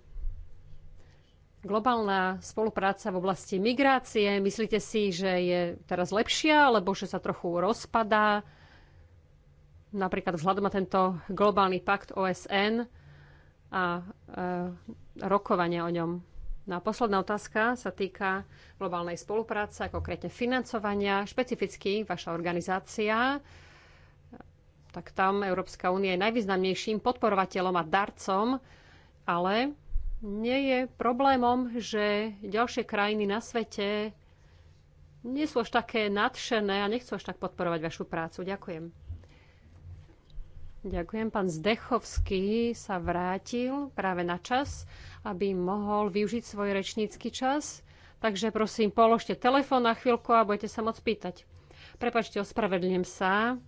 S4: globálna spolupráca v oblasti migrácie. Myslíte si, že je teraz lepšia, alebo že sa trochu rozpadá? Napríklad vzhľadom na tento globálny pakt OSN a e, rokovania o ňom. No a posledná otázka sa týka globálnej spolupráce, konkrétne financovania, špecificky vaša organizácia. Tak tam Európska únia je najvýznamnejším podporovateľom a darcom, ale nie je problémom, že ďalšie krajiny na svete nie sú až také nadšené a nechcú až tak podporovať vašu prácu. Ďakujem. Ďakujem. Pán Zdechovský sa vrátil práve na čas, aby mohol využiť svoj rečnícky čas. Takže prosím, položte telefón na chvíľku a budete sa môcť pýtať. Prepačte, ospravedlňujem sa.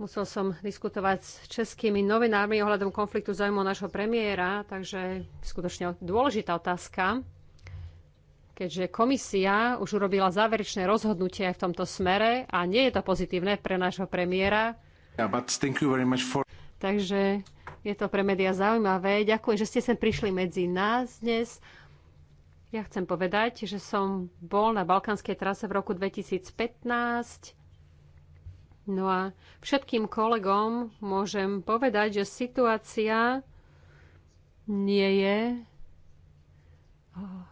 S4: Musel som diskutovať s českými novinármi ohľadom konfliktu zájmu nášho premiéra, takže skutočne dôležitá otázka, keďže komisia už urobila záverečné rozhodnutie aj v tomto smere a nie je to pozitívne pre nášho premiéra.
S3: Yeah, for...
S4: Takže je to pre médiá zaujímavé. Ďakujem, že ste sem prišli medzi nás dnes. Ja chcem povedať, že som bol na balkánskej trase v roku 2015 No a všetkým kolegom môžem povedať, že situácia nie je oh,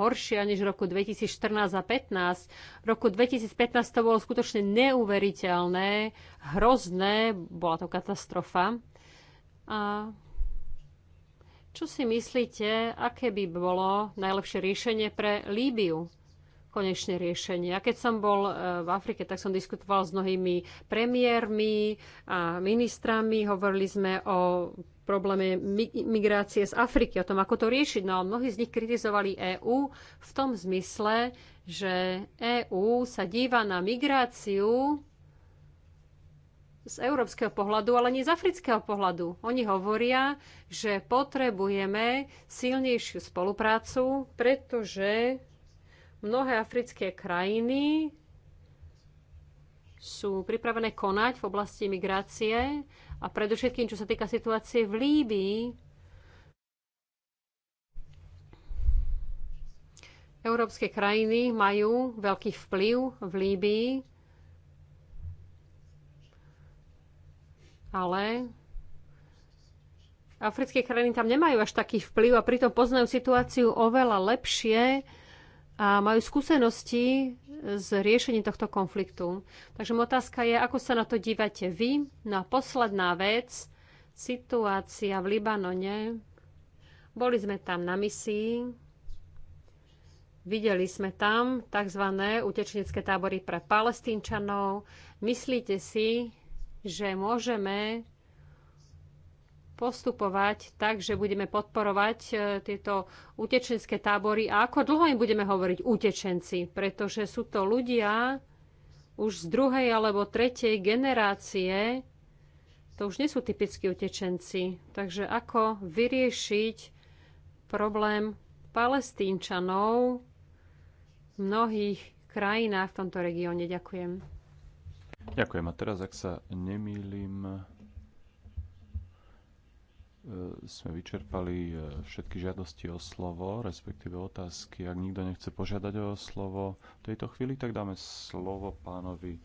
S4: horšia než v roku 2014 a 2015. V roku 2015 to bolo skutočne neuveriteľné, hrozné, bola to katastrofa. A čo si myslíte, aké by bolo najlepšie riešenie pre Líbiu? konečné riešenie. A keď som bol e, v Afrike, tak som diskutoval s mnohými premiérmi a ministrami. Hovorili sme o probléme migrácie z Afriky, o tom, ako to riešiť. No a mnohí z nich kritizovali EÚ v tom zmysle, že EÚ sa díva na migráciu z európskeho pohľadu, ale nie z afrického pohľadu. Oni hovoria, že potrebujeme silnejšiu spoluprácu, pretože Mnohé africké krajiny sú pripravené konať v oblasti migrácie a predovšetkým, čo sa týka situácie v Líbii, európske krajiny majú veľký vplyv v Líbii, ale africké krajiny tam nemajú až taký vplyv a pritom poznajú situáciu oveľa lepšie a majú skúsenosti s riešením tohto konfliktu. Takže moja otázka je, ako sa na to dívate vy. No a posledná vec, situácia v Libanone. Boli sme tam na misii, videli sme tam tzv. utečenecké tábory pre palestínčanov. Myslíte si, že môžeme postupovať tak, že budeme podporovať e, tieto utečenské tábory a ako dlho im budeme hovoriť utečenci, pretože sú to ľudia už z druhej alebo tretej generácie, to už nie sú typickí utečenci. Takže ako vyriešiť problém palestínčanov v mnohých krajinách v tomto regióne. Ďakujem.
S1: Ďakujem. A teraz, ak sa nemýlim, E, sme vyčerpali e, všetky žiadosti o slovo, respektíve otázky. Ak nikto nechce požiadať o slovo v tejto chvíli, tak dáme slovo pánovi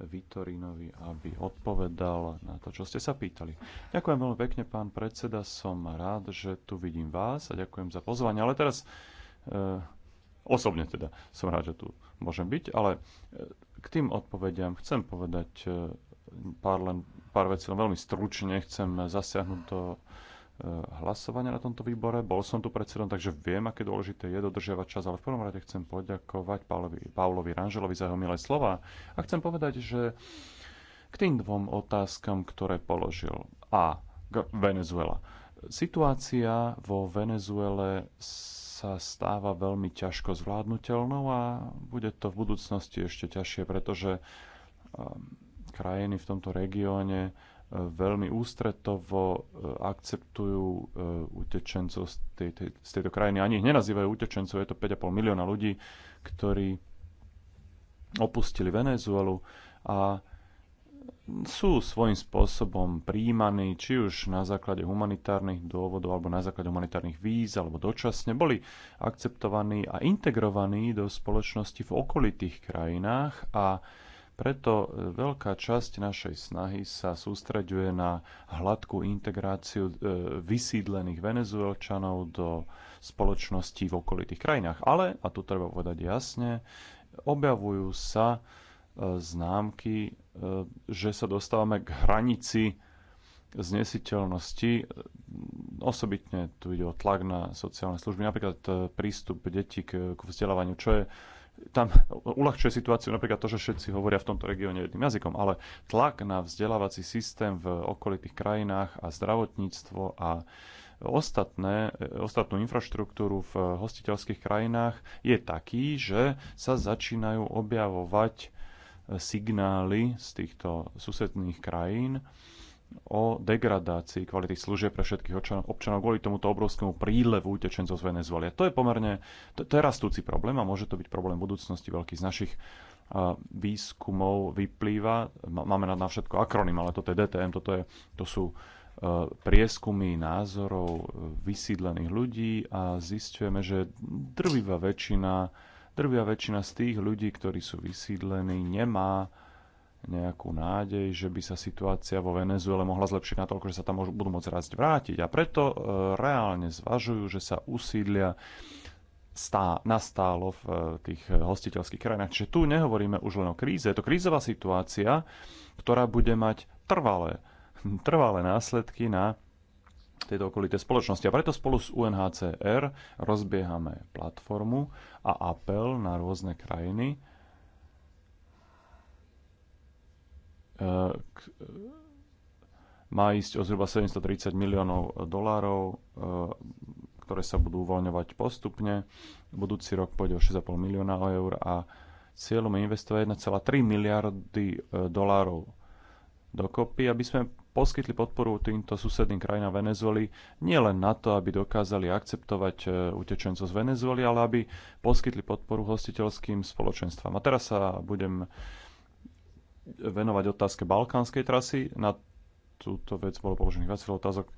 S1: Vitorinovi, aby odpovedal na to, čo ste sa pýtali. Ďakujem veľmi pekne, pán predseda. Som rád, že tu vidím vás a ďakujem za pozvanie. Ale teraz, e, osobne teda, som rád, že tu môžem byť, ale e, k tým odpovediam chcem povedať pár len pár vecí, len veľmi stručne chcem zasiahnuť do e, hlasovania na tomto výbore. Bol som tu predsedom, takže viem, aké dôležité je dodržiavať čas, ale v prvom rade chcem poďakovať Pavlovi Pavlovi Ranželovi za jeho milé slova a chcem povedať, že k tým dvom otázkam, ktoré položil. A. Venezuela. Situácia vo Venezuele sa stáva veľmi ťažko zvládnutelnou a bude to v budúcnosti ešte ťažšie, pretože ehm, krajiny v tomto regióne e, veľmi ústretovo e, akceptujú e, utečencov z, tej, tej, z tejto krajiny. Ani ich nenazývajú utečencov, je to 5,5 milióna ľudí, ktorí opustili Venezuelu a sú svojím spôsobom príjmaní, či už na základe humanitárnych dôvodov, alebo na základe humanitárnych víz, alebo dočasne, boli akceptovaní a integrovaní do spoločnosti v okolitých krajinách a preto e, veľká časť našej snahy sa sústreďuje na hladkú integráciu e, vysídlených venezuelčanov do spoločností v okolitých krajinách. Ale, a tu treba povedať jasne, objavujú sa e, známky, že sa dostávame k hranici znesiteľnosti. Osobitne tu ide o tlak na sociálne služby, napríklad prístup detí k vzdelávaniu, čo je tam uľahčuje situáciu napríklad to, že všetci hovoria v tomto regióne jedným jazykom, ale tlak na vzdelávací systém v okolitých krajinách a zdravotníctvo a ostatné, ostatnú infraštruktúru v hostiteľských krajinách je taký, že sa začínajú objavovať signály z týchto susedných krajín, o degradácii kvality služieb pre všetkých občanov kvôli tomuto obrovskému prílevu utečencov z Venezuely. to je pomerne, to, to je rastúci problém a môže to byť problém budúcnosti. Veľký z našich výskumov vyplýva, máme na všetko akronym, ale toto je DTM, toto je, to sú e, prieskumy názorov e, vysídlených ľudí a zistujeme, že drvivá väčšina, drvivá väčšina z tých ľudí, ktorí sú vysídlení, nemá nejakú nádej, že by sa situácia vo Venezuele mohla zlepšiť na toľko, že sa tam môžu, budú môcť rásť vrátiť. A preto e, reálne zvažujú, že sa usídlia stá, nastálo v e, tých hostiteľských krajinách. Čiže tu nehovoríme už len o kríze. Je to krízová situácia, ktorá bude mať trvalé, trvalé následky na tejto okolité spoločnosti. A preto spolu s UNHCR rozbiehame platformu a apel na rôzne krajiny, má ísť o zhruba 730 miliónov dolárov, e, ktoré sa budú uvoľňovať postupne. Budúci rok pôjde o 6,5 milióna eur a cieľom je investovať 1,3 miliardy e, dolárov dokopy, aby sme poskytli podporu týmto susedným krajinám Venezuely nielen na to, aby dokázali akceptovať e, utečencov z Venezuely, ale aby poskytli podporu hostiteľským spoločenstvám. A teraz sa budem venovať otázke balkánskej trasy. Na túto vec bolo položených viacero otázok. E,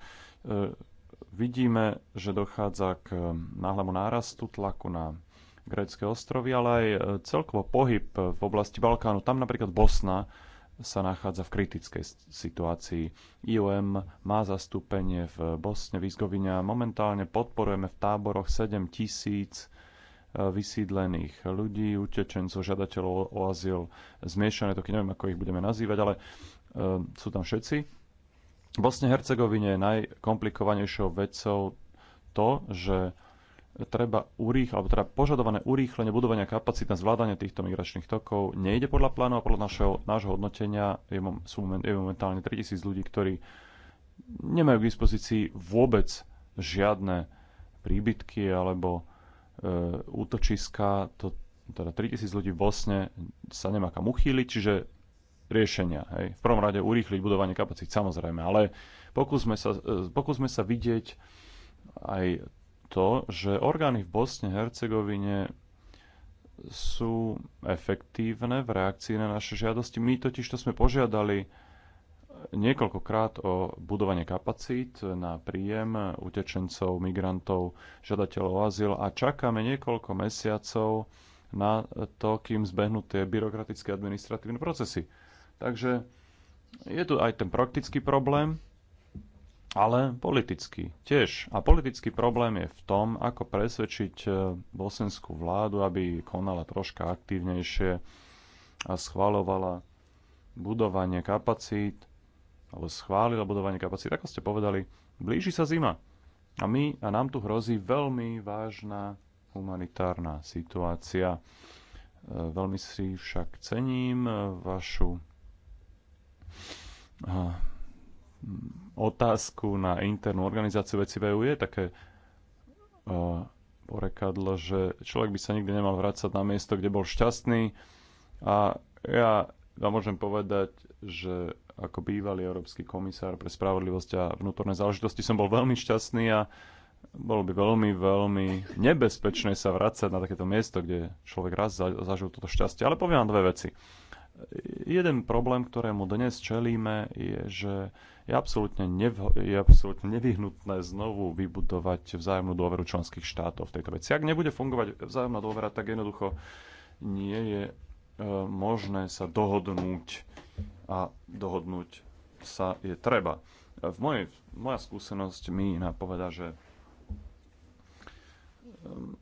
S1: vidíme, že dochádza k náhlemu nárastu tlaku na grécké ostrovy, ale aj e, celkovo pohyb v oblasti Balkánu. Tam napríklad Bosna sa nachádza v kritickej situácii. IOM má zastúpenie v Bosne, Výzgovine a momentálne podporujeme v táboroch 7 tisíc Eh, vysídlených ľudí, utečencov, žiadateľov o azyl, zmiešané toky, neviem, ako ich budeme nazývať, ale eh, sú tam všetci. V Bosne Hercegovine je najkomplikovanejšou vecou to, že treba urýchle, alebo teda požadované urýchlenie budovania kapacít na zvládanie týchto migračných tokov nejde podľa plánu a podľa našeho, nášho hodnotenia je, sú je momentálne 3000 ľudí, ktorí nemajú k dispozícii vôbec žiadne príbytky alebo E, útočiska, to, teda 3000 ľudí v Bosne sa nemá kam uchýliť, čiže riešenia. Hej. V prvom rade urýchliť budovanie kapacít, samozrejme, ale pokúsme sa, e, pokúsme sa vidieť aj to, že orgány v Bosne Hercegovine sú efektívne v reakcii na naše žiadosti. My totiž to sme požiadali niekoľkokrát o budovanie kapacít na príjem utečencov, migrantov, žiadateľov o azyl a čakáme niekoľko mesiacov na to, kým zbehnú tie byrokratické administratívne procesy. Takže je tu aj ten praktický problém, ale politický tiež. A politický problém je v tom, ako presvedčiť eh, bosenskú vládu, aby konala troška aktívnejšie a schvalovala budovanie kapacít alebo schválila budovanie kapacít. Ako ste povedali, blíži sa zima a my a nám tu hrozí veľmi vážna humanitárna situácia. E, veľmi si však cením e, vašu e, otázku na internú organizáciu veci VU je také porekadlo, že človek by sa nikdy nemal vrácať na miesto, kde bol šťastný a ja vám môžem povedať, že ako bývalý európsky komisár pre spravodlivosť a vnútorné záležitosti som bol veľmi šťastný a bolo by veľmi, veľmi nebezpečné sa vrácať na takéto miesto, kde človek raz zažil toto šťastie. Ale poviem vám dve veci. Jeden problém, ktorému dnes čelíme, je, že je absolútne, nevho- je absolútne nevyhnutné znovu vybudovať vzájomnú dôveru členských štátov v tejto veci. Ak nebude fungovať vzájomná dôvera, tak jednoducho nie je e, možné sa dohodnúť a dohodnúť sa je treba. V mojej, moja skúsenosť mi napoveda, že ehm,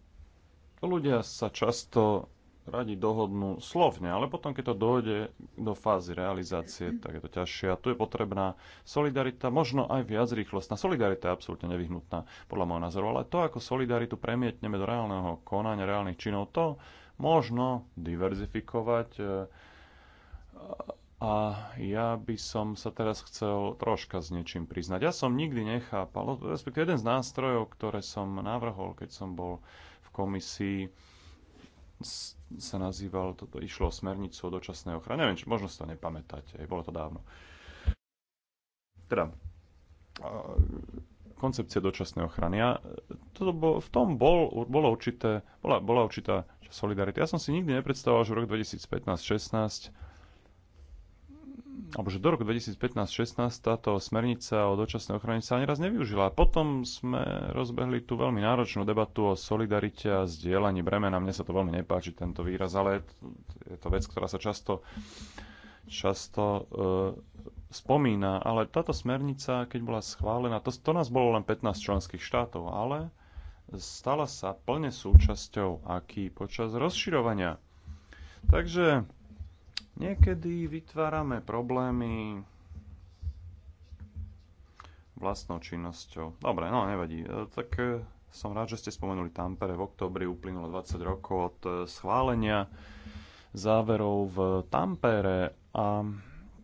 S1: ľudia sa často radi dohodnú slovne, ale potom, keď to dojde do fázy realizácie, tak je to ťažšie. A tu je potrebná solidarita, možno aj viac rýchlostná. Solidarita je absolútne nevyhnutná, podľa môjho názoru. Ale to, ako solidaritu premietneme do reálneho konania, reálnych činov, to možno diverzifikovať ehm, a ja by som sa teraz chcel troška s niečím priznať. Ja som nikdy nechápal, respektíve jeden z nástrojov, ktoré som navrhol, keď som bol v komisii, sa nazýval, toto išlo o smernicu o dočasnej ochrane. Neviem, či možno si to nepamätáte, bolo to dávno. Teda, koncepcia dočasnej ochrany. Ja, toto bol, v tom bol, bolo určité, bola, bola určitá solidarita. Ja som si nikdy nepredstavoval, že v roku 2015-16 alebo že do roku 2015-16 táto smernica o dočasnej ochrane sa ani raz nevyužila. Potom sme rozbehli tú veľmi náročnú debatu o solidarite a zdieľaní bremena. Mne sa to veľmi nepáči, tento výraz, ale je to vec, ktorá sa často, často uh, spomína. Ale táto smernica, keď bola schválená, to, to nás bolo len 15 členských štátov, ale stala sa plne súčasťou aký počas rozširovania. Takže Niekedy vytvárame problémy vlastnou činnosťou. Dobre, no nevadí. E, tak e, som rád, že ste spomenuli Tampere. V oktobri uplynulo 20 rokov od e, schválenia záverov v Tampere a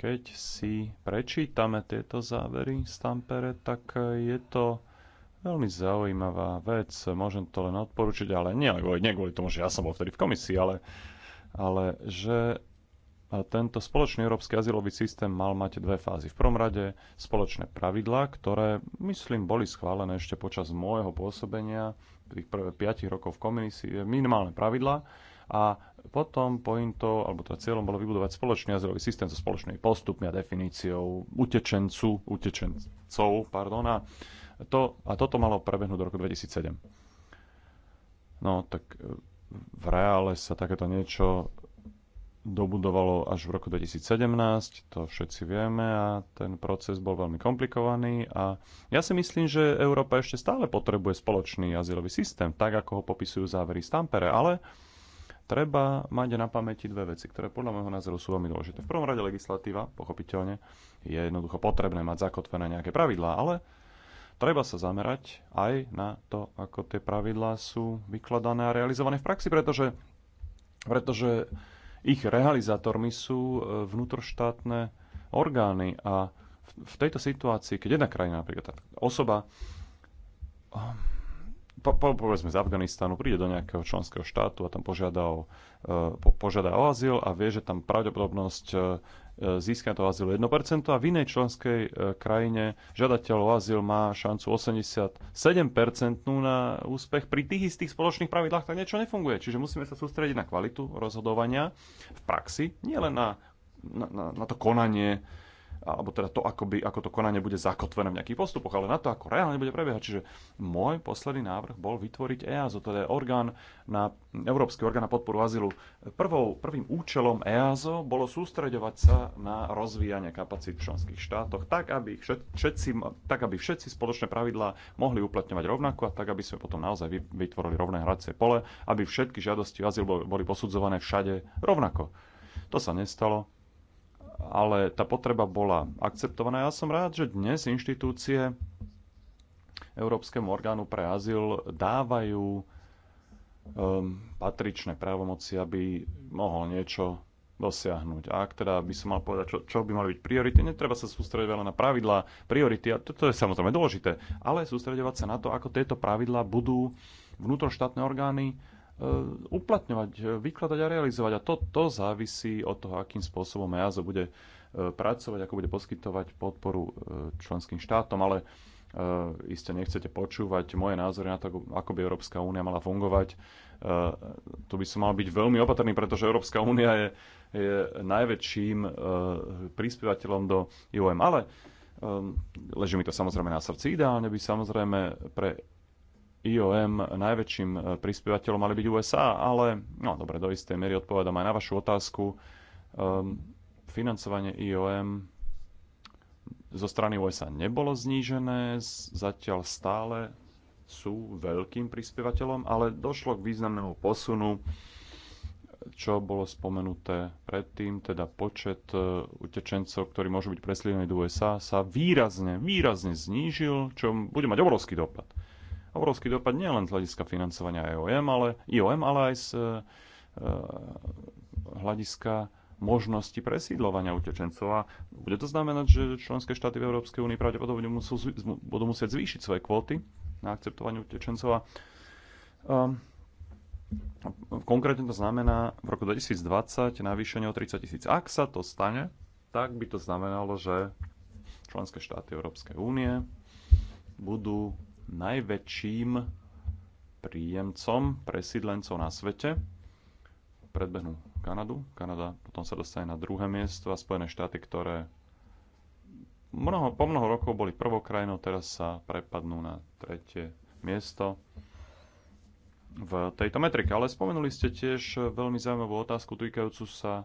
S1: keď si prečítame tieto závery z Tampere, tak je to veľmi zaujímavá vec. Môžem to len odporučiť, ale nie, nie kvôli tomu, že ja som bol vtedy v komisii, ale, ale že tento spoločný európsky azylový systém mal mať dve fázy. V prvom rade spoločné pravidlá, ktoré, myslím, boli schválené ešte počas môjho pôsobenia, tých prvé 5 rokov v komisii, eh, minimálne pravidlá. A potom pointo, alebo to teda cieľom bolo vybudovať spoločný azylový systém so spoločnými postupmi a definíciou utečencu, utečencov, pardon, a, to, a toto malo prebehnúť do roku 2007. No, tak eh, v reále sa takéto niečo dobudovalo až v roku 2017, to všetci vieme a ten proces bol veľmi komplikovaný a ja si myslím, že Európa ešte stále potrebuje spoločný azylový systém, tak ako ho popisujú závery z Tampere, ale treba mať na pamäti dve veci, ktoré podľa môjho názoru sú veľmi dôležité. V prvom rade legislatíva, pochopiteľne, je jednoducho potrebné mať zakotvené nejaké pravidlá, ale treba sa zamerať aj na to, ako tie pravidlá sú vykladané a realizované v praxi, pretože, pretože ich realizátormi sú e, vnútroštátne orgány a v tejto situácii, keď jedna krajina, napríklad tá osoba po, po, povedzme z Afganistanu, príde do nejakého členského štátu a tam požiada o, e, po, požiada o azyl a vie, že tam pravdepodobnosť e, e, získania toho azylu 1% a v inej členskej krajine žiadateľ o azyl má šancu 87% na úspech pri tých istých spoločných pravidlách, tak niečo nefunguje. Čiže musíme sa sústrediť na kvalitu rozhodovania v praxi, nielen na, na, na, na to konanie alebo teda to, ako, by, ako to konanie bude zakotvené v nejakých postupoch, ale na to, ako reálne bude prebiehať. Čiže môj posledný návrh bol vytvoriť EASO, teda orgán na, Európsky orgán na podporu azylu. Prvou, prvým účelom EASO bolo sústreďovať sa na rozvíjanie kapacít v členských štátoch, tak aby, všetci, tak aby všetci spoločné pravidlá mohli uplatňovať rovnako a tak, aby sme potom naozaj vytvorili rovné hracie pole, aby všetky žiadosti o azyl boli posudzované všade rovnako. To sa nestalo ale tá potreba bola akceptovaná. Ja som rád, že dnes inštitúcie Európskemu orgánu pre azyl dávajú um, patričné právomoci, aby mohol niečo dosiahnuť. A ak teda by som mal povedať, čo, čo by mali byť priority, netreba sa sústrediť veľa na pravidlá, priority, a toto to je samozrejme dôležité, ale sústredovať sa na to, ako tieto pravidlá budú vnútroštátne orgány E, uplatňovať, e, vykladať a realizovať. A to, to závisí od toho, akým spôsobom EASO bude e, pracovať, ako bude poskytovať podporu členským štátom, ale Uh, iste nechcete počúvať moje názory na to, ako by Európska únia mala fungovať. Uh, tu by som mal byť veľmi opatrný, pretože Európska únia je, je najväčším uh, prispievateľom do IOM. Ale um, leží mi to samozrejme na srdci. Ideálne by samozrejme pre IOM najväčším e, prispievateľom mali byť USA, ale no dobre, do istej miery odpovedám aj na vašu otázku. Um, financovanie IOM zo strany USA nebolo znížené, zatiaľ stále sú veľkým prispievateľom, ale došlo k významnému posunu, čo bolo spomenuté predtým, teda počet e, utečencov, ktorí môžu byť preslídení do USA, sa výrazne, výrazne znížil, čo bude mať obrovský dopad obrovský dopad nielen z hľadiska financovania IOM, e ale, IOM, e ale aj z e, hľadiska možnosti presídlovania utečencov. A bude to znamenať, že členské štáty v Európskej únii pravdepodobne musú, budú musieť zvýšiť svoje kvóty na akceptovanie utečencov. A, um, konkrétne to znamená v roku 2020 navýšenie o 30 tisíc. Ak sa to stane, tak by to znamenalo, že členské štáty Európskej únie budú najväčším príjemcom presídlencov na svete. Predbehnú Kanadu. Kanada potom sa dostane na druhé miesto a Spojené štáty, ktoré mnoho, po mnoho rokov boli prvou krajinou, teraz sa prepadnú na tretie miesto v tejto metrike. Ale spomenuli ste tiež veľmi zaujímavú otázku týkajúcu sa e,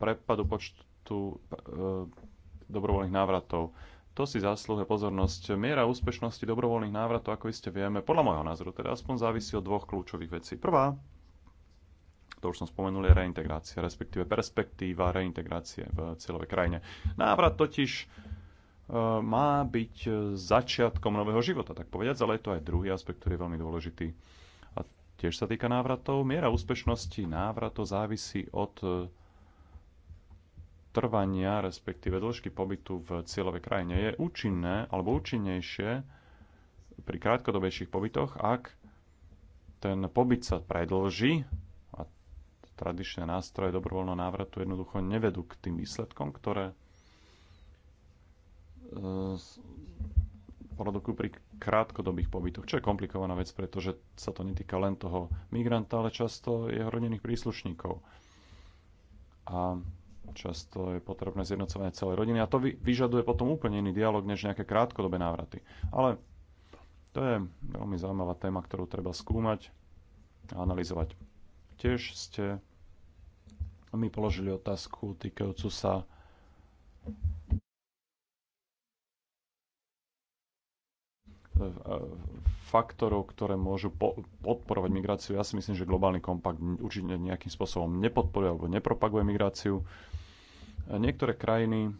S1: prepadu počtu e, dobrovoľných návratov to si zaslúhe pozornosť. Miera úspešnosti dobrovoľných návratov, ako iste vieme, podľa môjho názoru, teda aspoň závisí od dvoch kľúčových vecí. Prvá, to už som spomenul, je reintegrácia, respektíve perspektíva reintegrácie v cieľovej krajine. Návrat totiž e, má byť začiatkom nového života, tak povedať, ale je to aj druhý aspekt, ktorý je veľmi dôležitý. A tiež sa týka návratov. Miera úspešnosti návratov závisí od trvania, respektíve dĺžky pobytu v cieľovej krajine je účinné alebo účinnejšie pri krátkodobejších pobytoch, ak ten pobyt sa predlží a tradičné nástroje dobrovoľného návratu jednoducho nevedú k tým výsledkom, ktoré e, produkujú pri krátkodobých pobytoch, čo je komplikovaná vec, pretože sa to netýka len toho migranta, ale často jeho rodinných príslušníkov. A Často je potrebné zjednocovanie celej rodiny a to vyžaduje potom úplne iný dialog než nejaké krátkodobé návraty. Ale to je veľmi zaujímavá téma, ktorú treba skúmať a analyzovať. Tiež ste mi položili otázku týkajúcu sa faktorov, ktoré môžu po- podporovať migráciu. Ja si myslím, že globálny kompakt určite nejakým spôsobom nepodporuje alebo nepropaguje migráciu. Niektoré krajiny e,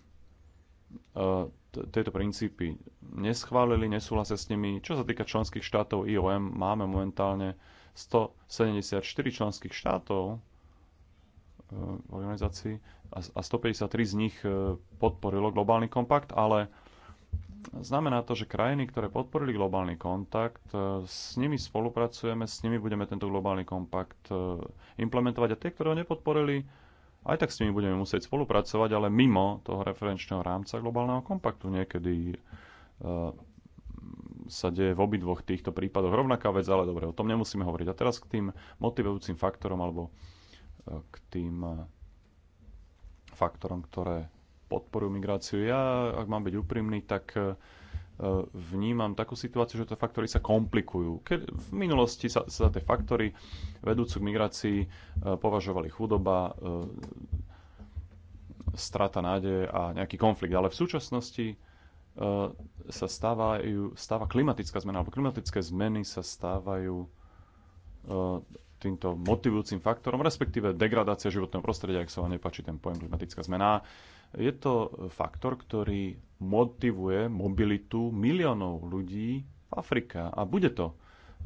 S1: tieto princípy neschválili, nesúhlasia s nimi. Čo sa týka členských štátov IOM, máme momentálne 174 členských štátov v e, organizácii a 153 z nich e, podporilo globálny kompakt, ale Znamená to, že krajiny, ktoré podporili globálny kontakt, e, s nimi spolupracujeme, s nimi budeme tento globálny kompakt e, implementovať a tie, ktoré ho nepodporili, aj tak s nimi budeme musieť spolupracovať, ale mimo toho referenčného rámca globálneho kompaktu niekedy e, sa deje v obidvoch týchto prípadoch rovnaká vec, ale dobre, o tom nemusíme hovoriť. A teraz k tým motivujúcim faktorom alebo k tým faktorom, ktoré podporujú migráciu. Ja, ak mám byť úprimný, tak e, vnímam takú situáciu, že tie faktory sa komplikujú. Keď v minulosti sa, sa tie faktory vedúcu k migrácii e, považovali chudoba, e, strata nádeje a nejaký konflikt. Ale v súčasnosti sa stávajú, stáva klimatická zmena, alebo klimatické zmeny sa stávajú týmto motivujúcim faktorom, respektíve degradácia životného prostredia, ak sa vám nepáči ten pojem klimatická zmena. Je to faktor, ktorý motivuje mobilitu miliónov ľudí v Afrike a bude to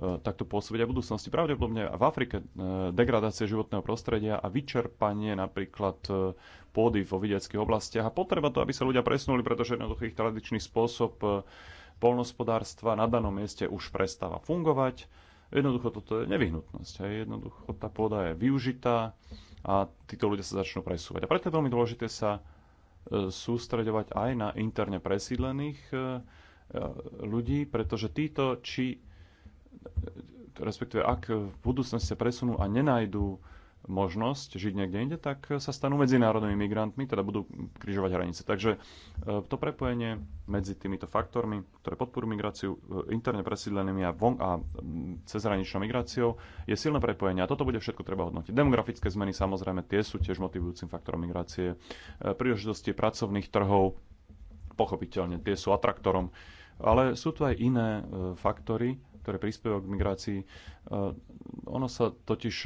S1: e, takto pôsobiť aj v budúcnosti. Pravdepodobne v Afrike e, degradácia životného prostredia a vyčerpanie napríklad e, pôdy vo vidieckých oblastiach a potreba to, aby sa ľudia presunuli, pretože jednoduchý ich tradičný spôsob polnospodárstva na danom mieste už prestáva fungovať. Jednoducho toto je nevyhnutnosť. Hej. Jednoducho tá pôda je využitá a títo ľudia sa začnú presúvať. A preto je veľmi dôležité sa sústreďovať aj na interne presídlených e, e, ľudí, pretože títo, či respektíve ak v budúcnosti sa presunú a nenajdú možnosť žiť niekde inde, tak sa stanú medzinárodnými migrantmi, teda budú križovať hranice. Takže e, to prepojenie medzi týmito faktormi, ktoré podporujú migráciu e, interne presídlenými a, von, a mm, cezhraničnou migráciou, je silné prepojenie a toto bude všetko treba hodnotiť. Demografické zmeny samozrejme tie sú tiež motivujúcim faktorom migrácie, e, príležitosti pracovných trhov, pochopiteľne tie sú atraktorom, ale sú tu aj iné faktory, ktoré prispievajú k migrácii. Ono sa totiž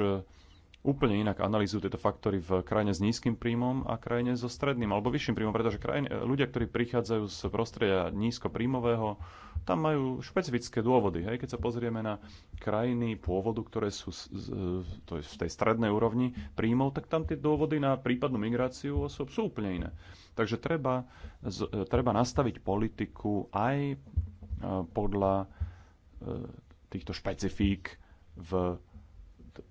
S1: úplne inak analýzujú tieto faktory v krajine s nízkym príjmom a krajine so stredným alebo vyšším príjmom, pretože krajine, ľudia, ktorí prichádzajú z prostredia nízkopríjmového, tam majú špecifické dôvody. Hej? Keď sa pozrieme na krajiny pôvodu, ktoré sú to je v tej strednej úrovni príjmov, tak tam tie dôvody na prípadnú migráciu osob sú úplne iné. Takže treba, treba nastaviť politiku aj e, podľa e, týchto špecifík v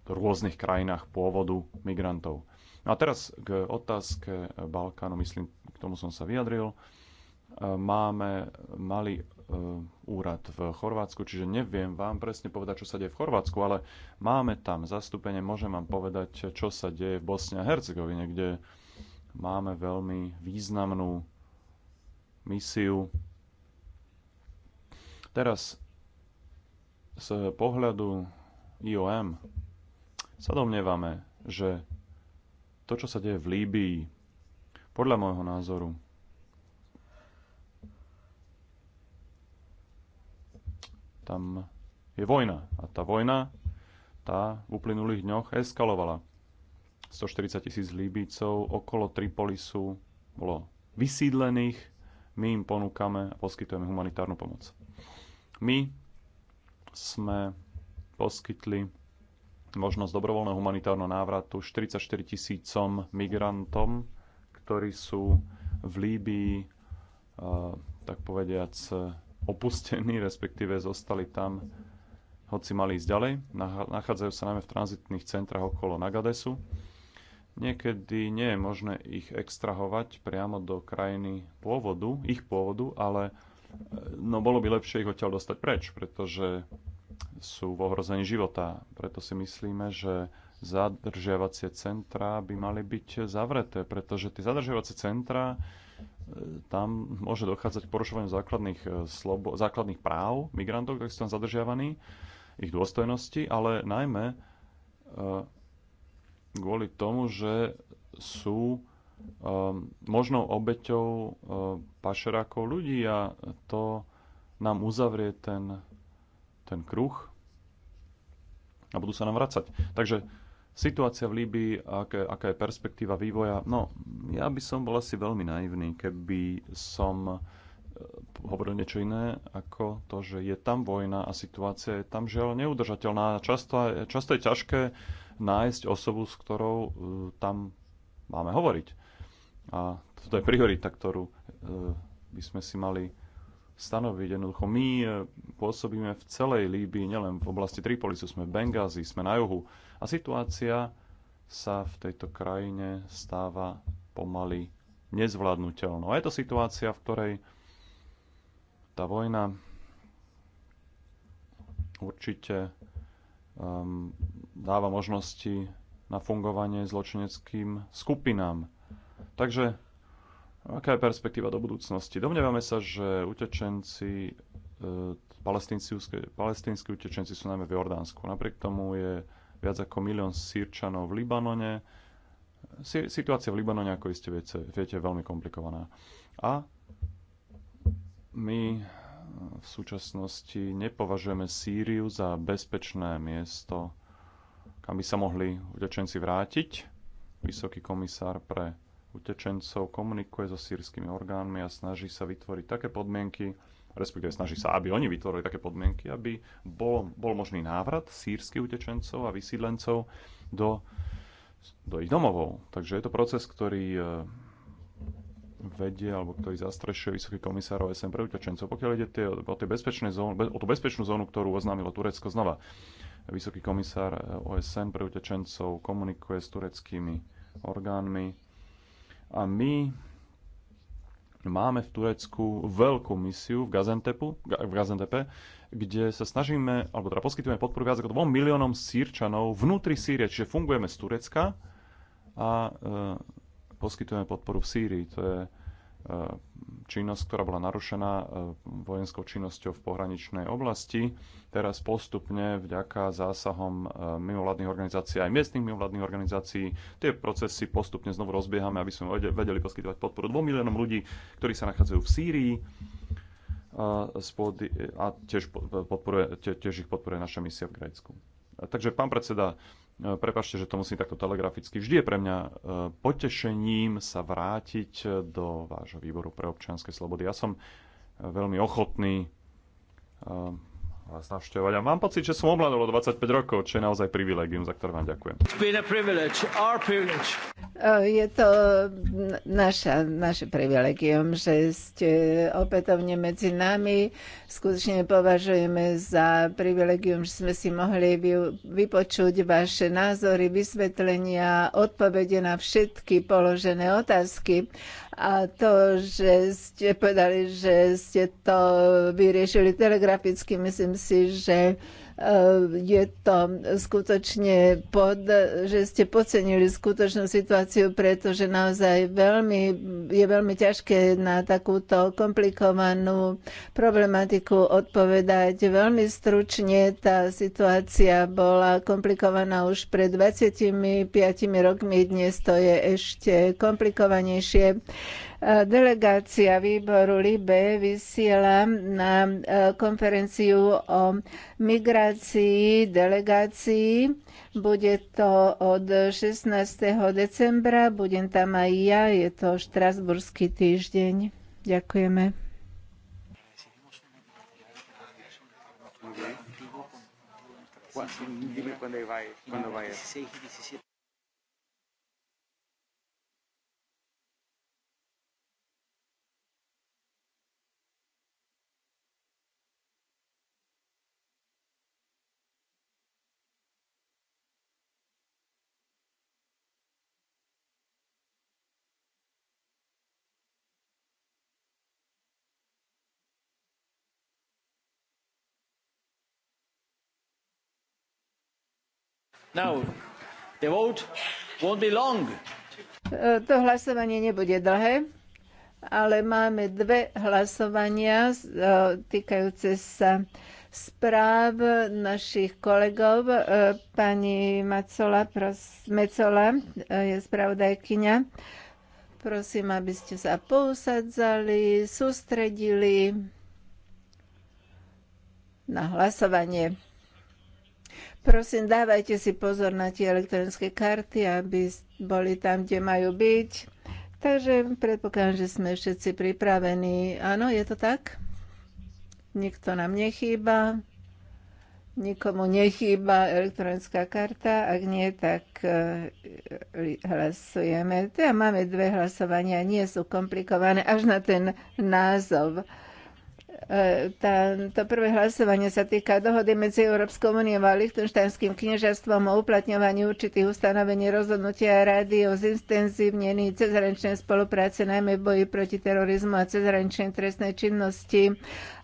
S1: rôznych krajinách pôvodu migrantov. No a teraz k otázke Balkánu, myslím, k tomu som sa vyjadril. E, máme malý e, úrad v Chorvátsku, čiže neviem vám presne povedať, čo sa deje v Chorvátsku, ale máme tam zastúpenie, môžem vám povedať, čo sa deje v Bosne a Hercegovine, kde máme veľmi významnú misiu. Teraz z pohľadu IOM sa domnievame, že to, čo sa deje v Líbii, podľa môjho názoru, tam je vojna. A tá vojna, tá v uplynulých dňoch eskalovala. 140 tisíc Líbícov okolo Tripolisu bolo vysídlených. My im ponúkame a poskytujeme humanitárnu pomoc. My sme poskytli možnosť dobrovoľného humanitárneho návratu 44 tisícom migrantom, ktorí sú v Líbii, eh, tak povediac, opustení, respektíve zostali tam, hoci mali ísť ďalej. Nachádzajú sa najmä v tranzitných centrách okolo Nagadesu. Niekedy nie je možné ich extrahovať priamo do krajiny pôvodu, ich pôvodu, ale eh, no, bolo by lepšie ich odtiaľ dostať preč, pretože sú v ohrození života. Preto si myslíme, že zadržiavacie centra by mali byť zavreté, pretože tie zadržiavacie centra e, tam môže dochádzať k porušovaniu základných, e, slobo, základných práv migrantov, ktorí sú tam zadržiavaní, ich dôstojnosti, ale najmä e, kvôli tomu, že sú možnou obeťou pašerákov ľudí a to nám uzavrie ten ten kruh a budú sa nám vracať. Takže situácia v Líbii, aké, aká je perspektíva vývoja, no ja by som bol asi veľmi naivný, keby som e, hovoril niečo iné ako to, že je tam vojna a situácia je tam žiaľ neudržateľná. Často, často je ťažké nájsť osobu, s ktorou uh, tam máme hovoriť. A toto je priorita, ktorú uh, by sme si mali stanoviť. Jednoducho my e, pôsobíme v celej Líbii, nielen v oblasti Tripolisu, sme v Bengázi, sme na juhu a situácia sa v tejto krajine stáva pomaly nezvládnutelnou. A je to situácia, v ktorej tá vojna určite um, dáva možnosti na fungovanie zločineckým skupinám. Takže Aká je perspektíva do budúcnosti? Domnievame sa, že utečenci, e, palestínsky, utečenci sú najmä v Jordánsku. Napriek tomu je viac ako milión sírčanov v Libanone. Situácia v Libanone, ako iste viete, viete je veľmi komplikovaná. A my e, v súčasnosti nepovažujeme Sýriu za bezpečné miesto, kam by sa mohli utečenci vrátiť. Vysoký komisár pre utečencov, komunikuje so sírskymi orgánmi a snaží sa vytvoriť také podmienky, respektíve snaží sa, aby oni vytvorili také podmienky, aby bol, bol možný návrat sírskych utečencov a vysídlencov do, do ich domovov. Takže je to proces, ktorý e, vedie alebo ktorý zastrešuje vysoký komisár OSN pre utečencov. Pokiaľ ide tie, o, tie zónu, o tú bezpečnú zónu, ktorú oznámilo Turecko znova, vysoký komisár e, OSN pre utečencov komunikuje s tureckými orgánmi a my máme v Turecku veľkú misiu v, Gazentepu, v Gazentepe, kde sa snažíme, alebo teda poskytujeme podporu viac ako 2 miliónom sírčanov vnútri Sýrie, čiže fungujeme z Turecka a e, poskytujeme podporu v Sýrii. To je E, činnosť, ktorá bola narušená e, vojenskou činnosťou v pohraničnej oblasti. Teraz postupne vďaka zásahom e, mimovládnych organizácií aj miestnych mimovládnych organizácií tie procesy postupne znovu rozbiehame, aby sme vedeli poskytovať podporu 2 miliónom ľudí, ktorí sa nachádzajú v Sýrii a tiež, podporuje, tiež ich podporuje naša misia v Grécku. Takže, pán predseda, E, Prepašte, že to musím takto telegraficky. Vždy je pre mňa e, potešením sa vrátiť e, do vášho výboru pre občianske slobody. Ja som veľmi ochotný vás navštevovať. A mám pocit, že som omladol o 25 rokov, čo je naozaj privilegium, za ktoré vám ďakujem. E,
S2: je to naša, naše privilegium, že ste opätovne medzi nami. Skutočne považujeme za privilegium, že sme si mohli vypočuť vaše názory, vysvetlenia, odpovede na všetky položené otázky. A to, že ste povedali, že ste to vyriešili telegraficky, myslím si, že Eh, je to skutočne pod, že ste podcenili skutočnú situáciu, pretože naozaj veľmi, je veľmi ťažké na takúto komplikovanú problematiku odpovedať. Veľmi stručne tá situácia bola komplikovaná už pred 25 rokmi, dnes to je ešte komplikovanejšie. Delegácia výboru LIBE vysiela na e, konferenciu o migrácii delegácií. Bude to od 16. decembra, budem tam aj ja, je to Štrasburský týždeň. Ďakujeme.
S3: cuándo cuándo 16 y 17.
S2: E, to hlasovanie nebude dlhé, ale máme dve hlasovania e, týkajúce sa správ našich kolegov. E, pani Macola, Mecola je spravodajkyňa. Prosím, aby ste sa pousadzali, sústredili na hlasovanie. Prosím, dávajte si pozor na tie elektronické karty, aby boli tam, kde majú byť. Takže predpokladám, že sme všetci pripravení. Áno, je to tak? Nikto nám nechýba. Nikomu nechýba elektronická karta. Ak nie, tak e, hlasujeme. Teda máme dve hlasovania, nie sú komplikované, až na ten názov. E, tá, to prvé hlasovanie sa týka dohody medzi Európskou úniou a Lichtenštajnským kniežastvom o uplatňovaní určitých ustanovení rozhodnutia rady o zintenzívnení cezhraničnej spolupráce najmä v boji proti terorizmu a cezhraničnej trestnej činnosti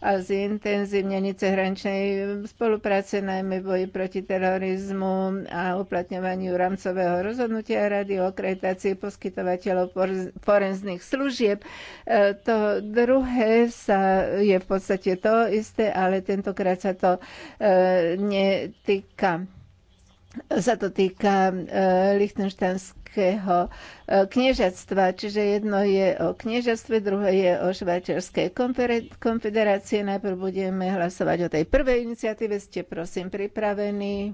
S2: a zintenzívnení cezhraničnej spolupráce najmä v boji proti terorizmu a uplatňovaniu rámcového rozhodnutia rady o akreditácii poskytovateľov forenzných služieb. E, to druhé sa je v podstate to isté, ale tentokrát sa to e, netýka sa to týka e, lichtenštanského e, kniežatstva, čiže jedno je o kniežatstve, druhé je o švajčiarskej konfederácie. Najprv budeme hlasovať o tej prvej iniciatíve. Ste prosím pripravení?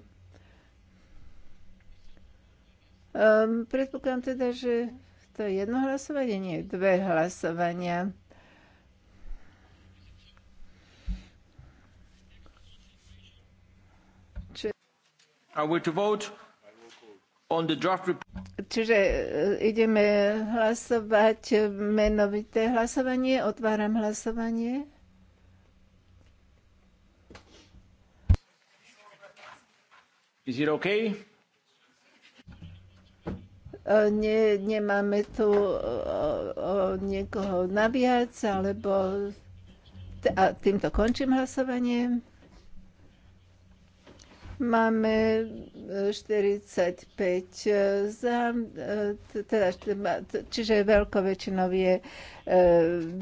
S2: Um, predpokladám teda, že to je jedno hlasovanie, nie dve hlasovania. Čiže e, ideme hlasovať menovité hlasovanie. Otváram hlasovanie.
S3: Is it okay?
S2: E, nie, nemáme tu e, o, o niekoho naviac, alebo a týmto končím hlasovanie. Máme 45 e, e, za, e, teda, čiže veľkou väčšinou je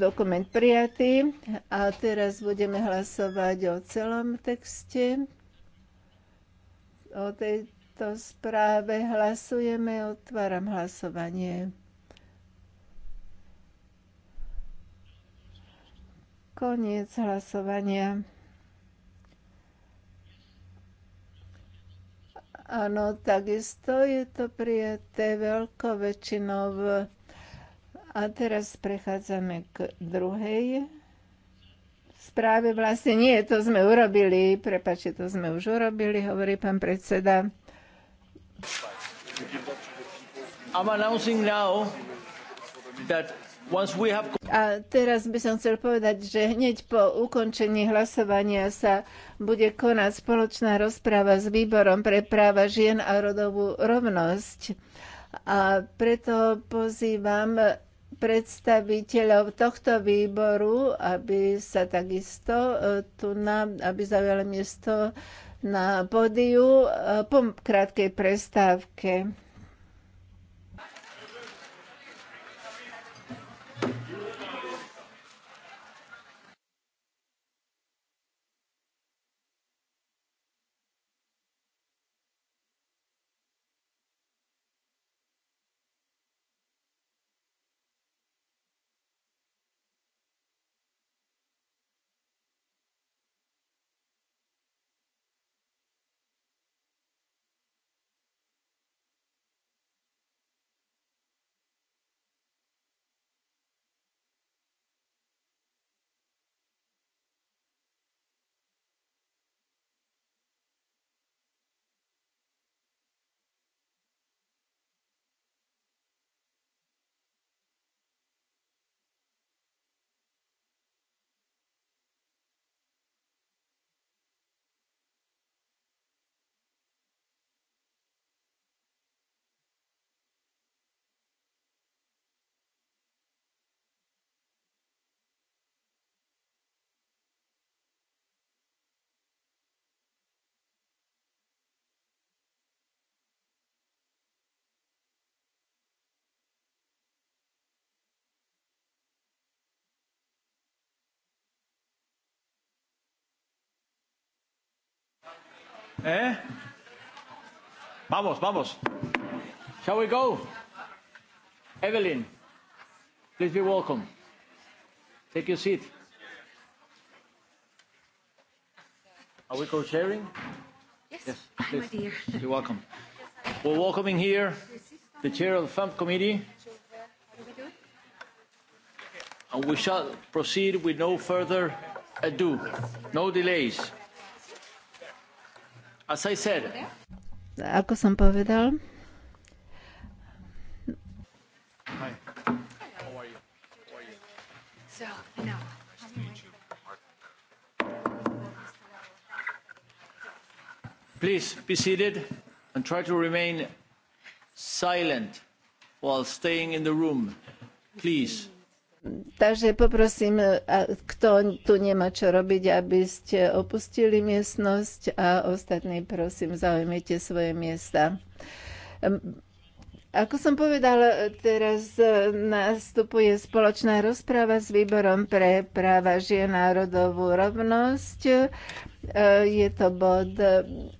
S2: dokument prijatý. A teraz budeme hlasovať o celom texte. O tejto správe hlasujeme, otváram hlasovanie. Koniec hlasovania. Áno, takisto je to prijaté veľko väčšinou. A teraz prechádzame k druhej správe. Vlastne nie, to sme urobili. Prepačte, to sme už urobili, hovorí pán predseda.
S3: I'm announcing now that
S2: a teraz by som chcel povedať, že hneď po ukončení hlasovania sa bude konať spoločná rozpráva s Výborom pre práva žien a rodovú rovnosť. A preto pozývam predstaviteľov tohto výboru, aby sa takisto e, tu na, aby zaujali miesto na pódiu e, po krátkej prestávke.
S3: ¿Eh? Vamos, vamos. Shall we go? Evelyn, please be welcome. Take your seat. Are we co-chairing? Yes, yes please. my dear. You're welcome. We're welcoming here the chair of the FAMP committee. And we shall proceed with no further ado, no delays. As I said,
S2: ako som povedal, How are you? How are you? So,
S3: Please be seated and try to remain silent while staying in the room. Please.
S2: Takže poprosím, e, kto tu nemá čo robiť, aby ste opustili miestnosť a ostatní prosím, zaujmite svoje miesta. Ako som povedala, teraz e, nastupuje spoločná rozpráva s výborom pre práva žien a rodovú rovnosť. Eh, je to bod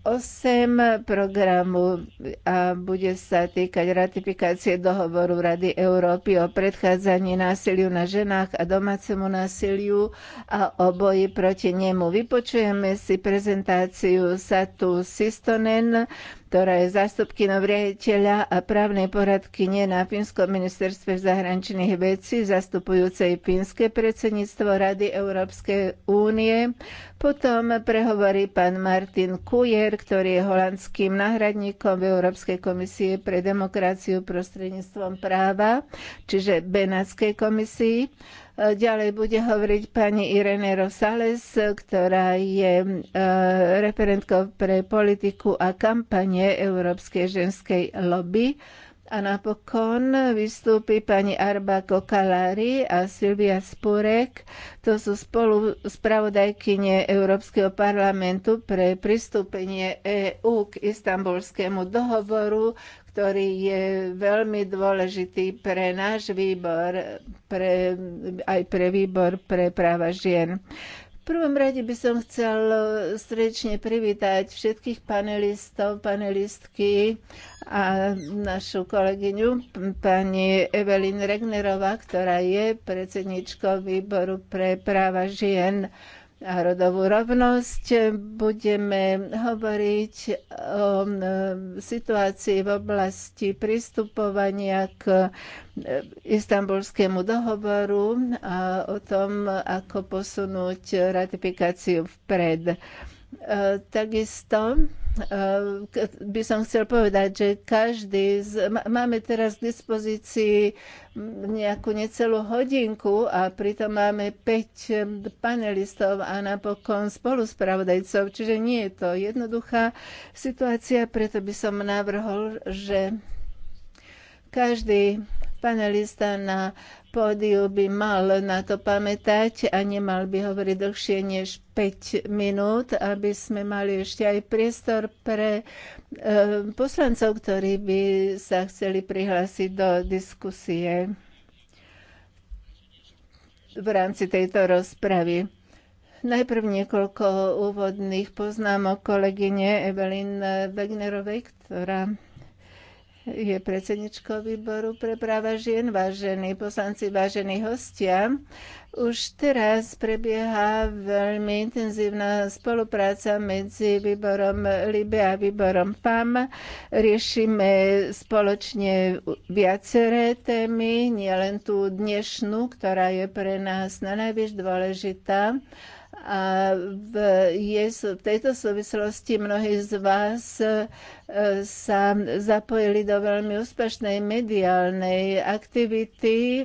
S2: 8 eh, programu a bude sa týkať ratifikácie dohovoru Rady Európy o predchádzaní násiliu na ženách a domácemu násiliu a o boji proti nemu. Vypočujeme si prezentáciu Satu Sistonen, ktorá je zástupky riaditeľa a právnej poradky nie na Fínskom ministerstve zahraničných vecí, zastupujúcej fínske predsedníctvo Rady Európskej únie. Potom pre prehovorí pán Martin Kujer, ktorý je holandským náhradníkom v Európskej komisie pre demokraciu prostredníctvom práva, čiže Benátskej komisii. Ďalej bude hovoriť pani Irene Rosales, ktorá je e, referentkou pre politiku a kampanie Európskej ženskej lobby a napokon vystúpi pani Arba Kokalári a Silvia Spurek. To sú spolu spravodajkyne Európskeho parlamentu pre pristúpenie EÚ k istambulskému dohovoru, ktorý je veľmi dôležitý pre náš výbor, pre, aj pre výbor pre práva žien prvom rade by som chcel e, srdečne privítať všetkých panelistov, panelistky a našu kolegyňu pani Evelyn Regnerová, ktorá je predsedničkou výboru pre práva žien a rodovú rovnosť. Budeme hovoriť o e, situácii v oblasti pristupovania k e, istambulskému dohovoru a o tom, ako posunúť ratifikáciu vpred. E, takisto e, by som chcel povedať, že každý z, máme teraz k dispozícii nejakú necelú hodinku a pritom máme 5 panelistov a napokon spoluspravodajcov, čiže nie je to jednoduchá situácia, preto by som navrhol, že každý panelista na pódiu by mal na to pamätať a nemal by hovoriť dlhšie než 5 minút, aby sme mali ešte aj priestor pre e, poslancov, ktorí by sa chceli prihlásiť do diskusie v rámci tejto rozpravy. Najprv niekoľko úvodných poznámok kolegyne Evelyn Wegnerovej, ktorá je predsedničkou výboru pre práva žien, vážení poslanci, vážení hostia. Už teraz prebieha veľmi intenzívna spolupráca medzi výborom LIBE a výborom PAM. Riešime spoločne viaceré témy, nielen tú dnešnú, ktorá je pre nás na najvyššie dôležitá, a v, je, v tejto súvislosti mnohí z vás e, sa zapojili do veľmi úspešnej mediálnej aktivity. E,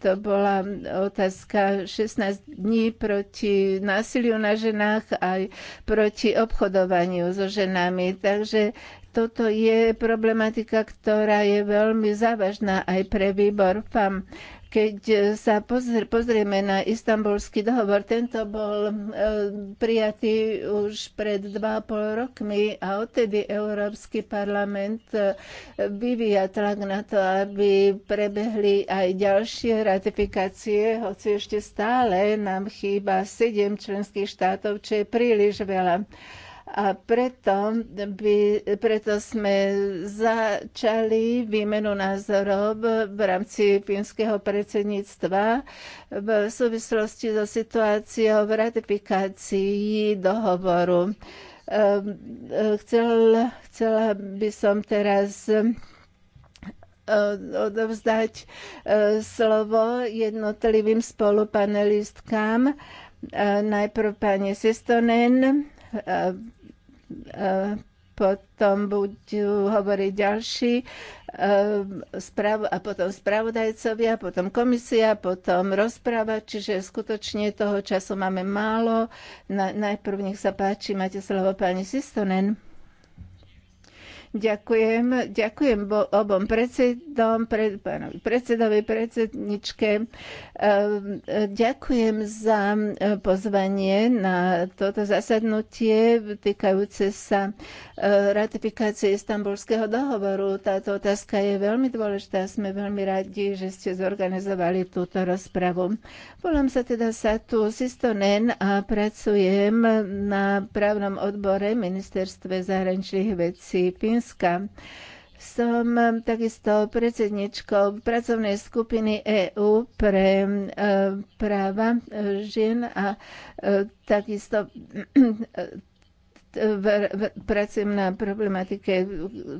S2: to bola otázka 16 dní proti násiliu na ženách aj proti obchodovaniu so ženami. Takže toto je problematika, ktorá je veľmi závažná aj pre výbor FAM. Keď e, sa pozrieme na istambulský dohovor, tento bol e, prijatý už pred 2,5 rokmi a odtedy Európsky parlament e, vyvíja tlak na to, aby prebehli aj ďalšie ratifikácie, hoci ešte stále nám chýba 7 členských štátov, čo je príliš veľa. A preto, by, preto sme začali výmenu názorov v rámci fínskeho predsedníctva v súvislosti so situáciou v ratifikácii dohovoru. Ehm, chcel, chcela by som teraz ehm, odovzdať ehm, slovo jednotlivým spolupanelistkám. Najprv pani Sistonen, E, potom budú hovoriť ďalší e, a potom spravodajcovia, potom komisia, potom rozpráva, čiže skutočne toho času máme málo. najprv nech sa páči, máte slovo pani Sistonen. Ďakujem, ďakujem obom predsedom, pred, pánovi predsedovi, predsedničke. Ehm, e, ďakujem za e, pozvanie na toto zasadnutie týkajúce sa e, ratifikácie istambulského dohovoru. Táto otázka je veľmi dôležitá. Sme veľmi radi, že ste zorganizovali túto rozpravu. Volám sa teda Satu Sistonen a pracujem na právnom odbore Ministerstve zahraničných vecí Fínska Slovenska. Som takisto predsedničkou pracovnej skupiny EÚ pre eh, práva eh, žien a eh, takisto v, v, pracujem na problematike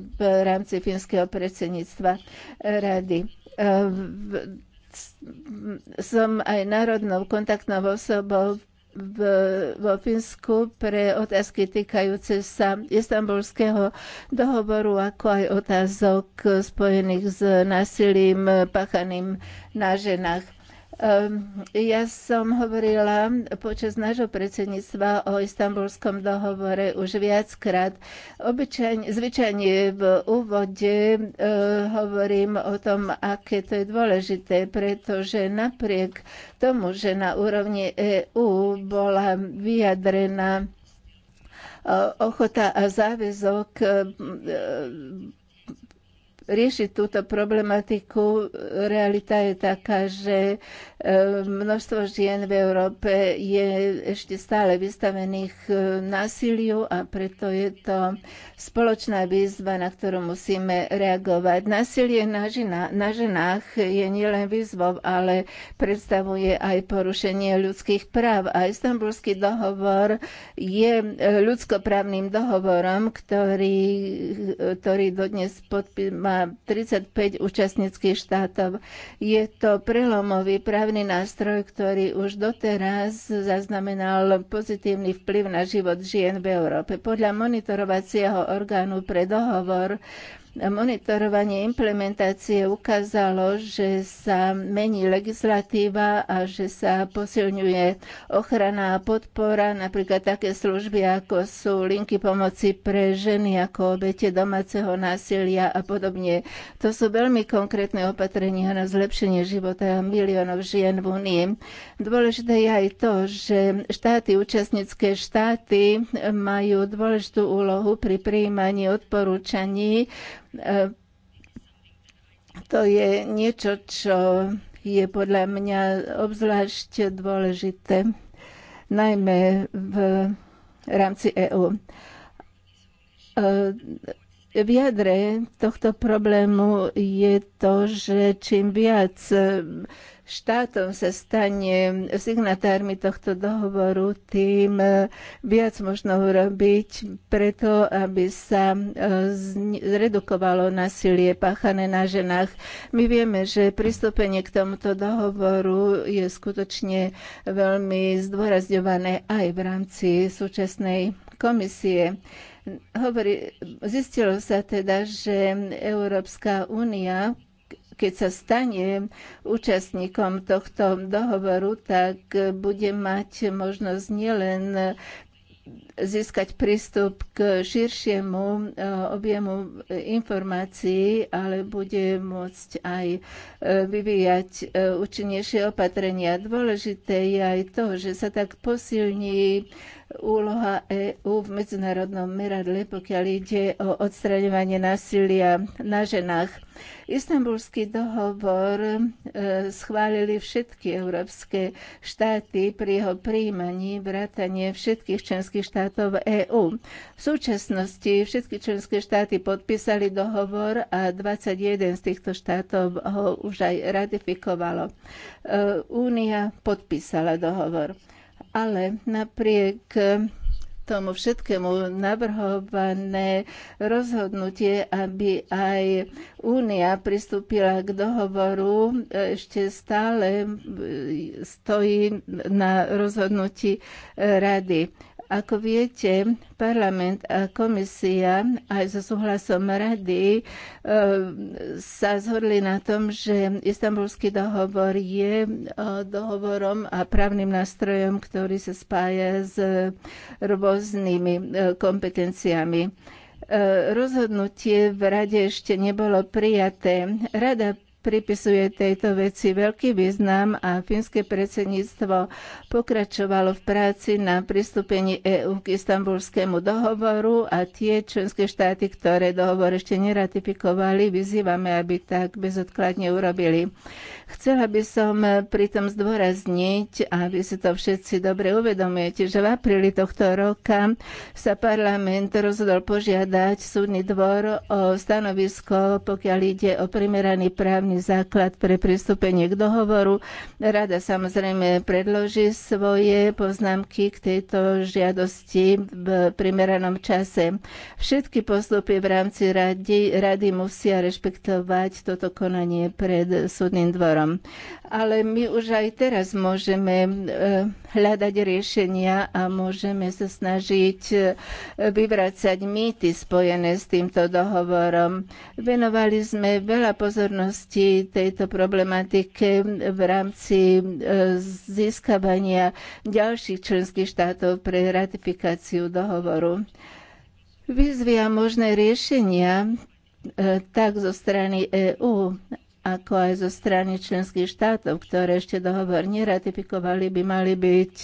S2: v rámci fínskeho predsedníctva rady. V, som aj národnou kontaktnou osobou v, vo Fínsku pre otázky týkajúce sa istambulského dohovoru, ako aj otázok spojených s násilím páchaným na ženách. Ehm, ja som hovorila počas nášho predsedníctva o istambulskom dohovore už viackrát. Obyčajne, zvyčajne v úvode eh, hovorím o tom, aké to je dôležité, pretože napriek tomu, že na úrovni EÚ bola vyjadrená eh, ochota a záväzok eh, riešiť túto problematiku. Realita je taká, že e, množstvo žien v Európe je ešte stále vystavených e, násiliu a preto je to spoločná výzva, na ktorú musíme reagovať. Násilie na, žena, na ženách je nielen výzvou, ale predstavuje aj porušenie ľudských práv. A istambulský dohovor je e, ľudskoprávnym dohovorom, ktorý, ktorý dodnes podpí, má 35 účastníckých štátov. Je to prelomový právny nástroj, ktorý už doteraz zaznamenal pozitívny vplyv na život žien v Európe. Podľa monitorovacieho orgánu pre dohovor Monitorovanie implementácie ukázalo, že sa mení legislatíva a že sa posilňuje ochrana a podpora, napríklad také služby, ako sú linky pomoci pre ženy, ako obete domáceho násilia a podobne. To sú veľmi konkrétne opatrenia na zlepšenie života miliónov žien v Únii. Dôležité je aj to, že štáty, účastnícke štáty majú dôležitú úlohu pri príjmaní odporúčaní E, to je niečo, čo je podľa mňa obzvlášť dôležité, najmä v rámci EÚ. E, v jadre tohto problému je to, že čím viac Štátom sa stane signatármi tohto dohovoru, tým e, viac možno urobiť preto, aby sa e, zredukovalo násilie páchané na ženách. My vieme, že pristúpenie k tomuto dohovoru je skutočne veľmi zdôrazňované aj v rámci súčasnej komisie. Hovorí, zistilo sa teda, že Európska únia keď sa stane účastníkom tohto dohovoru, tak bude mať možnosť nielen získať prístup k širšiemu e, objemu informácií, ale bude môcť aj e, vyvíjať e, účinnejšie opatrenia. Dôležité je aj to, že sa tak posilní úloha EÚ v medzinárodnom meradle, pokiaľ ide o odstraňovanie násilia na ženách. Istanbulský dohovor e, schválili všetky európske štáty pri jeho príjmaní vrátanie všetkých členských štátov EÚ. V súčasnosti všetky členské štáty podpísali dohovor a 21 z týchto štátov ho už aj ratifikovalo. E, Únia podpísala dohovor. Ale napriek tomu všetkému navrhované rozhodnutie, aby aj Únia pristúpila k dohovoru, e, ešte stále e, stojí na rozhodnutí rady. Ako viete, parlament a komisia aj so súhlasom rady e, sa zhodli na tom, že istambulský dohovor je e, dohovorom a právnym nástrojom, ktorý sa spája s rôznymi e, kompetenciami rozhodnutie v rade ešte nebolo prijaté. Rada pripisuje tejto veci veľký význam a fínske predsedníctvo pokračovalo v práci na pristúpení EÚ k istambulskému dohovoru a tie členské štáty, ktoré dohovor ešte neratifikovali, vyzývame, aby tak bezodkladne urobili. Chcela by som eh, pritom zdôrazniť, a vy si to všetci dobre uvedomujete, že v apríli tohto roka sa parlament rozhodol požiadať súdny dvor o stanovisko, pokiaľ ide o primeraný právny základ pre pristúpenie k dohovoru. Rada samozrejme predloží svoje poznámky k tejto žiadosti v primeranom čase. Všetky postupy v rámci rady, rady musia rešpektovať toto konanie pred súdnym dvorom smerom. Ale my už aj teraz môžeme e, hľadať riešenia a môžeme sa snažiť e, vyvracať mýty spojené s týmto dohovorom. Venovali sme veľa pozornosti tejto problematike v rámci e, získavania ďalších členských štátov pre ratifikáciu dohovoru. Vyzvia možné riešenia tak zo strany EÚ, ako aj zo strany členských štátov, ktoré ešte dohovor neratifikovali, by mali byť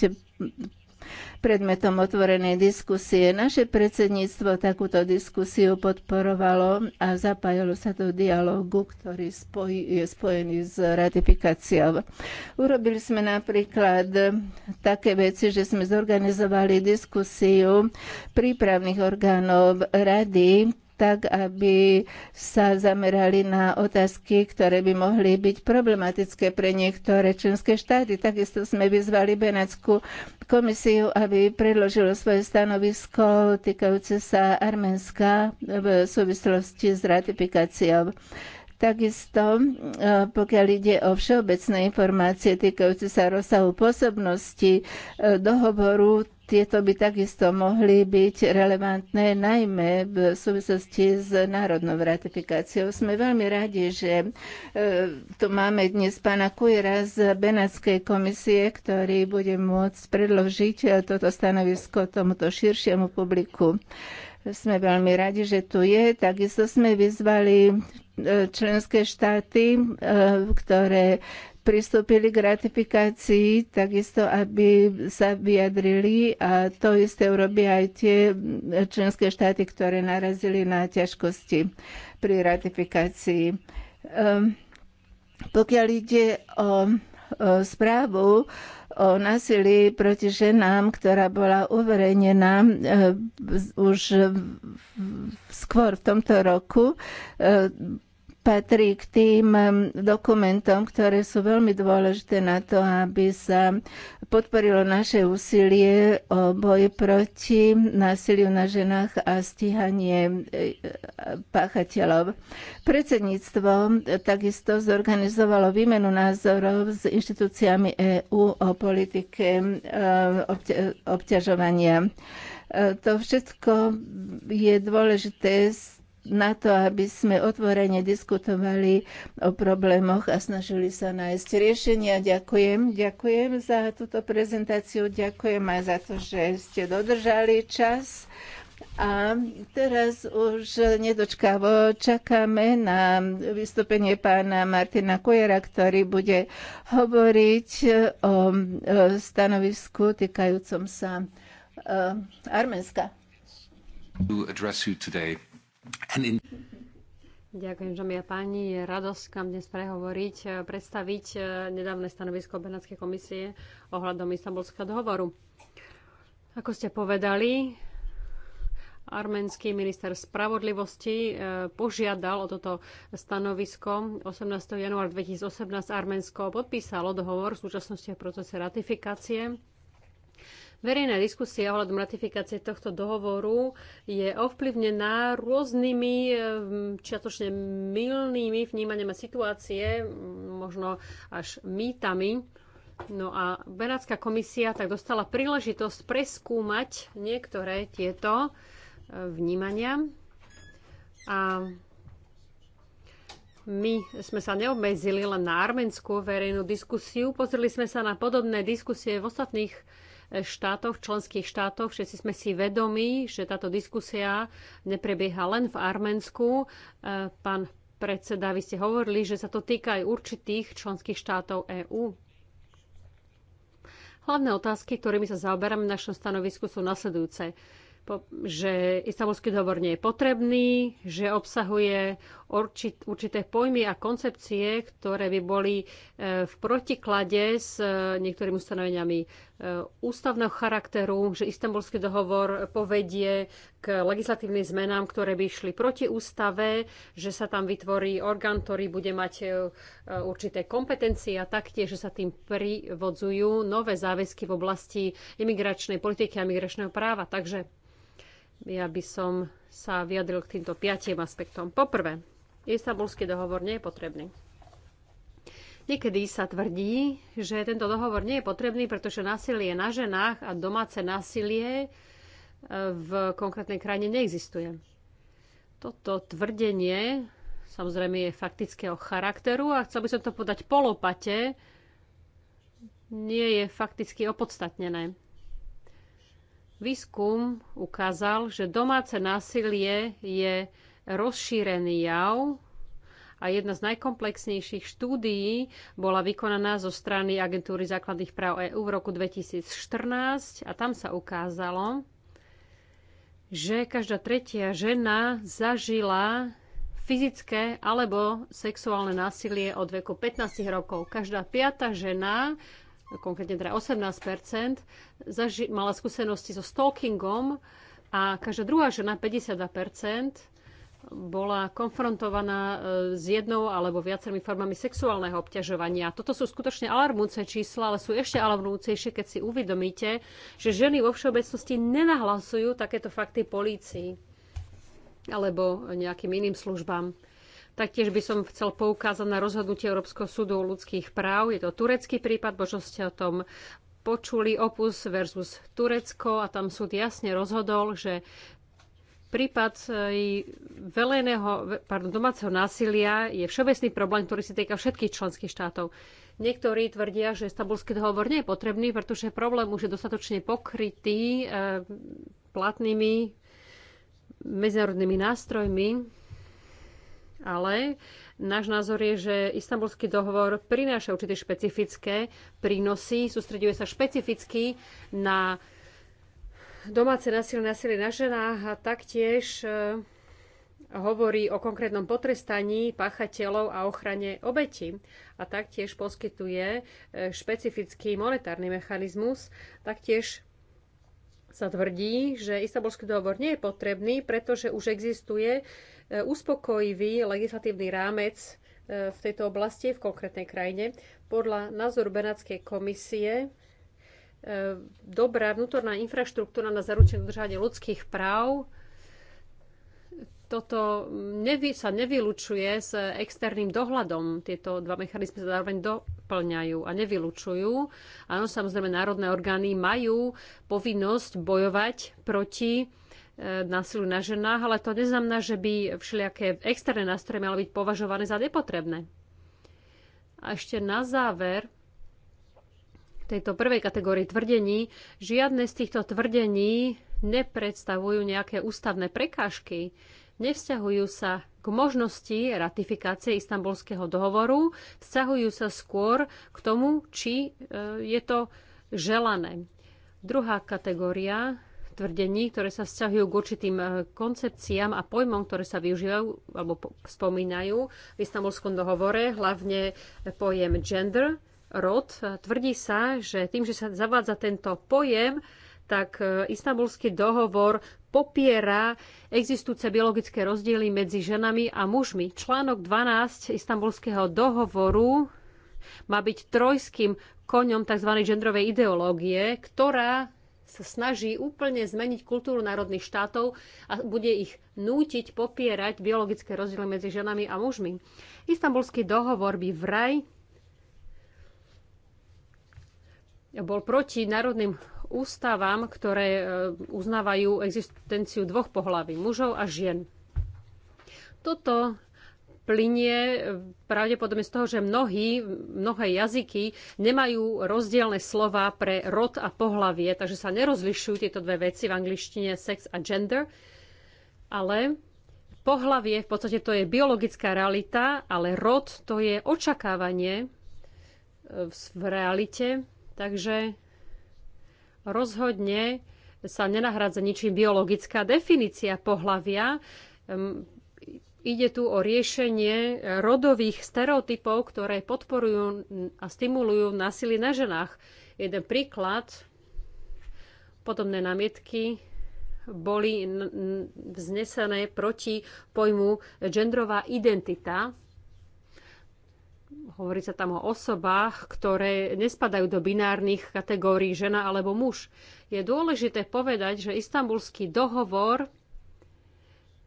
S2: predmetom otvorenej diskusie. Naše predsedníctvo takúto diskusiu podporovalo a zapájalo sa do dialogu, ktorý spojí, je spojený s ratifikáciou. Urobili sme napríklad také veci, že sme zorganizovali diskusiu prípravných orgánov rady, tak aby sa zamerali na otázky, ktoré by mohli byť problematické pre niektoré členské štáty. Takisto sme vyzvali Benátskú komisiu, aby predložilo svoje stanovisko týkajúce sa Arménska v súvislosti s ratifikáciou. Takisto, e, pokiaľ ide o všeobecné informácie týkajúce sa rozsahu posobnosti e, dohovoru, tieto by takisto mohli byť relevantné najmä v súvislosti s národnou ratifikáciou. Sme veľmi radi, že e, tu máme dnes pána Kujera z Benátskej komisie, ktorý bude môcť predložiť e, toto stanovisko tomuto širšiemu publiku. Sme veľmi radi, že tu je. Takisto sme vyzvali e, členské štáty, ktoré pristúpili k ratifikácii, takisto aby sa vyjadrili a to isté urobia aj tie členské štáty, ktoré narazili na ťažkosti pri ratifikácii. Ehm, pokiaľ ide o správu, o násilí proti ženám, ktorá bola uverejnená e, už skôr v tomto roku. E, patrí k tým dokumentom, ktoré sú veľmi dôležité na to, aby sa podporilo naše úsilie o boj proti násiliu na ženách a stíhanie e, páchateľov. Predsedníctvo takisto zorganizovalo výmenu názorov s inštitúciami EÚ o politike obťažovania. E, to všetko je dôležité z na to, aby sme otvorene diskutovali o problémoch a snažili sa nájsť riešenia. Ďakujem, ďakujem za túto prezentáciu, ďakujem aj za to, že ste dodržali čas. A teraz už nedočkavo čakáme na vystúpenie pána Martina Kujera, ktorý bude hovoriť o stanovisku týkajúcom sa e, Arménska.
S3: To address you today.
S2: Ďakujem, že a páni. Je
S4: radosť kam dnes prehovoriť, eh, predstaviť eh, nedávne stanovisko Benátskej komisie ohľadom istambulského dohovoru. Ako ste povedali, arménsky minister spravodlivosti eh, požiadal o toto stanovisko. 18. január 2018 Arménsko podpísalo dohovor v súčasnosti v procese ratifikácie. Verejná diskusia ohľadom ratifikácie tohto dohovoru je ovplyvnená rôznymi ehm, čiatočne mylnými vnímaniami situácie, možno až mýtami. No a Benátska komisia tak dostala príležitosť preskúmať niektoré tieto e, vnímania. A my sme sa neobmedzili len na arménskú verejnú diskusiu, pozreli sme sa na podobné diskusie v ostatných štátoch, členských štátoch. Všetci sme si vedomi, že táto diskusia neprebieha len v Arménsku. E, pán predseda, vy ste hovorili, že sa to týka aj určitých členských štátov EÚ. Hlavné otázky, ktorými sa zaoberáme v našom stanovisku, sú nasledujúce. Po, že istambulský dohovor nie je potrebný, že obsahuje určit, určité pojmy a koncepcie, ktoré by boli e, v protiklade s e, niektorými ustanoveniami e, ústavného charakteru, že istambulský dohovor povedie k legislatívnym zmenám, ktoré by išli proti ústave, že sa tam vytvorí orgán, ktorý bude mať určité kompetencie a taktiež, že sa tým privodzujú nové záväzky v oblasti imigračnej politiky a imigračného práva. Takže ja by som sa vyjadril k týmto piatim aspektom. Poprvé, Istanbulský dohovor nie je potrebný. Niekedy sa tvrdí, že tento dohovor nie je potrebný, pretože násilie na ženách a domáce násilie e, v konkrétnej krajine neexistuje. Toto tvrdenie samozrejme je faktického charakteru a chcel by som to podať polopate, nie je fakticky opodstatnené. Výskum ukázal, že domáce násilie je rozšírený jav a jedna z najkomplexnejších štúdií bola vykonaná zo strany Agentúry základných práv EÚ v roku 2014 a tam sa ukázalo, že každá tretia žena zažila fyzické alebo sexuálne násilie od veku 15 rokov. Každá piata žena, konkrétne teda 18 mala skúsenosti so stalkingom a každá druhá žena, 52 bola konfrontovaná e, s jednou alebo viacerými formami sexuálneho obťažovania. Toto sú skutočne alarmúce čísla, ale sú ešte alarmúcejšie, keď si uvedomíte, že ženy vo všeobecnosti nenahlasujú takéto fakty polícii alebo nejakým iným službám. Taktiež by som chcel poukázať na rozhodnutie Európskeho súdu ľudských práv. Je to turecký prípad, možno ste o tom počuli Opus versus Turecko a tam súd jasne rozhodol, že Prípad eh, veleného, pardon, domáceho násilia je všeobecný problém, ktorý si týka všetkých členských štátov. Niektorí tvrdia, že stambulský dohovor nie je potrebný, pretože problém už je dostatočne pokrytý eh, platnými medzinárodnými nástrojmi, ale náš názor je, že istambulský dohovor prináša určité špecifické prínosy, sústreďuje sa špecificky na domáce násilie, násilie na ženách a taktiež e, hovorí o konkrétnom potrestaní páchateľov a ochrane obeti a taktiež poskytuje e, špecifický monetárny mechanizmus. Taktiež sa tvrdí, že istabolský dohovor nie je potrebný, pretože už existuje e, uspokojivý legislatívny rámec v tejto oblasti v konkrétnej krajine. Podľa názoru Benátskej komisie E, dobrá vnútorná infraštruktúra na zaručenie udržanie ľudských práv. Toto nevy, sa nevylučuje s externým dohľadom. Tieto dva mechanizmy sa zároveň doplňajú a nevylučujú. Áno, samozrejme, národné orgány majú povinnosť bojovať proti e, násilu na ženách, ale to neznamená, že by všelijaké externé nástroje mali byť považované za nepotrebné. A ešte na záver tejto prvej kategórii tvrdení, žiadne z týchto tvrdení nepredstavujú nejaké ústavné prekážky, nevzťahujú sa k možnosti ratifikácie istambulského dohovoru, vzťahujú sa skôr k tomu, či e, je to želané. Druhá kategória tvrdení, ktoré sa vzťahujú k určitým e, koncepciám a pojmom, ktoré sa využívajú alebo spomínajú v istambulskom dohovore, hlavne pojem gender, rod. E, tvrdí sa, že tým, že sa zavádza tento pojem, tak e, istambulský dohovor popiera existujúce biologické rozdiely medzi ženami a mužmi. Článok 12 istambulského dohovoru má byť trojským koňom tzv. genderovej ideológie, ktorá sa snaží úplne zmeniť kultúru národných štátov a bude ich nútiť popierať biologické rozdiely medzi ženami a mužmi. Istambulský dohovor by vraj bol proti národným ústavám, ktoré e, uznávajú existenciu dvoch pohlaví, mužov a žien. Toto plinie e, pravdepodobne z toho, že mnohí, mnohé jazyky nemajú rozdielne slova pre rod a pohlavie, takže sa nerozlišujú tieto dve veci v angličtine sex a gender, ale pohlavie v podstate to je biologická realita, ale rod to je očakávanie e, v realite Takže rozhodne sa nenahradza ničím biologická definícia pohlavia. Ide tu o riešenie rodových stereotypov, ktoré podporujú a stimulujú násilie na ženách. Jeden príklad, podobné námietky boli vznesené proti pojmu genderová identita, Hovorí sa tam o osobách, ktoré nespadajú do binárnych kategórií žena alebo muž. Je dôležité povedať, že istambulský dohovor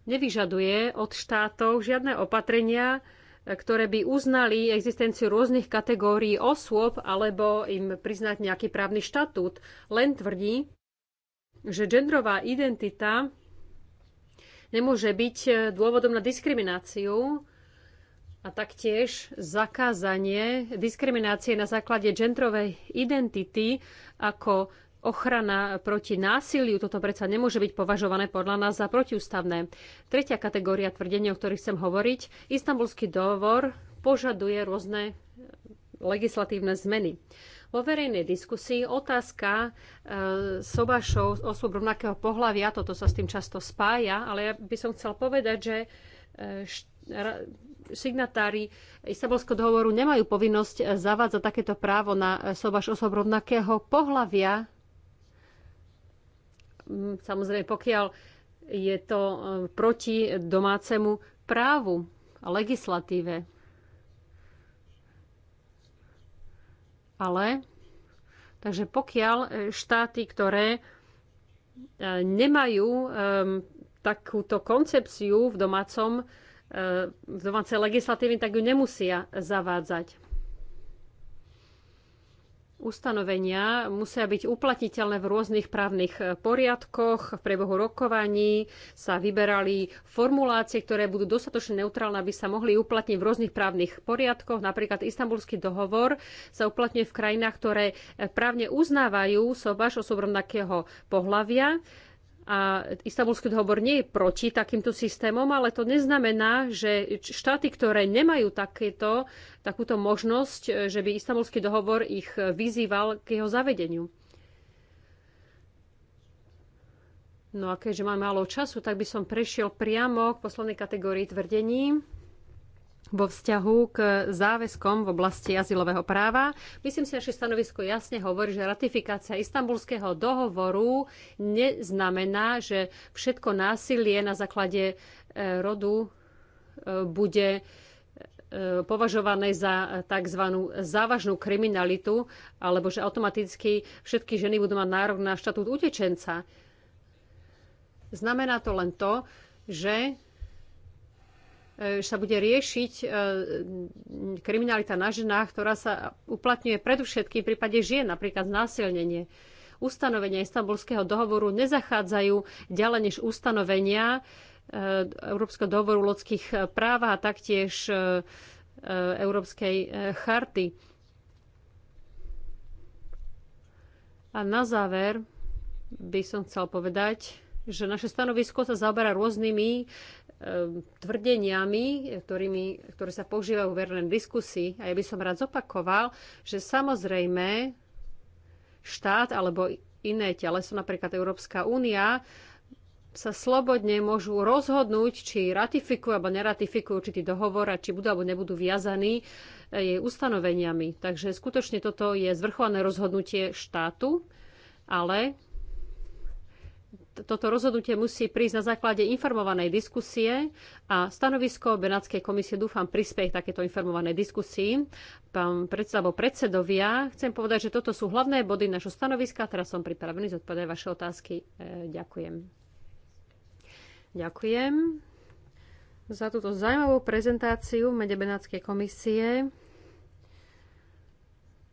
S4: nevyžaduje od štátov žiadne opatrenia, ktoré by uznali existenciu rôznych kategórií osôb alebo im priznať nejaký právny štatút. Len tvrdí, že genderová identita nemôže byť dôvodom na diskrimináciu a taktiež zakázanie diskriminácie na základe gendrovej identity ako ochrana proti násiliu. Toto predsa nemôže byť považované podľa nás za protiústavné. Tretia kategória tvrdenia, o ktorých chcem hovoriť, istambulský dohovor požaduje rôzne legislatívne zmeny. Vo verejnej diskusii otázka e, sobašov osôb rovnakého pohľavia, toto sa s tým často spája, ale ja by som chcel povedať, že e, št, signatári Istanbulského dohovoru nemajú povinnosť zavádzať takéto právo na sobaž osob rovnakého pohľavia. Mm, samozrejme, pokiaľ je to mm, proti domácemu právu a legislatíve. Ale, takže pokiaľ e, štáty, ktoré e, nemajú takúto koncepciu v domácom z e, domácej legislatívy, tak ju nemusia zavádzať. Ustanovenia musia byť uplatiteľné v rôznych právnych poriadkoch. V priebehu rokovaní sa vyberali formulácie, ktoré budú dostatočne neutrálne, aby sa mohli uplatniť v rôznych právnych poriadkoch. Napríklad istambulský dohovor sa uplatňuje v krajinách, ktoré právne uznávajú sobaž osob rovnakého pohľavia. A istambulský dohovor nie je proti takýmto systémom, ale to neznamená, že štáty, ktoré nemajú takéto, takúto možnosť, že by istambulský dohovor ich vyzýval k jeho zavedeniu. No a keďže mám málo času, tak by som prešiel priamo k poslednej kategórii tvrdení vo vzťahu k záväzkom v oblasti azylového práva. Myslím si, naše stanovisko jasne hovorí, že ratifikácia istambulského dohovoru neznamená, že všetko násilie na základe e, rodu e, bude e, považované za tzv. závažnú kriminalitu, alebo že automaticky všetky ženy budú mať nárok na štatút utečenca. Znamená to len to, že E, sa bude riešiť e, kriminalita na ženách, ktorá sa uplatňuje predovšetkým v prípade žien, napríklad násilnenie. Ustanovenia istambulského dohovoru nezachádzajú ďalej než ustanovenia e, Európskeho dohovoru ľudských práv a taktiež Európskej charty. A na záver by som chcel povedať, že naše stanovisko sa zaoberá rôznymi Ehm, tvrdeniami, ktorými, ktoré sa používajú v verejnej diskusii. A ja by som rád zopakoval, že samozrejme štát alebo iné teleso, napríklad Európska únia, sa slobodne môžu rozhodnúť, či ratifikujú alebo neratifikujú určitý dohovor a či budú alebo nebudú viazaní eh, jej ustanoveniami. Takže skutočne toto je zvrchované rozhodnutie štátu, ale toto rozhodnutie musí prísť na základe informovanej diskusie a stanovisko Benátskej komisie dúfam prispieť takéto informovanej diskusii. Pán predseda, predsedovia, chcem povedať, že toto sú hlavné body našho stanoviska. Teraz som pripravený zodpovedať vaše otázky. E, ďakujem. Ďakujem za túto zaujímavú prezentáciu v mede Benátskej komisie.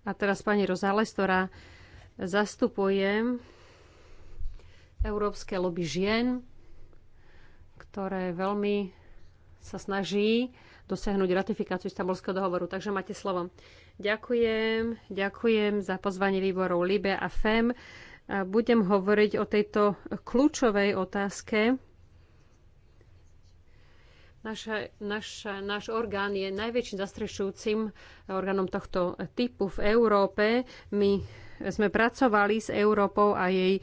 S4: A teraz pani Rozales, ktorá zastupuje Európske lobby žien, ktoré veľmi sa snaží dosiahnuť ratifikáciu Istanbulského dohovoru. Takže máte slovo. Ďakujem, ďakujem za pozvanie výborov LIBE a FEM. Budem hovoriť o tejto kľúčovej otázke. Naša, naša, náš orgán je najväčším zastrešujúcim orgánom tohto typu v Európe. My sme pracovali s Európou a jej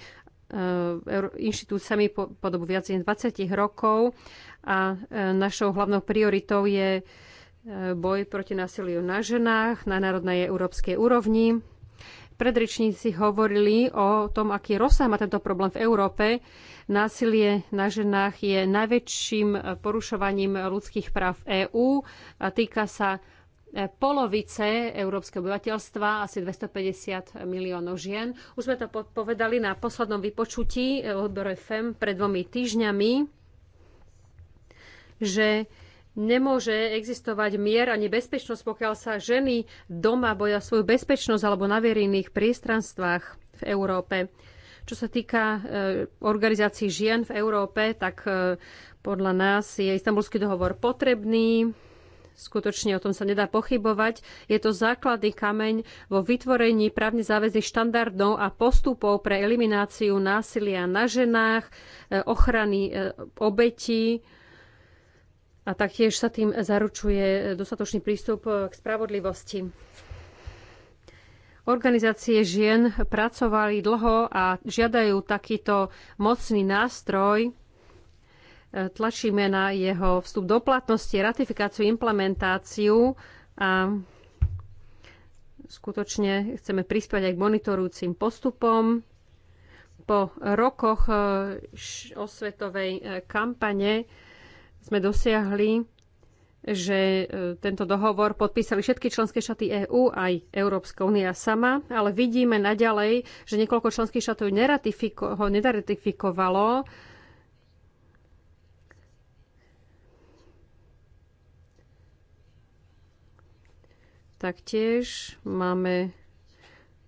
S4: Eh, inštitúciami po dobu viac než 20 rokov a eh, našou hlavnou prioritou je eh, boj proti násiliu na ženách na národnej európskej úrovni. Predričníci hovorili o tom, aký rozsah má tento problém v Európe. Násilie na ženách je najväčším porušovaním ľudských práv EÚ a týka sa polovice európskeho obyvateľstva, asi 250 miliónov žien. Už sme to povedali na poslednom vypočutí odboru FM pred dvomi týždňami, že Nemôže existovať mier ani bezpečnosť, pokiaľ sa ženy doma boja svoju bezpečnosť alebo na verejných priestranstvách v Európe. Čo sa týka eh, organizácií žien v Európe, tak eh, podľa nás je istambulský dohovor potrebný. Skutočne o tom sa nedá pochybovať. Je to základný kameň vo vytvorení právne záväzy štandardov a postupov pre elimináciu násilia na ženách, e, ochrany e, obetí a taktiež sa tým zaručuje dostatočný prístup e, k spravodlivosti. Organizácie žien pracovali dlho a žiadajú takýto mocný nástroj, tlačíme na jeho vstup do platnosti, ratifikáciu, implementáciu a skutočne chceme prispieť aj k monitorujúcim postupom. Po rokoch e, osvetovej e, kampane sme dosiahli, že e, tento dohovor podpísali všetky členské štáty EÚ, aj Európska únia sama, ale vidíme naďalej, že niekoľko členských štátov ho neratifikovalo Taktiež máme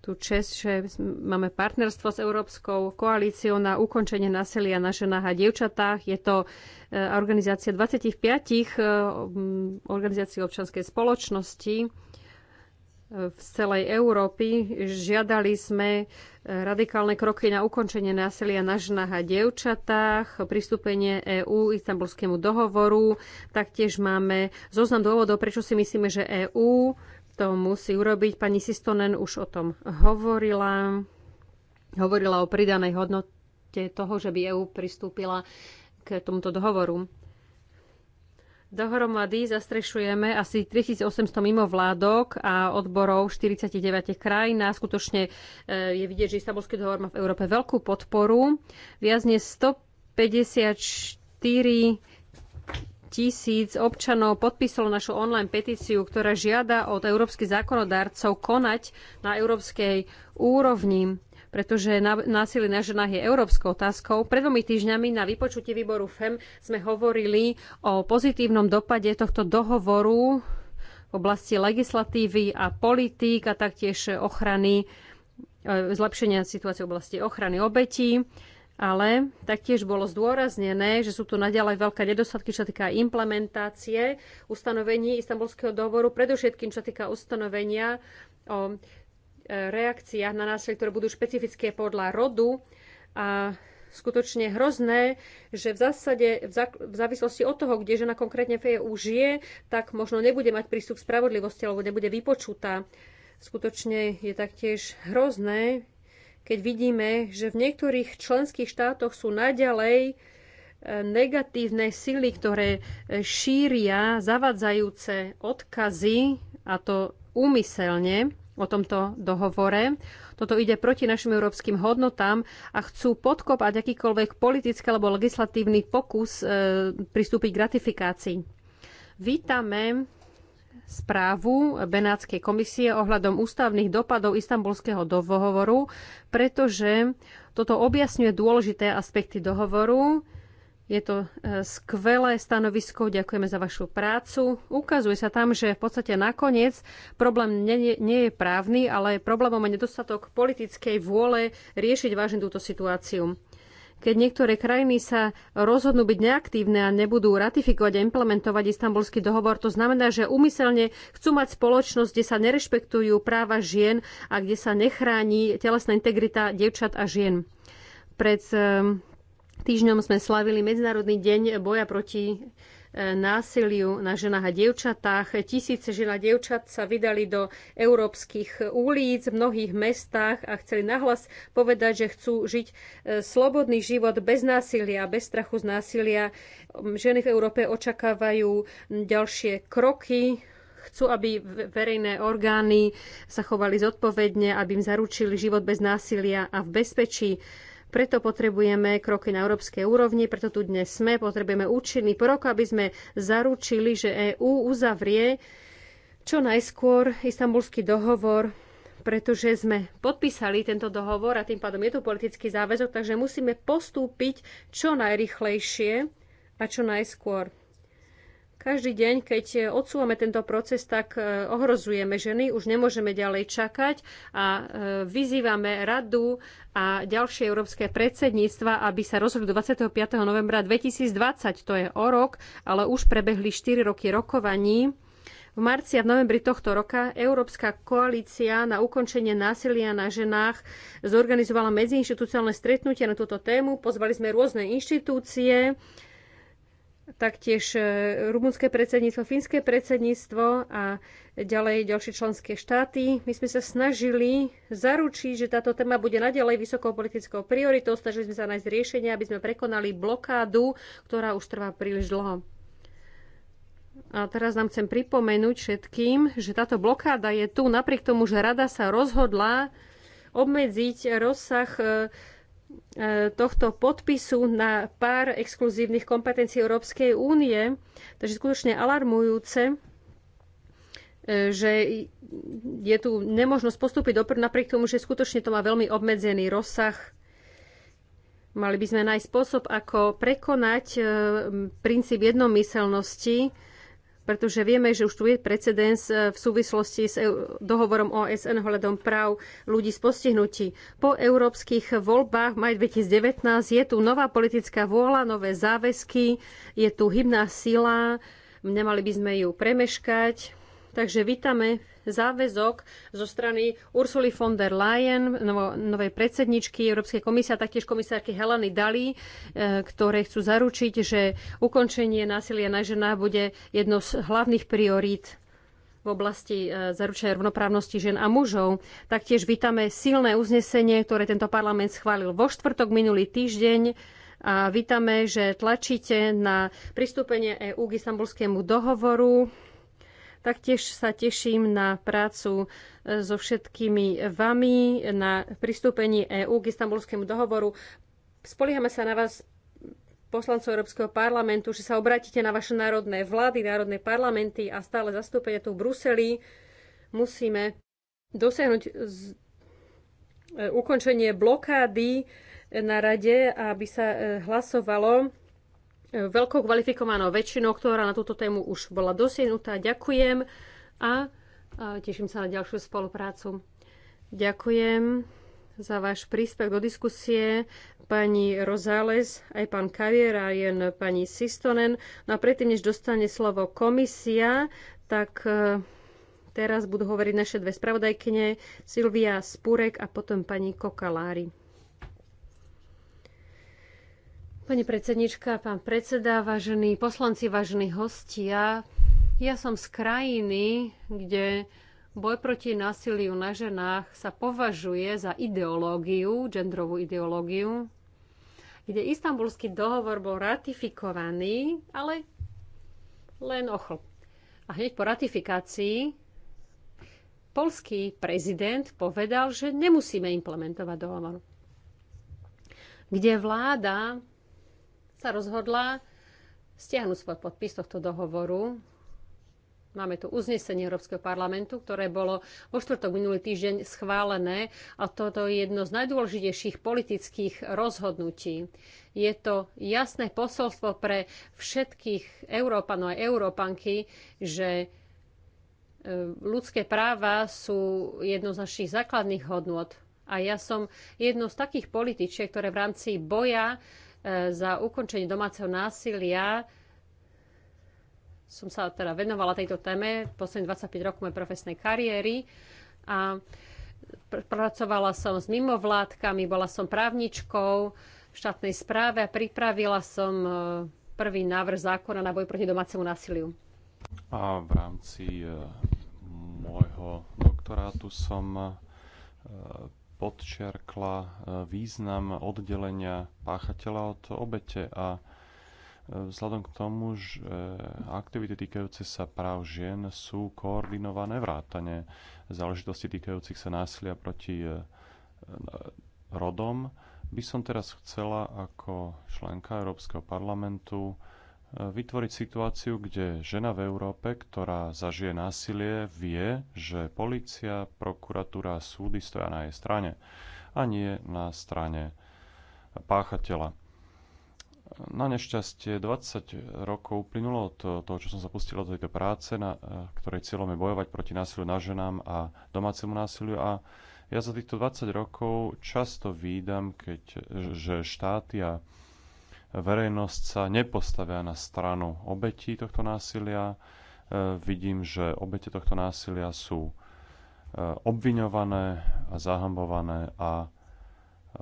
S4: tu čest, že máme partnerstvo s Európskou koalíciou na ukončenie násilia na ženách a dievčatách. Je to eh, organizácia 25 eh, mm, organizácií občanskej spoločnosti eh, v celej Európy. Žiadali sme radikálne kroky na ukončenie násilia na ženách a dievčatách, pristúpenie EÚ istambulskému dohovoru. Taktiež máme zoznam dôvodov, prečo si myslíme, že EÚ to musí urobiť. Pani Sistonen už o tom hovorila. Hovorila o pridanej hodnote toho, že by EÚ pristúpila k tomuto dohovoru. Dohromady zastrešujeme asi 3800 mimovládok a odborov 49 krajín. A skutočne e, je vidieť, že Istanbulský dohovor má v Európe veľkú podporu. Viac než 154 tisíc občanov podpísalo našu online petíciu, ktorá žiada od európskych zákonodárcov konať na európskej úrovni pretože násilie na ženách je európskou otázkou. Pred dvomi týždňami na vypočutí výboru FEM sme hovorili o pozitívnom dopade tohto dohovoru v oblasti legislatívy a politík a taktiež ochrany, e, zlepšenia situácie v oblasti ochrany obetí ale taktiež bolo zdôraznené, že sú tu naďalej veľké nedostatky, čo týka implementácie ustanovení istambulského dohovoru, predovšetkým čo týka ustanovenia o e, reakciách na násilie, ktoré budú špecifické podľa rodu a skutočne hrozné, že v zásade v, v závislosti od toho, kde žena konkrétne v EU žije, tak možno nebude mať prístup k spravodlivosti alebo nebude vypočutá. Skutočne je taktiež hrozné, keď vidíme, že v niektorých členských štátoch sú naďalej e, negatívne sily, ktoré e, šíria zavadzajúce odkazy, a to úmyselne, o tomto dohovore. Toto ide proti našim európskym hodnotám a chcú podkopať akýkoľvek politický alebo legislatívny pokus e, pristúpiť k ratifikácii. Vítame správu Benátskej komisie ohľadom ústavných dopadov istambulského dohovoru, pretože toto objasňuje dôležité aspekty dohovoru. Je to e, skvelé stanovisko, ďakujeme za vašu prácu. Ukazuje sa tam, že v podstate nakoniec problém nie, nie je právny, ale problémom je nedostatok politickej vôle riešiť vážne túto situáciu keď niektoré krajiny sa rozhodnú byť neaktívne a nebudú ratifikovať a implementovať istambulský dohovor, to znamená, že umyselne chcú mať spoločnosť, kde sa nerešpektujú práva žien a kde sa nechráni telesná integrita dievčat a žien. Pred ehm, týždňom sme slavili Medzinárodný deň boja proti násiliu na ženách a dievčatách. Tisíce žena a dievčat sa vydali do európskych ulic v mnohých mestách a chceli nahlas povedať, že chcú žiť e, slobodný život bez násilia, bez strachu z násilia. Ženy v Európe očakávajú ďalšie kroky, chcú, aby verejné orgány sa chovali zodpovedne, aby im zaručili život bez násilia a v bezpečí. Preto potrebujeme kroky na európskej úrovni, preto tu dnes sme, potrebujeme účinný prok, aby sme zaručili, že EÚ uzavrie čo najskôr istambulský dohovor, pretože sme podpísali tento dohovor a tým pádom je tu politický záväzok, takže musíme postúpiť čo najrychlejšie a čo najskôr. Každý deň, keď e, odsúvame tento proces, tak e, ohrozujeme ženy, už nemôžeme ďalej čakať a e, vyzývame radu a ďalšie európske predsedníctva, aby sa rozhodli 25. novembra 2020, to je o rok, ale už prebehli 4 roky rokovaní. V marci a v novembri tohto roka Európska koalícia na ukončenie násilia na ženách zorganizovala medziinštitucionálne stretnutie na túto tému. Pozvali sme rôzne inštitúcie, taktiež e, rumunské predsedníctvo, fínske predsedníctvo a ďalej ďalšie členské štáty. My sme sa snažili zaručiť, že táto téma bude naďalej vysokou politickou prioritou. Snažili sme sa nájsť riešenie, aby sme prekonali blokádu, ktorá už trvá príliš dlho. A teraz nám chcem pripomenúť všetkým, že táto blokáda je tu napriek tomu, že rada sa rozhodla obmedziť rozsah e, E, tohto podpisu na pár exkluzívnych kompetencií Európskej únie. Takže skutočne alarmujúce, e, že je tu nemožnosť postúpiť dopredu napriek tomu, že skutočne to má veľmi obmedzený rozsah. Mali by sme nájsť spôsob, ako prekonať e, princíp jednomyselnosti pretože vieme, že už tu je precedens e, v súvislosti s dohovorom OSN hľadom práv ľudí z postihnutí. Po európskych voľbách v maj 2019 je tu nová politická vôľa, nové záväzky, je tu hybná sila, nemali by sme ju premeškať Takže vítame záväzok zo strany Ursuly von der Leyen, novej predsedničky Európskej komisie a taktiež komisárky Heleny Dali, e, ktoré chcú zaručiť, že ukončenie násilia na ženách bude jedno z hlavných priorít v oblasti e, zaručenia rovnoprávnosti žien a mužov. Taktiež vítame silné uznesenie, ktoré tento parlament schválil vo štvrtok minulý týždeň a vítame, že tlačíte na pristúpenie EÚ k istambulskému dohovoru Taktiež sa teším na prácu e, so všetkými vami na pristúpení EÚ k istambulskému dohovoru. Spoliehame sa na vás, poslancov Európskeho parlamentu, že sa obratíte na vaše národné vlády, národné parlamenty a stále zastúpenia tu v Bruseli. Musíme dosiahnuť z... E, ukončenie blokády na rade, aby sa e, hlasovalo veľkou kvalifikovanou väčšinou, ktorá na túto tému už bola dosiahnutá. Ďakujem a teším sa na ďalšiu spoluprácu. Ďakujem za váš príspevok do diskusie pani Rozales, aj pán Kavier a jen pani Sistonen. No a predtým, než dostane slovo komisia, tak e, teraz budú hovoriť naše dve spravodajkyne, Silvia Spurek a potom pani Kokalári. Pani predsednička, pán predseda, vážení poslanci, vážení hostia, ja som z krajiny, kde boj proti násiliu na ženách sa považuje za ideológiu, genderovú ideológiu, kde istambulský dohovor bol ratifikovaný, ale len ochl. A hneď po ratifikácii polský prezident povedal, že nemusíme implementovať dohovor. Kde vláda sa rozhodla stiahnuť svoj podpis tohto dohovoru. Máme tu uznesenie Európskeho parlamentu, ktoré bolo vo štvrtok minulý týždeň schválené a toto je jedno z najdôležitejších politických rozhodnutí. Je to jasné posolstvo pre všetkých Európanov a Európanky, že e, ľudské práva sú jedno z našich základných hodnot A ja som jedno z takých političiek, ktoré v rámci boja E, za ukončenie domáceho násilia som sa teda venovala tejto téme posledných 25 rokov mojej profesnej kariéry a pracovala som s mimovládkami, bola som právničkou v štátnej správe a pripravila som e, prvý návrh zákona na boj proti domácemu násiliu.
S1: A v rámci e, môjho doktorátu som podčiarkla e, význam oddelenia páchateľa od obete a e, vzhľadom k tomu, že e, aktivity týkajúce sa práv žien sú koordinované vrátane záležitosti týkajúcich sa násilia proti rodom, by som teraz chcela ako členka Európskeho parlamentu vytvoriť situáciu, kde žena v Európe, ktorá zažije násilie, vie, že policia, prokuratúra a súdy stoja na jej strane a nie na strane páchateľa. Na nešťastie 20 rokov uplynulo od toho, čo som sa pustil do tejto práce, na, ktorej cieľom je bojovať proti násiliu na ženám a domácemu násiliu a ja za týchto 20 rokov často výdam, keď, že štáty a verejnosť sa nepostavia na stranu obetí tohto násilia. E, vidím, že obete tohto násilia sú e, obviňované a zahambované a e,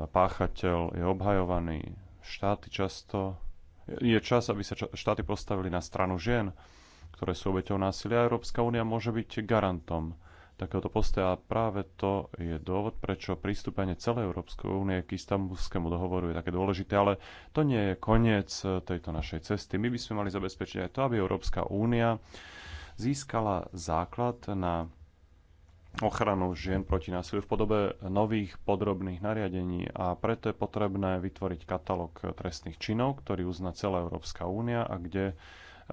S1: páchateľ je obhajovaný. Štáty často... Je čas, aby sa štáty postavili na stranu žien, ktoré sú obeťou násilia. Európska únia môže byť garantom takéhoto postoja. práve to je dôvod, prečo pristúpenie celej Európskej únie k istambulskému dohovoru je také dôležité, ale to nie je koniec e, tejto našej cesty. My by sme mali zabezpečiť aj to, aby Európska únia získala základ na ochranu žien proti násiliu v podobe nových podrobných nariadení a preto je potrebné vytvoriť katalóg trestných činov, ktorý uzná celá Európska únia a kde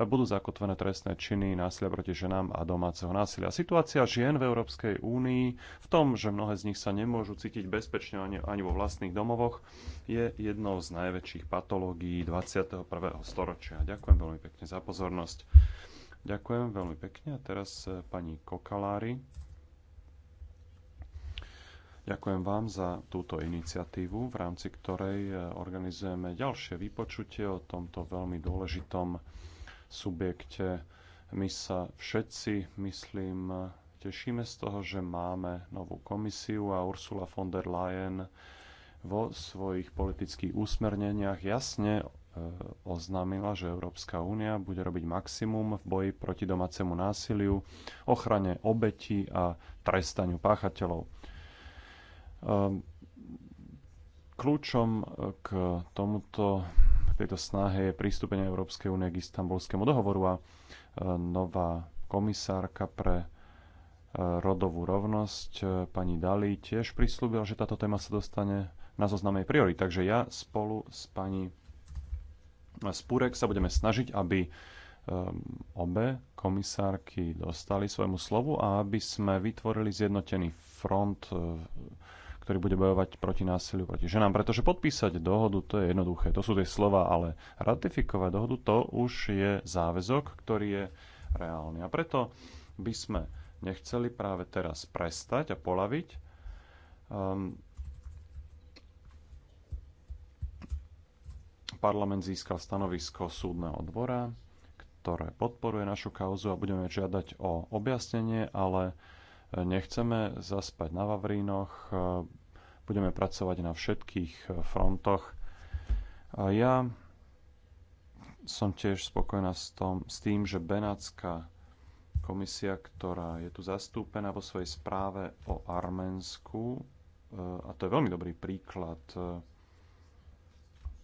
S1: budú zakotvené trestné činy násilia proti ženám a domáceho násilia. Situácia žien v Európskej únii v tom, že mnohé z nich sa nemôžu cítiť bezpečne ani, ani vo vlastných domovoch, je jednou z najväčších patológií 21. storočia. Ďakujem veľmi pekne za pozornosť. Ďakujem veľmi pekne. A teraz eh, pani Kokalári. Ďakujem vám za túto iniciatívu, v rámci ktorej eh, organizujeme ďalšie vypočutie o tomto veľmi dôležitom subjekte. My sa všetci, myslím, tešíme z toho, že máme novú komisiu a Ursula von der Leyen vo svojich politických úsmerneniach jasne e, oznámila, že Európska únia bude robiť maximum v boji proti domácemu násiliu, ochrane obetí a trestaniu páchateľov. Ehm, kľúčom k tomuto tejto snahe je pristúpenie Európskej únie k istambulskému dohovoru a e, nová komisárka pre e, rodovú rovnosť, e, pani Dali, tiež prislúbila, že táto téma sa dostane na zoznamej priory. Takže ja spolu s pani Spurek sa budeme snažiť, aby obe komisárky dostali svojmu slovu a aby sme vytvorili zjednotený front ktorý bude bojovať proti násiliu proti ženám. Pretože podpísať dohodu to je jednoduché, to sú tie slova, ale ratifikovať dohodu to už je záväzok, ktorý je reálny. A preto by sme nechceli práve teraz prestať a polaviť. Um, parlament získal stanovisko súdneho dvora, ktoré podporuje našu kauzu a budeme žiadať o objasnenie, ale Nechceme zaspať na Vavrínoch, e, budeme pracovať na všetkých e, frontoch. A ja som tiež spokojná s, tom, s tým, že Benátska komisia, ktorá je tu zastúpená vo svojej správe o Arménsku, e, a to je veľmi dobrý príklad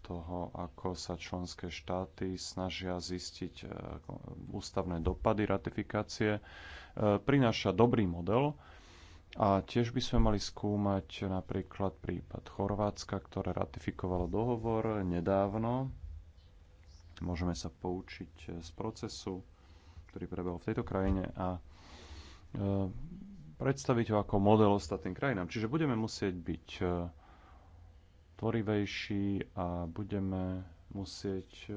S1: toho, ako sa členské štáty snažia zistiť ústavné dopady ratifikácie. Eh, prináša dobrý model. A tiež by sme mali skúmať napríklad prípad Chorvátska, ktoré ratifikovalo dohovor nedávno. Môžeme sa poučiť eh, z procesu, ktorý prebehol v tejto krajine a eh, predstaviť ho ako model ostatným krajinám. Čiže budeme musieť byť tvorivejší a budeme musieť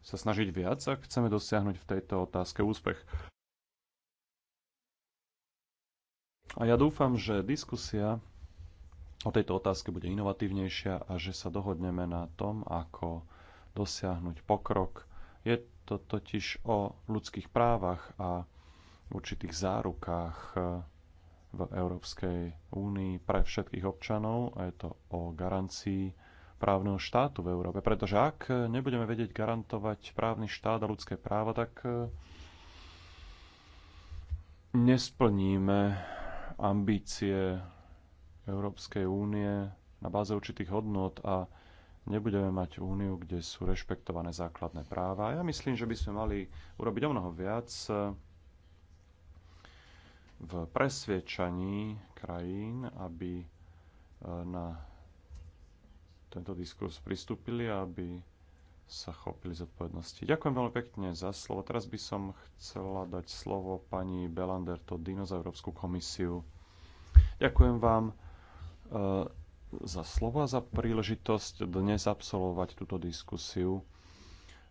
S1: sa snažiť viac, ak chceme dosiahnuť v tejto otázke úspech. A ja dúfam, že diskusia o tejto otázke bude inovatívnejšia a že sa dohodneme na tom, ako dosiahnuť pokrok. Je to totiž o ľudských právach a určitých zárukách eh, v Európskej únii pre všetkých občanov a je to o garancii právneho štátu v Európe. Pretože ak nebudeme vedieť garantovať právny štát a ľudské práva, tak eh, nesplníme ambície Európskej únie na báze určitých hodnot a nebudeme mať úniu, kde sú rešpektované základné práva. Ja myslím, že by sme mali urobiť o mnoho viac v presviečaní krajín, aby eh, na tento diskurs pristúpili, aby sa chopili zodpovednosti. Ďakujem veľmi pekne za slovo. Teraz by som chcela dať slovo pani Belander Todino za Európsku komisiu. Ďakujem vám e, za slovo a za príležitosť dnes absolvovať túto diskusiu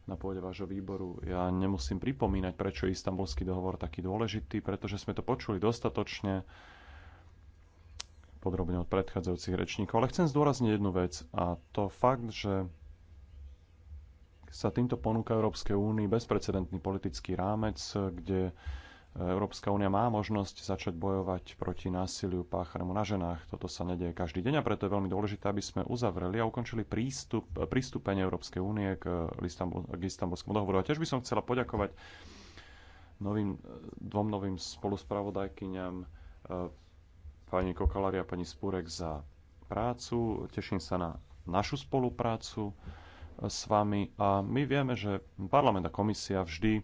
S1: na pôde vášho výboru. Ja nemusím pripomínať, prečo je istambulský dohovor taký dôležitý, pretože sme to počuli dostatočne podrobne od predchádzajúcich rečníkov. Ale chcem zdôrazniť jednu vec a to fakt, že sa týmto ponúka Európskej únii bezprecedentný politický rámec, kde Európska únia má možnosť začať bojovať proti násiliu páchanému na ženách. Toto sa nedieje každý deň a preto je veľmi dôležité, aby sme uzavreli a ukončili prístup, pristúpenie Európskej únie k, k istambulskému dohovoru. A tiež by som chcela poďakovať novým, dvom novým spoluspravodajkyňam e, pani Kokalari a pani Spurek za prácu. Teším sa na našu spoluprácu s vami a my vieme, že parlament a komisia vždy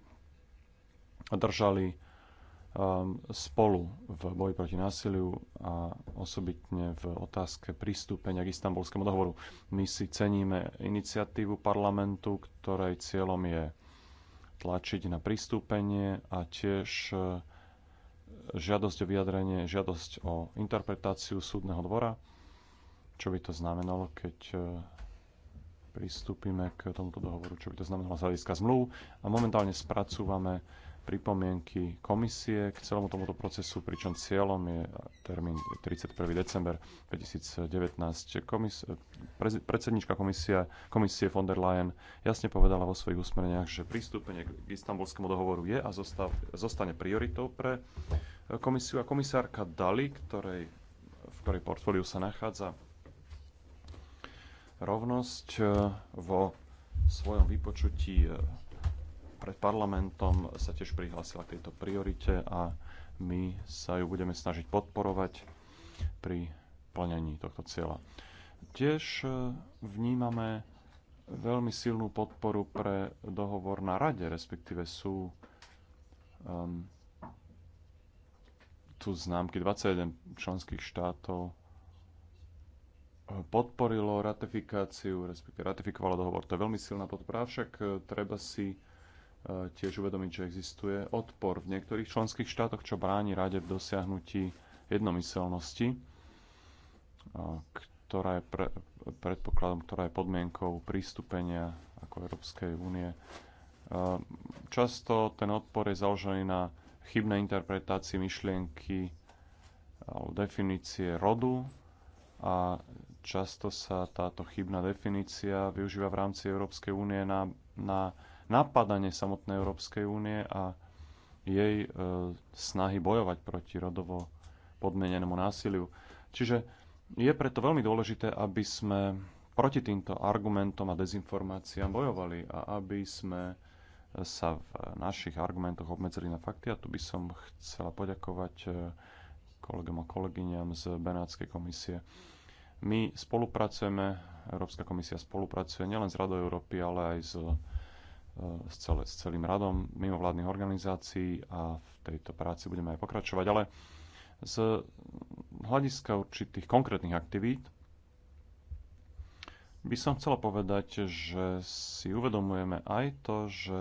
S1: držali um, spolu v boji proti násiliu a osobitne v otázke pristúpenia k istambulskému dohovoru. My si ceníme iniciatívu parlamentu, ktorej cieľom je tlačiť na pristúpenie a tiež uh, žiadosť o vyjadrenie, žiadosť o interpretáciu súdneho dvora, čo by to znamenalo, keď uh, pristúpime k tomuto dohovoru, čo by to znamenalo z hľadiska zmluv. A momentálne spracúvame pripomienky komisie k celému tomuto procesu, pričom cieľom je termín 31. december 2019. Komis- prez- predsednička komisia, komisie von der Leyen jasne povedala vo svojich usmereniach, že pristúpenie k istambulskému dohovoru je a zostav, zostane prioritou pre komisiu. A komisárka Dali, ktorej, v ktorej portfóliu sa nachádza rovnosť e, vo svojom vypočutí e, pred parlamentom sa tiež prihlásila k tejto priorite a my sa ju budeme snažiť podporovať pri plnení tohto cieľa. Tiež e, vnímame veľmi silnú podporu pre dohovor na rade, respektíve sú um, tu známky 21 členských štátov podporilo ratifikáciu, respektíve ratifikovalo dohovor. To je veľmi silná podpora, avšak e, treba si e, tiež uvedomiť, že existuje odpor v niektorých členských štátoch, čo bráni rade v dosiahnutí jednomyselnosti, e, ktorá je pre, predpokladom, ktorá je podmienkou prístupenia ako Európskej únie. Často ten odpor je založený na chybnej interpretácii myšlienky alebo definície rodu a Často sa táto chybná definícia využíva v rámci Európskej únie na, na napadanie samotnej Európskej únie a jej e, snahy bojovať proti rodovo podmienenému násiliu. Čiže je preto veľmi dôležité, aby sme proti týmto argumentom a dezinformáciám bojovali a aby sme sa v našich argumentoch obmedzili na fakty. A tu by som chcela poďakovať e, kolegom a kolegyňam z Benátskej komisie. My spolupracujeme, Európska komisia spolupracuje nielen s Radou Európy, ale aj s, eh, s, celé, s celým radom mimovládnych organizácií a v tejto práci budeme aj pokračovať. Ale z hľadiska určitých konkrétnych aktivít by som chcela povedať, že si uvedomujeme aj to, že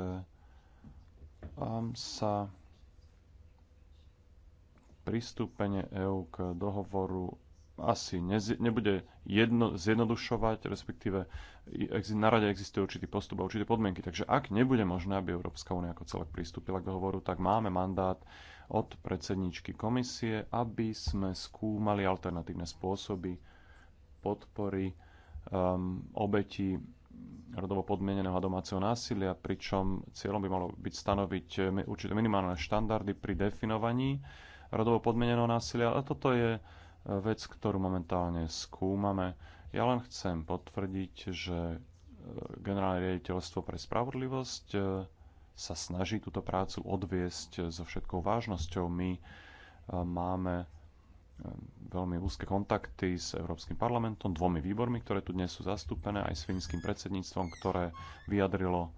S1: ehm, sa pristúpenie EÚ k dohovoru asi nebude jedno, zjednodušovať, respektíve na rade existuje určitý postup a určité podmienky. Takže ak nebude možné, aby Európska únia ako celok pristúpila k dohovoru, tak máme mandát od predsedničky komisie, aby sme skúmali alternatívne spôsoby podpory um, obeti rodovo podmieneného a domáceho násilia, pričom cieľom by malo byť stanoviť eh, určité minimálne štandardy pri definovaní rodovo podmieneného násilia. A toto je vec, ktorú momentálne skúmame. Ja len chcem potvrdiť, že e, generálne riaditeľstvo pre spravodlivosť e, sa snaží túto prácu odviesť e, so všetkou vážnosťou. My máme veľmi úzke kontakty s Európskym parlamentom, dvomi výbormi, ktoré tu dnes sú zastúpené, aj s finským predsedníctvom, ktoré vyjadrilo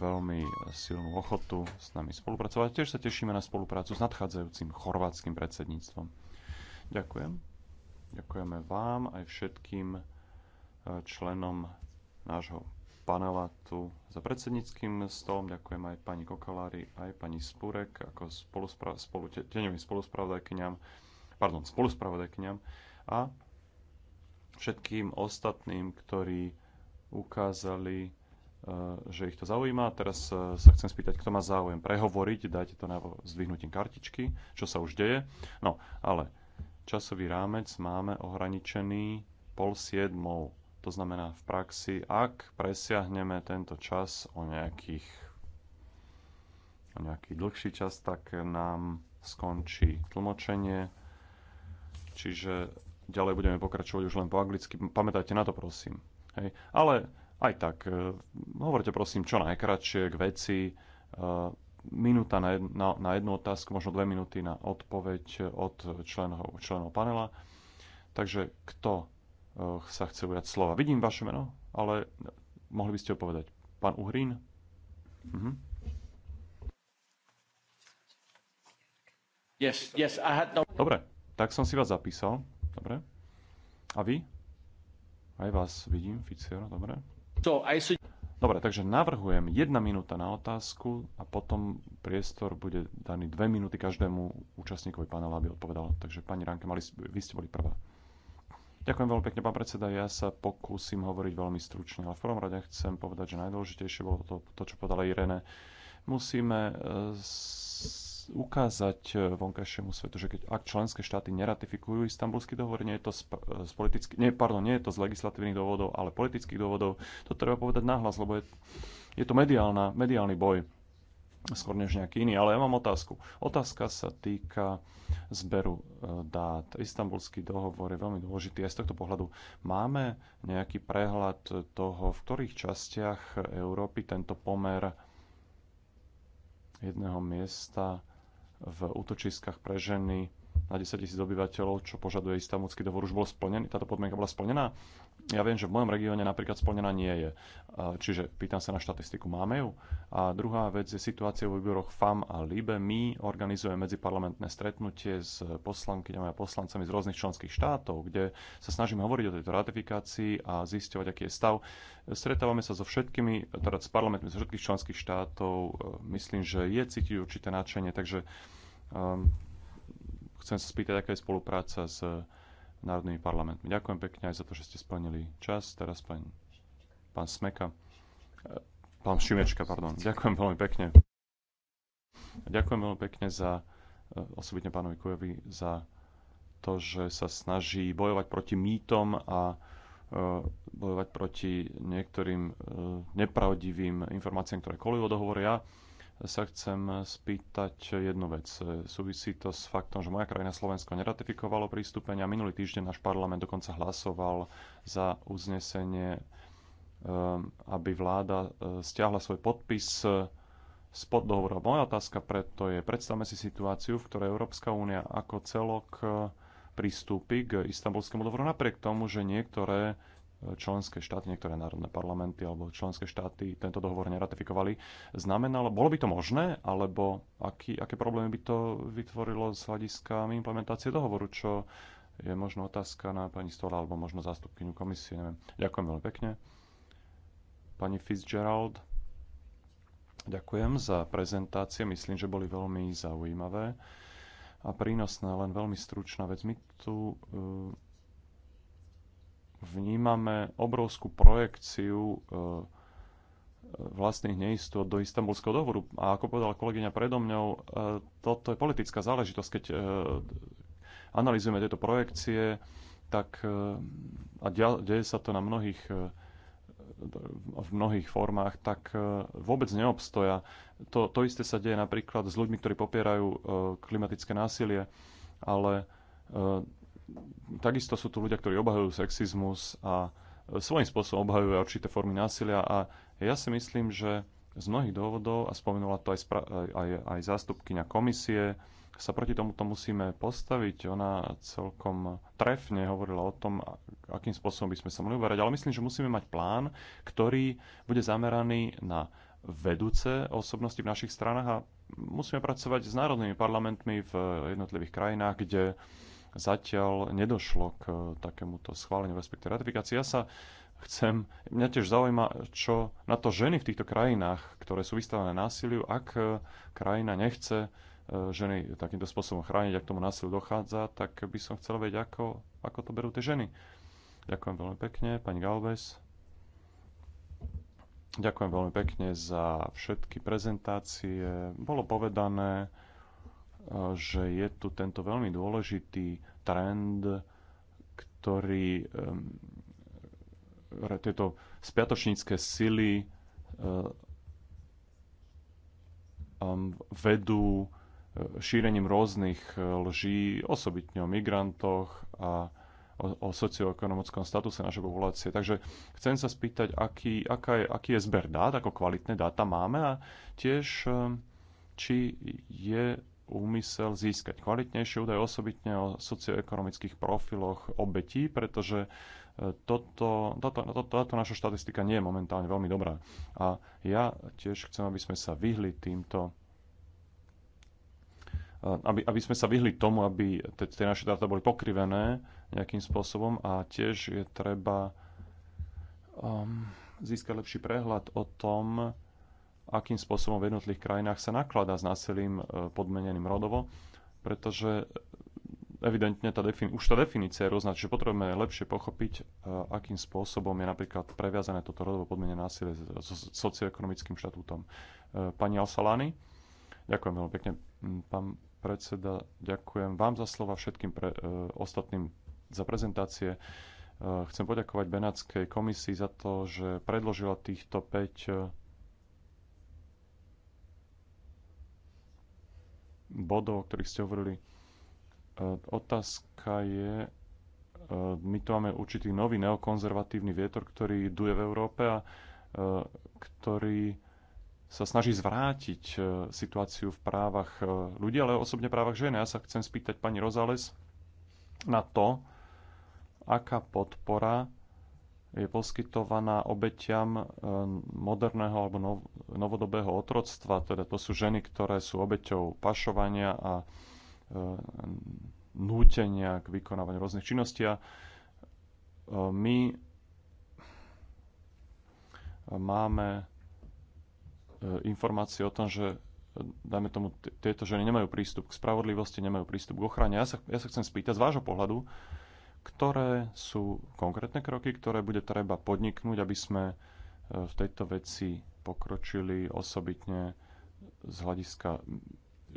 S1: veľmi silnú ochotu s nami spolupracovať. Tiež sa tešíme na spoluprácu s nadchádzajúcim chorvátskym predsedníctvom. Ďakujem. Ďakujeme vám aj všetkým eh, členom nášho panelátu za predsedníckým stolom. Ďakujem aj pani Kokalári, aj pani Spurek ako spolusprav, spolu, teňovým pardon, spoluspravodajkyňam a všetkým ostatným, ktorí ukázali, eh, že ich to zaujíma. Teraz eh, sa chcem spýtať, kto má záujem prehovoriť, dajte to na zdvihnutím kartičky, čo sa už deje. No, ale časový rámec máme ohraničený pol siedmou. To znamená v praxi, ak presiahneme tento čas o, nejakých, o nejaký dlhší čas, tak nám skončí tlmočenie. Čiže ďalej budeme pokračovať už len po anglicky. Pamätajte na to, prosím. Hej. Ale aj tak, eh, hovorte prosím čo najkračšie k veci eh, minúta na, jednu, na, na jednu otázku, možno dve minúty na odpoveď od členov, členov panela. Takže kto eh, sa chce ujať slova? Vidím vaše meno, ale mohli by ste ho povedať. Pán Uhrín? Uh-huh. Yes, yes, I had no... Dobre, tak som si vás zapísal. Dobre. A vy? Aj vás vidím, Ficiero, dobre. So, I should... Dobre, takže navrhujem jedna minúta na otázku a potom priestor bude daný dve minúty každému účastníkovi panela, aby odpovedal. Takže pani Ranke, mali, vy ste boli prvá. Ďakujem veľmi pekne, pán predseda. Ja sa pokúsim hovoriť veľmi stručne, ale v prvom rade chcem povedať, že najdôležitejšie bolo to, to čo povedala Irene. Musíme e, ukázať e, vonkajšiemu svetu, že keď, ak členské štáty neratifikujú istambulský dohovor, nie je to e, z, z politických, nie, pardon, nie je to z legislatívnych dôvodov, ale politických dôvodov, to treba povedať nahlas, lebo je, je to mediálna, mediálny boj skôr než nejaký iný, ale ja mám otázku. Otázka sa týka zberu e, dát. Istanbulský dohovor je veľmi dôležitý aj z tohto pohľadu. Máme nejaký prehľad toho, v ktorých častiach Európy tento pomer jedného miesta v útočiskách pre ženy na 10 tisíc obyvateľov, čo požaduje istambulský dohovor, už bol splnený, táto podmienka bola splnená. Ja viem, že v mojom regióne napríklad splnená nie je. Čiže pýtam sa na štatistiku, máme ju? A druhá vec je situácia vo výboroch FAM a LIBE. My organizujeme medziparlamentné stretnutie s poslankyňami a poslancami z rôznych členských štátov, kde sa snažíme hovoriť o tejto ratifikácii a zisťovať, aký je stav. Stretávame sa so všetkými, teda s parlamentmi zo všetkých členských štátov. E, myslím, že je cítiť určité nadšenie, takže um, chcem sa spýtať, aká je spolupráca s národnými parlamentmi. Ďakujem pekne aj za to, že ste splnili čas. Teraz pán, pán Smeka, e, pán Šimečka, pardon. Ďakujem veľmi pekne. Ďakujem veľmi pekne za, e, osobitne pánovi Kujovi, za to, že sa snaží bojovať proti mýtom a e, bojovať proti niektorým nepravdivým informáciám, ktoré kolujú o dohovore. Ja sa chcem spýtať jednu vec. Súvisí to s faktom, že moja krajina Slovensko neratifikovalo prístupenie a minulý týždeň náš parlament dokonca hlasoval za uznesenie, eh, aby vláda eh, stiahla svoj podpis eh, spod dohovoru. Moja otázka preto je, predstavme si situáciu, v ktorej Európska únia ako celok pristúpi k istambulskému dohovoru napriek tomu, že niektoré členské štáty, niektoré národné parlamenty alebo členské štáty tento dohovor neratifikovali. Znamenalo, bolo by to možné, alebo aký, aké problémy by to vytvorilo z hľadiska implementácie dohovoru, čo je možno otázka na pani Stola alebo možno zástupkyňu komisie, neviem. Ďakujem veľmi pekne. Pani Fitzgerald, ďakujem za prezentácie, myslím, že boli veľmi zaujímavé a prínosné, len veľmi stručná vec. My tu uh, vnímame obrovskú projekciu eh, vlastných neistot do istambulského dohovoru. A ako povedala kolegyňa predo mňou, eh, toto je politická záležitosť. Keď eh, analizujeme tieto projekcie, tak a deje sa to na mnohých v mnohých formách, tak vôbec neobstoja. To, to isté sa deje napríklad s ľuďmi, ktorí popierajú klimatické násilie, ale takisto sú tu ľudia, ktorí obhajujú sexizmus a e, svojím spôsobom obhajujú určité formy násilia a ja si myslím, že z mnohých dôvodov, a spomenula to aj, aj, aj zástupkyňa komisie, sa proti tomuto musíme postaviť. Ona celkom trefne hovorila o tom, akým spôsobom by sme sa mohli uberať, ale myslím, že musíme mať plán, ktorý bude zameraný na vedúce osobnosti v našich stranách a musíme pracovať s národnými parlamentmi v jednotlivých krajinách, kde zatiaľ nedošlo k e, takémuto schváleniu, respektive ratifikácii. Ja sa chcem, mňa tiež zaujíma, čo na to ženy v týchto krajinách, ktoré sú vystavené násiliu, ak e, krajina nechce e, ženy takýmto spôsobom chrániť, ak tomu násiliu dochádza, tak by som chcel vedieť, ako, ako to berú tie ženy. Ďakujem veľmi pekne, pani Galvez. Ďakujem veľmi pekne za všetky prezentácie. Bolo povedané, že je tu tento veľmi dôležitý trend, ktorý tieto spiatočnícke sily eh, vedú eh, šírením rôznych eh, lží, osobitne o migrantoch a o, o socioekonomickom statuse našej populácie. Takže chcem sa spýtať, aký, aká je, aký je zber dát, ako kvalitné dáta máme a tiež či je úmysel získať kvalitnejšie údaje osobitne o socioekonomických profiloch obetí, pretože e, toto, táto, táto naša štatistika nie je momentálne veľmi dobrá. A ja tiež chcem, aby sme sa vyhli týmto e, aby, aby sme sa vyhli tomu, aby tie naše dáta boli pokrivené nejakým spôsobom a tiež je treba um, získať lepší prehľad o tom, akým spôsobom v jednotlivých krajinách sa nakladá s násilím e, podmeneným rodovo, pretože evidentne tá defin- už tá definícia je rôzna, čiže potrebujeme lepšie pochopiť, e, akým spôsobom je napríklad previazané toto rodovo podmenené násilie so socioekonomickým štatútom. E, pani Alsalány, ďakujem veľmi pekne, pán predseda, ďakujem vám za slova, všetkým pre, ostatným za prezentácie. Chcem poďakovať Benátskej komisii za to, že predložila týchto 5 bodov, o ktorých ste hovorili. E, otázka je, e, my tu máme určitý nový neokonzervatívny vietor, ktorý duje v Európe a e, ktorý sa snaží zvrátiť situáciu v právach ľudí, ale osobne právach žien. Ja sa chcem spýtať pani Rozales na to, aká podpora je poskytovaná obeťam e, moderného alebo novodobého otroctva. Teda to sú ženy, ktoré sú obeťou pašovania a e, nútenia k vykonávaniu rôznych činností. A e, my máme informácie o tom, že dajme tomu, tieto ženy nemajú prístup k spravodlivosti, nemajú prístup k ochrane. Ja sa, ja sa chcem spýtať z vášho pohľadu, ktoré sú konkrétne kroky, ktoré bude treba podniknúť, aby sme e, v tejto veci pokročili osobitne z hľadiska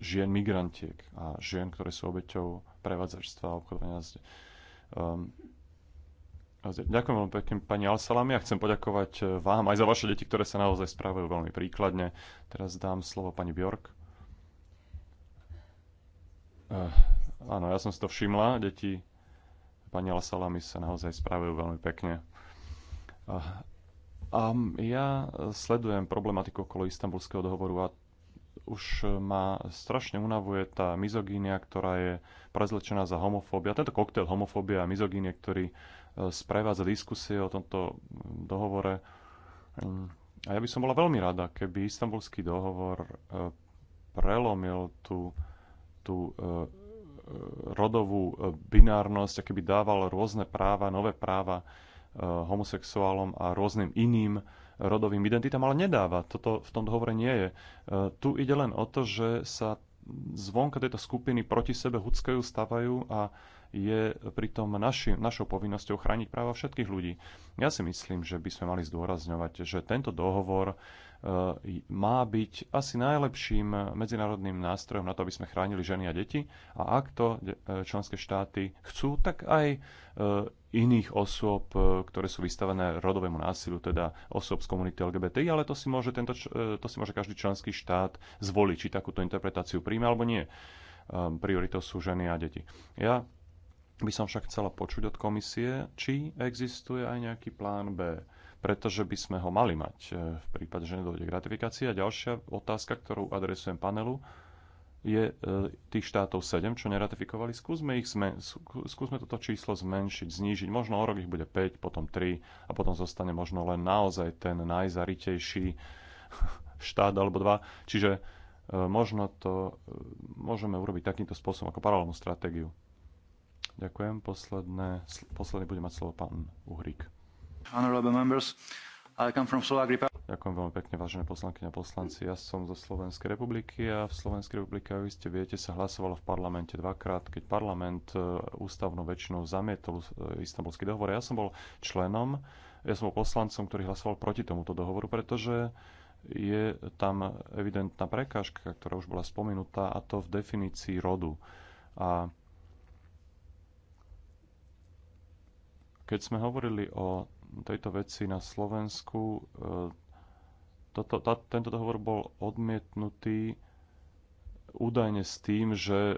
S1: žien migrantiek a žien, ktoré sú obeťou prevádzačstva a obchodovania um, Ďakujem veľmi pekne, pani Alsalami. Ja chcem poďakovať e, vám aj za vaše deti, ktoré sa naozaj správajú veľmi príkladne. Teraz dám slovo pani Bjork. Uh, e, áno, ja som si to všimla. Deti pani Salamis sa naozaj správajú veľmi pekne. A, a ja sledujem problematiku okolo istambulského dohovoru a už ma strašne unavuje tá mizogínia, ktorá je prezlečená za homofóbia. Tento koktail homofóbia a mizogínie, ktorý e, sprevádza diskusie o tomto dohovore. A ja by som bola veľmi rada, keby istambulský dohovor e, prelomil tú, tú e, E, rodovú e, binárnosť a keby dával rôzne práva, nové práva e, homosexuálom a rôznym iným rodovým identitám, ale nedáva. Toto v tom dohovore nie je. Tu ide len o to, že sa zvonka tejto skupiny proti sebe huckajú, stavajú a je pritom naši, našou povinnosťou chrániť práva všetkých ľudí. Ja si myslím, že by sme mali zdôrazňovať, že tento dohovor E, má byť asi najlepším medzinárodným nástrojom na to, aby sme chránili ženy a deti. A ak to e, členské štáty chcú, tak aj e, iných osôb, ktoré sú vystavené rodovému násilu, teda osôb z komunity LGBTI, ale to si môže, tento, to si môže každý členský štát zvoliť, či takúto interpretáciu príjme alebo nie. Prioritou sú ženy a deti. Ja by som však chcela počuť od komisie, či existuje aj nejaký plán B pretože by sme ho mali mať e, v prípade, že nedôjde k ratifikácii. A ďalšia otázka, ktorú adresujem panelu, je e, tých štátov 7, čo neratifikovali. Skúsme, ich zmen- skúsme toto číslo zmenšiť, znížiť. Možno o rok ich bude 5, potom 3 a potom zostane možno len naozaj ten najzaritejší štát alebo dva. Čiže e, možno to môžeme urobiť takýmto spôsobom ako paralelnú stratégiu. Ďakujem. Posledné, posledný bude mať slovo pán Uhrík. Ďakujem veľmi pekne, vážené poslanky a poslanci. Ja som zo Slovenskej republiky a v Slovenskej republike, ako ste viete, sa hlasovalo v parlamente dvakrát, keď parlament e, ústavnou väčšinou zamietol e, istambulský dohovor. Ja som bol členom, ja som bol poslancom, ktorý hlasoval proti tomuto dohovoru, pretože je tam evidentná prekážka, ktorá už bola spomenutá, a to v definícii rodu. A keď sme hovorili o tejto veci na Slovensku. E, toto, tá, tento dohovor bol odmietnutý údajne s tým, že e, e,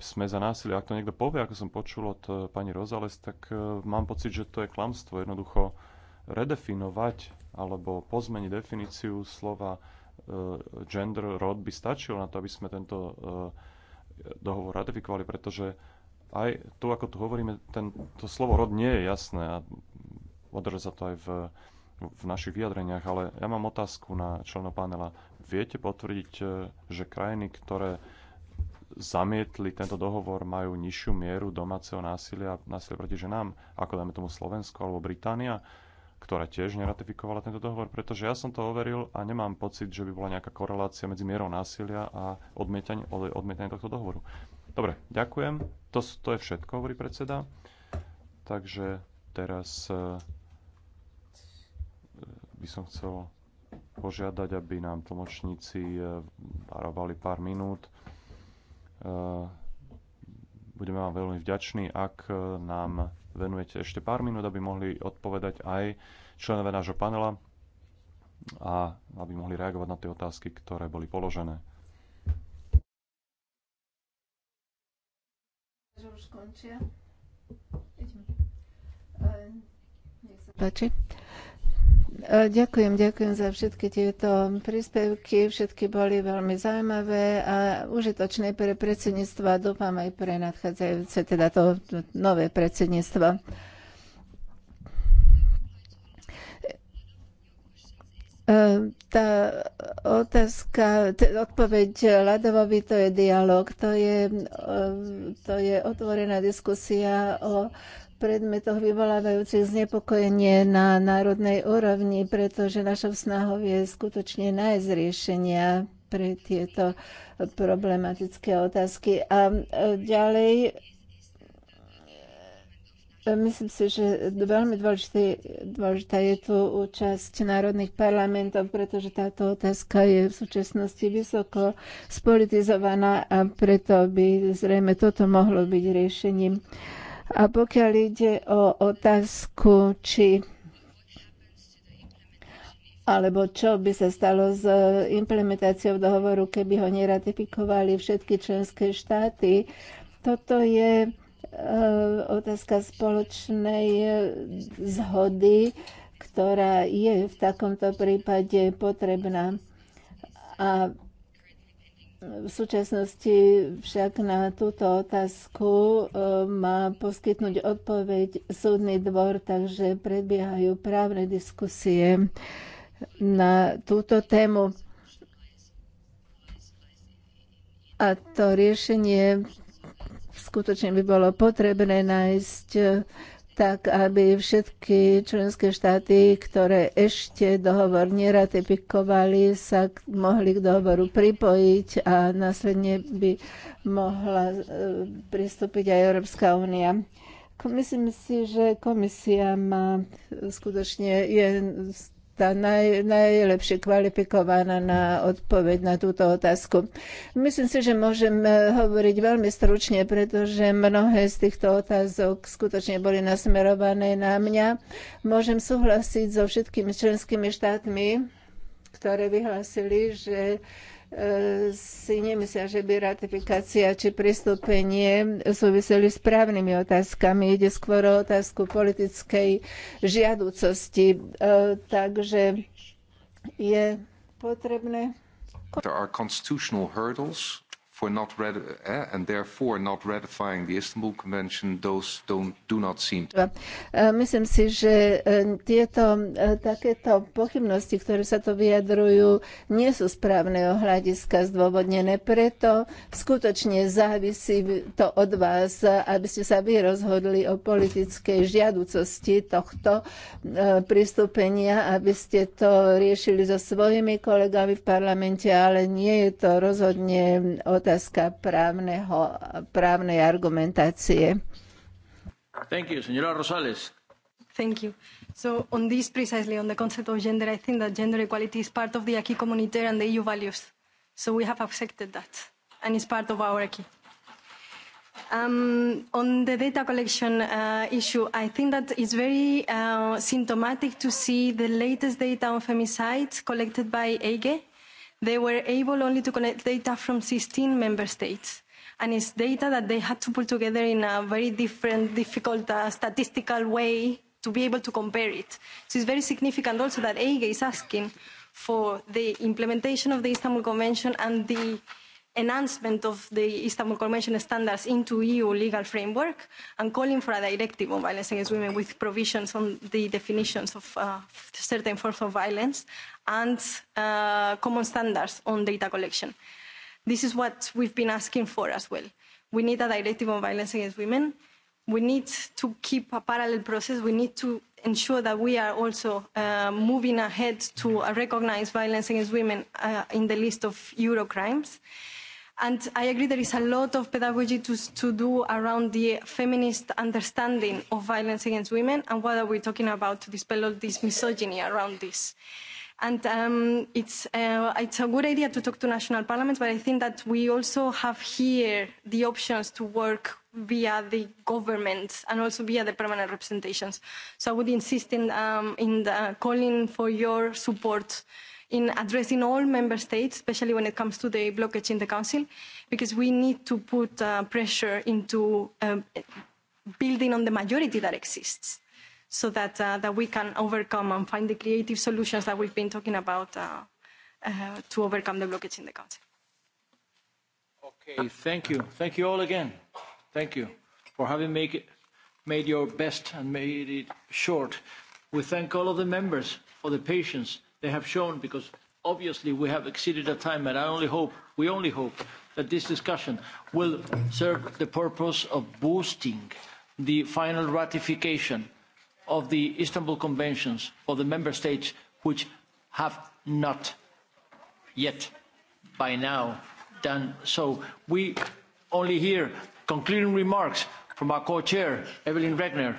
S1: sme za násilie. Ak to niekto povie, ako som počul od pani Rozales, tak mám pocit, že to je klamstvo. Jednoducho redefinovať alebo pozmeniť definíciu slova gender, rod by stačilo na to, aby sme tento dohovor ratifikovali, pretože aj tu, ako tu hovoríme, ten, to slovo rod nie je jasné a održa sa to aj v, v našich vyjadreniach, ale ja mám otázku na členov panela. Viete potvrdiť, e, že krajiny, ktoré zamietli tento dohovor, majú nižšiu mieru domáceho násilia, násilia proti ženám, ako dajme tomu Slovensko alebo Británia, ktorá tiež neratifikovala tento dohovor, pretože ja som to overil a nemám pocit, že by bola nejaká korelácia medzi mierou násilia a odmietaním tohto dohovoru. Dobre, ďakujem. To, to je všetko, hovorí predseda. Takže teraz eh, by som chcel požiadať, aby nám tlmočníci darovali eh, pár minút. Eh, budeme vám veľmi vďační, ak nám venujete ešte pár minút, aby mohli odpovedať aj členové nášho panela a aby mohli reagovať na tie otázky, ktoré boli položené.
S2: že už e, Nech sa páči. E, ďakujem, ďakujem za všetky tieto príspevky. Všetky boli veľmi zaujímavé a užitočné pre predsedníctvo a dúfam aj pre nadchádzajúce, teda to nové predsedníctvo. Ehm, tá otázka, odpoveď Ladovovi, to je dialog, to je, ehm, to je otvorená diskusia o predmetoch vyvolávajúcich znepokojenie na národnej úrovni, pretože našou snahou je skutočne nájsť riešenia pre tieto problematické otázky. A e, ďalej Myslím si, že veľmi dôležité, dôležitá je tu účasť národných parlamentov, pretože táto otázka je v súčasnosti vysoko spolitizovaná a preto by zrejme toto mohlo byť riešením. A pokiaľ ide o otázku, či alebo čo by sa stalo s implementáciou dohovoru, keby ho neratifikovali všetky členské štáty. Toto je Eh, otázka spoločnej eh, zhody, ktorá je v takomto prípade potrebná. A v súčasnosti však na túto otázku eh, má poskytnúť odpoveď súdny dvor, takže predbiehajú právne diskusie na túto tému. A to riešenie skutočne by bolo potrebné nájsť eh, tak aby všetky členské štáty, ktoré ešte dohovor neratifikovali, sa mohli k dohovoru pripojiť a následne by mohla eh, pristúpiť aj Európska únia. Myslím si, že komisia má eh, skutočne je tá naj, najlepšie kvalifikovaná na odpoveď na túto otázku. Myslím si, že môžem eh, hovoriť veľmi stručne, pretože mnohé z týchto otázok skutočne boli nasmerované na mňa. Môžem súhlasiť so všetkými členskými štátmi, ktoré vyhlásili, že si nemyslia, že by ratifikácia či pristúpenie súviseli s právnymi otázkami. Ide skôr o otázku politickej žiaducosti. E, takže je potrebné.
S3: There are constitutional hurdles for not rat- eh, and therefore not ratifying the Istanbul Convention, those don't do not seem.
S2: To... Eh, myslím si, že eh, tieto eh, takéto pochybnosti, ktoré sa to vyjadrujú, nie sú správne hľadiska zdôvodnené. Preto skutočne závisí to od vás, aby ste sa vy rozhodli o politickej žiaducosti tohto pristúpenia, aby ste to riešili so svojimi kolegami v parlamente, ale nie je to rozhodne od otázka právneho, právnej argumentácie.
S3: Thank you, señora Rosales.
S5: Thank you. So on this precisely, on the concept of gender, I think that gender equality is part of the acquis communautaire and the EU values. So we have accepted that, and it's part of our acquis. Um, on the data collection uh, issue, I think that it's very uh, symptomatic to see the latest data on femicides collected by AGE they were able only to collect data from sixteen member states and it's data that they had to put together in a very different difficult uh, statistical way to be able to compare it. so it's very significant also that eige is asking for the implementation of the istanbul convention and the enhancement of the istanbul convention standards into eu legal framework and calling for a directive on violence against women with provisions on the definitions of uh, certain forms of violence and uh, common standards on data collection. This is what we've been asking for as well. We need a directive on violence against women. We need to keep a parallel process. We need to ensure that we are also uh, moving ahead to uh, recognize violence against women uh, in the list of Euro crimes. And I agree there is a lot of pedagogy to, to do around the feminist understanding of violence against women and what are we talking about to dispel all this misogyny around this. Uh, And um, it's, uh, it's a good idea to talk to national parliaments, but I think that we also have here the options to work via the government and also via the permanent representations. So I would insist in, um, in the calling for your support in addressing all member states, especially when it comes to the blockage in the council, because we need to put uh, pressure into uh building on the majority that exists so that, uh, that we can overcome and find the creative solutions that we've been talking about uh, uh, to overcome the blockage in the council.
S3: Okay, thank you. Thank you all again. Thank you for having make it, made your best and made it short. We thank all of the members for the patience they have shown because obviously we have exceeded the time and I only hope, we only hope that this discussion will serve the purpose of boosting the final ratification of the Istanbul Conventions for the member states which have not yet by now done so. We only hear concluding remarks from our co-chair, Evelyn Regner,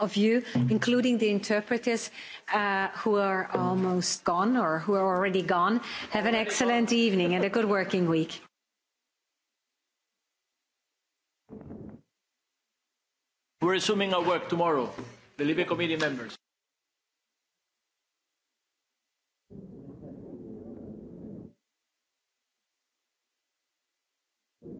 S4: of you, including the interpreters uh, who are almost gone or who are already gone. Have an excellent evening and a good working week.
S3: We're resuming our work tomorrow, the Libe Committee members.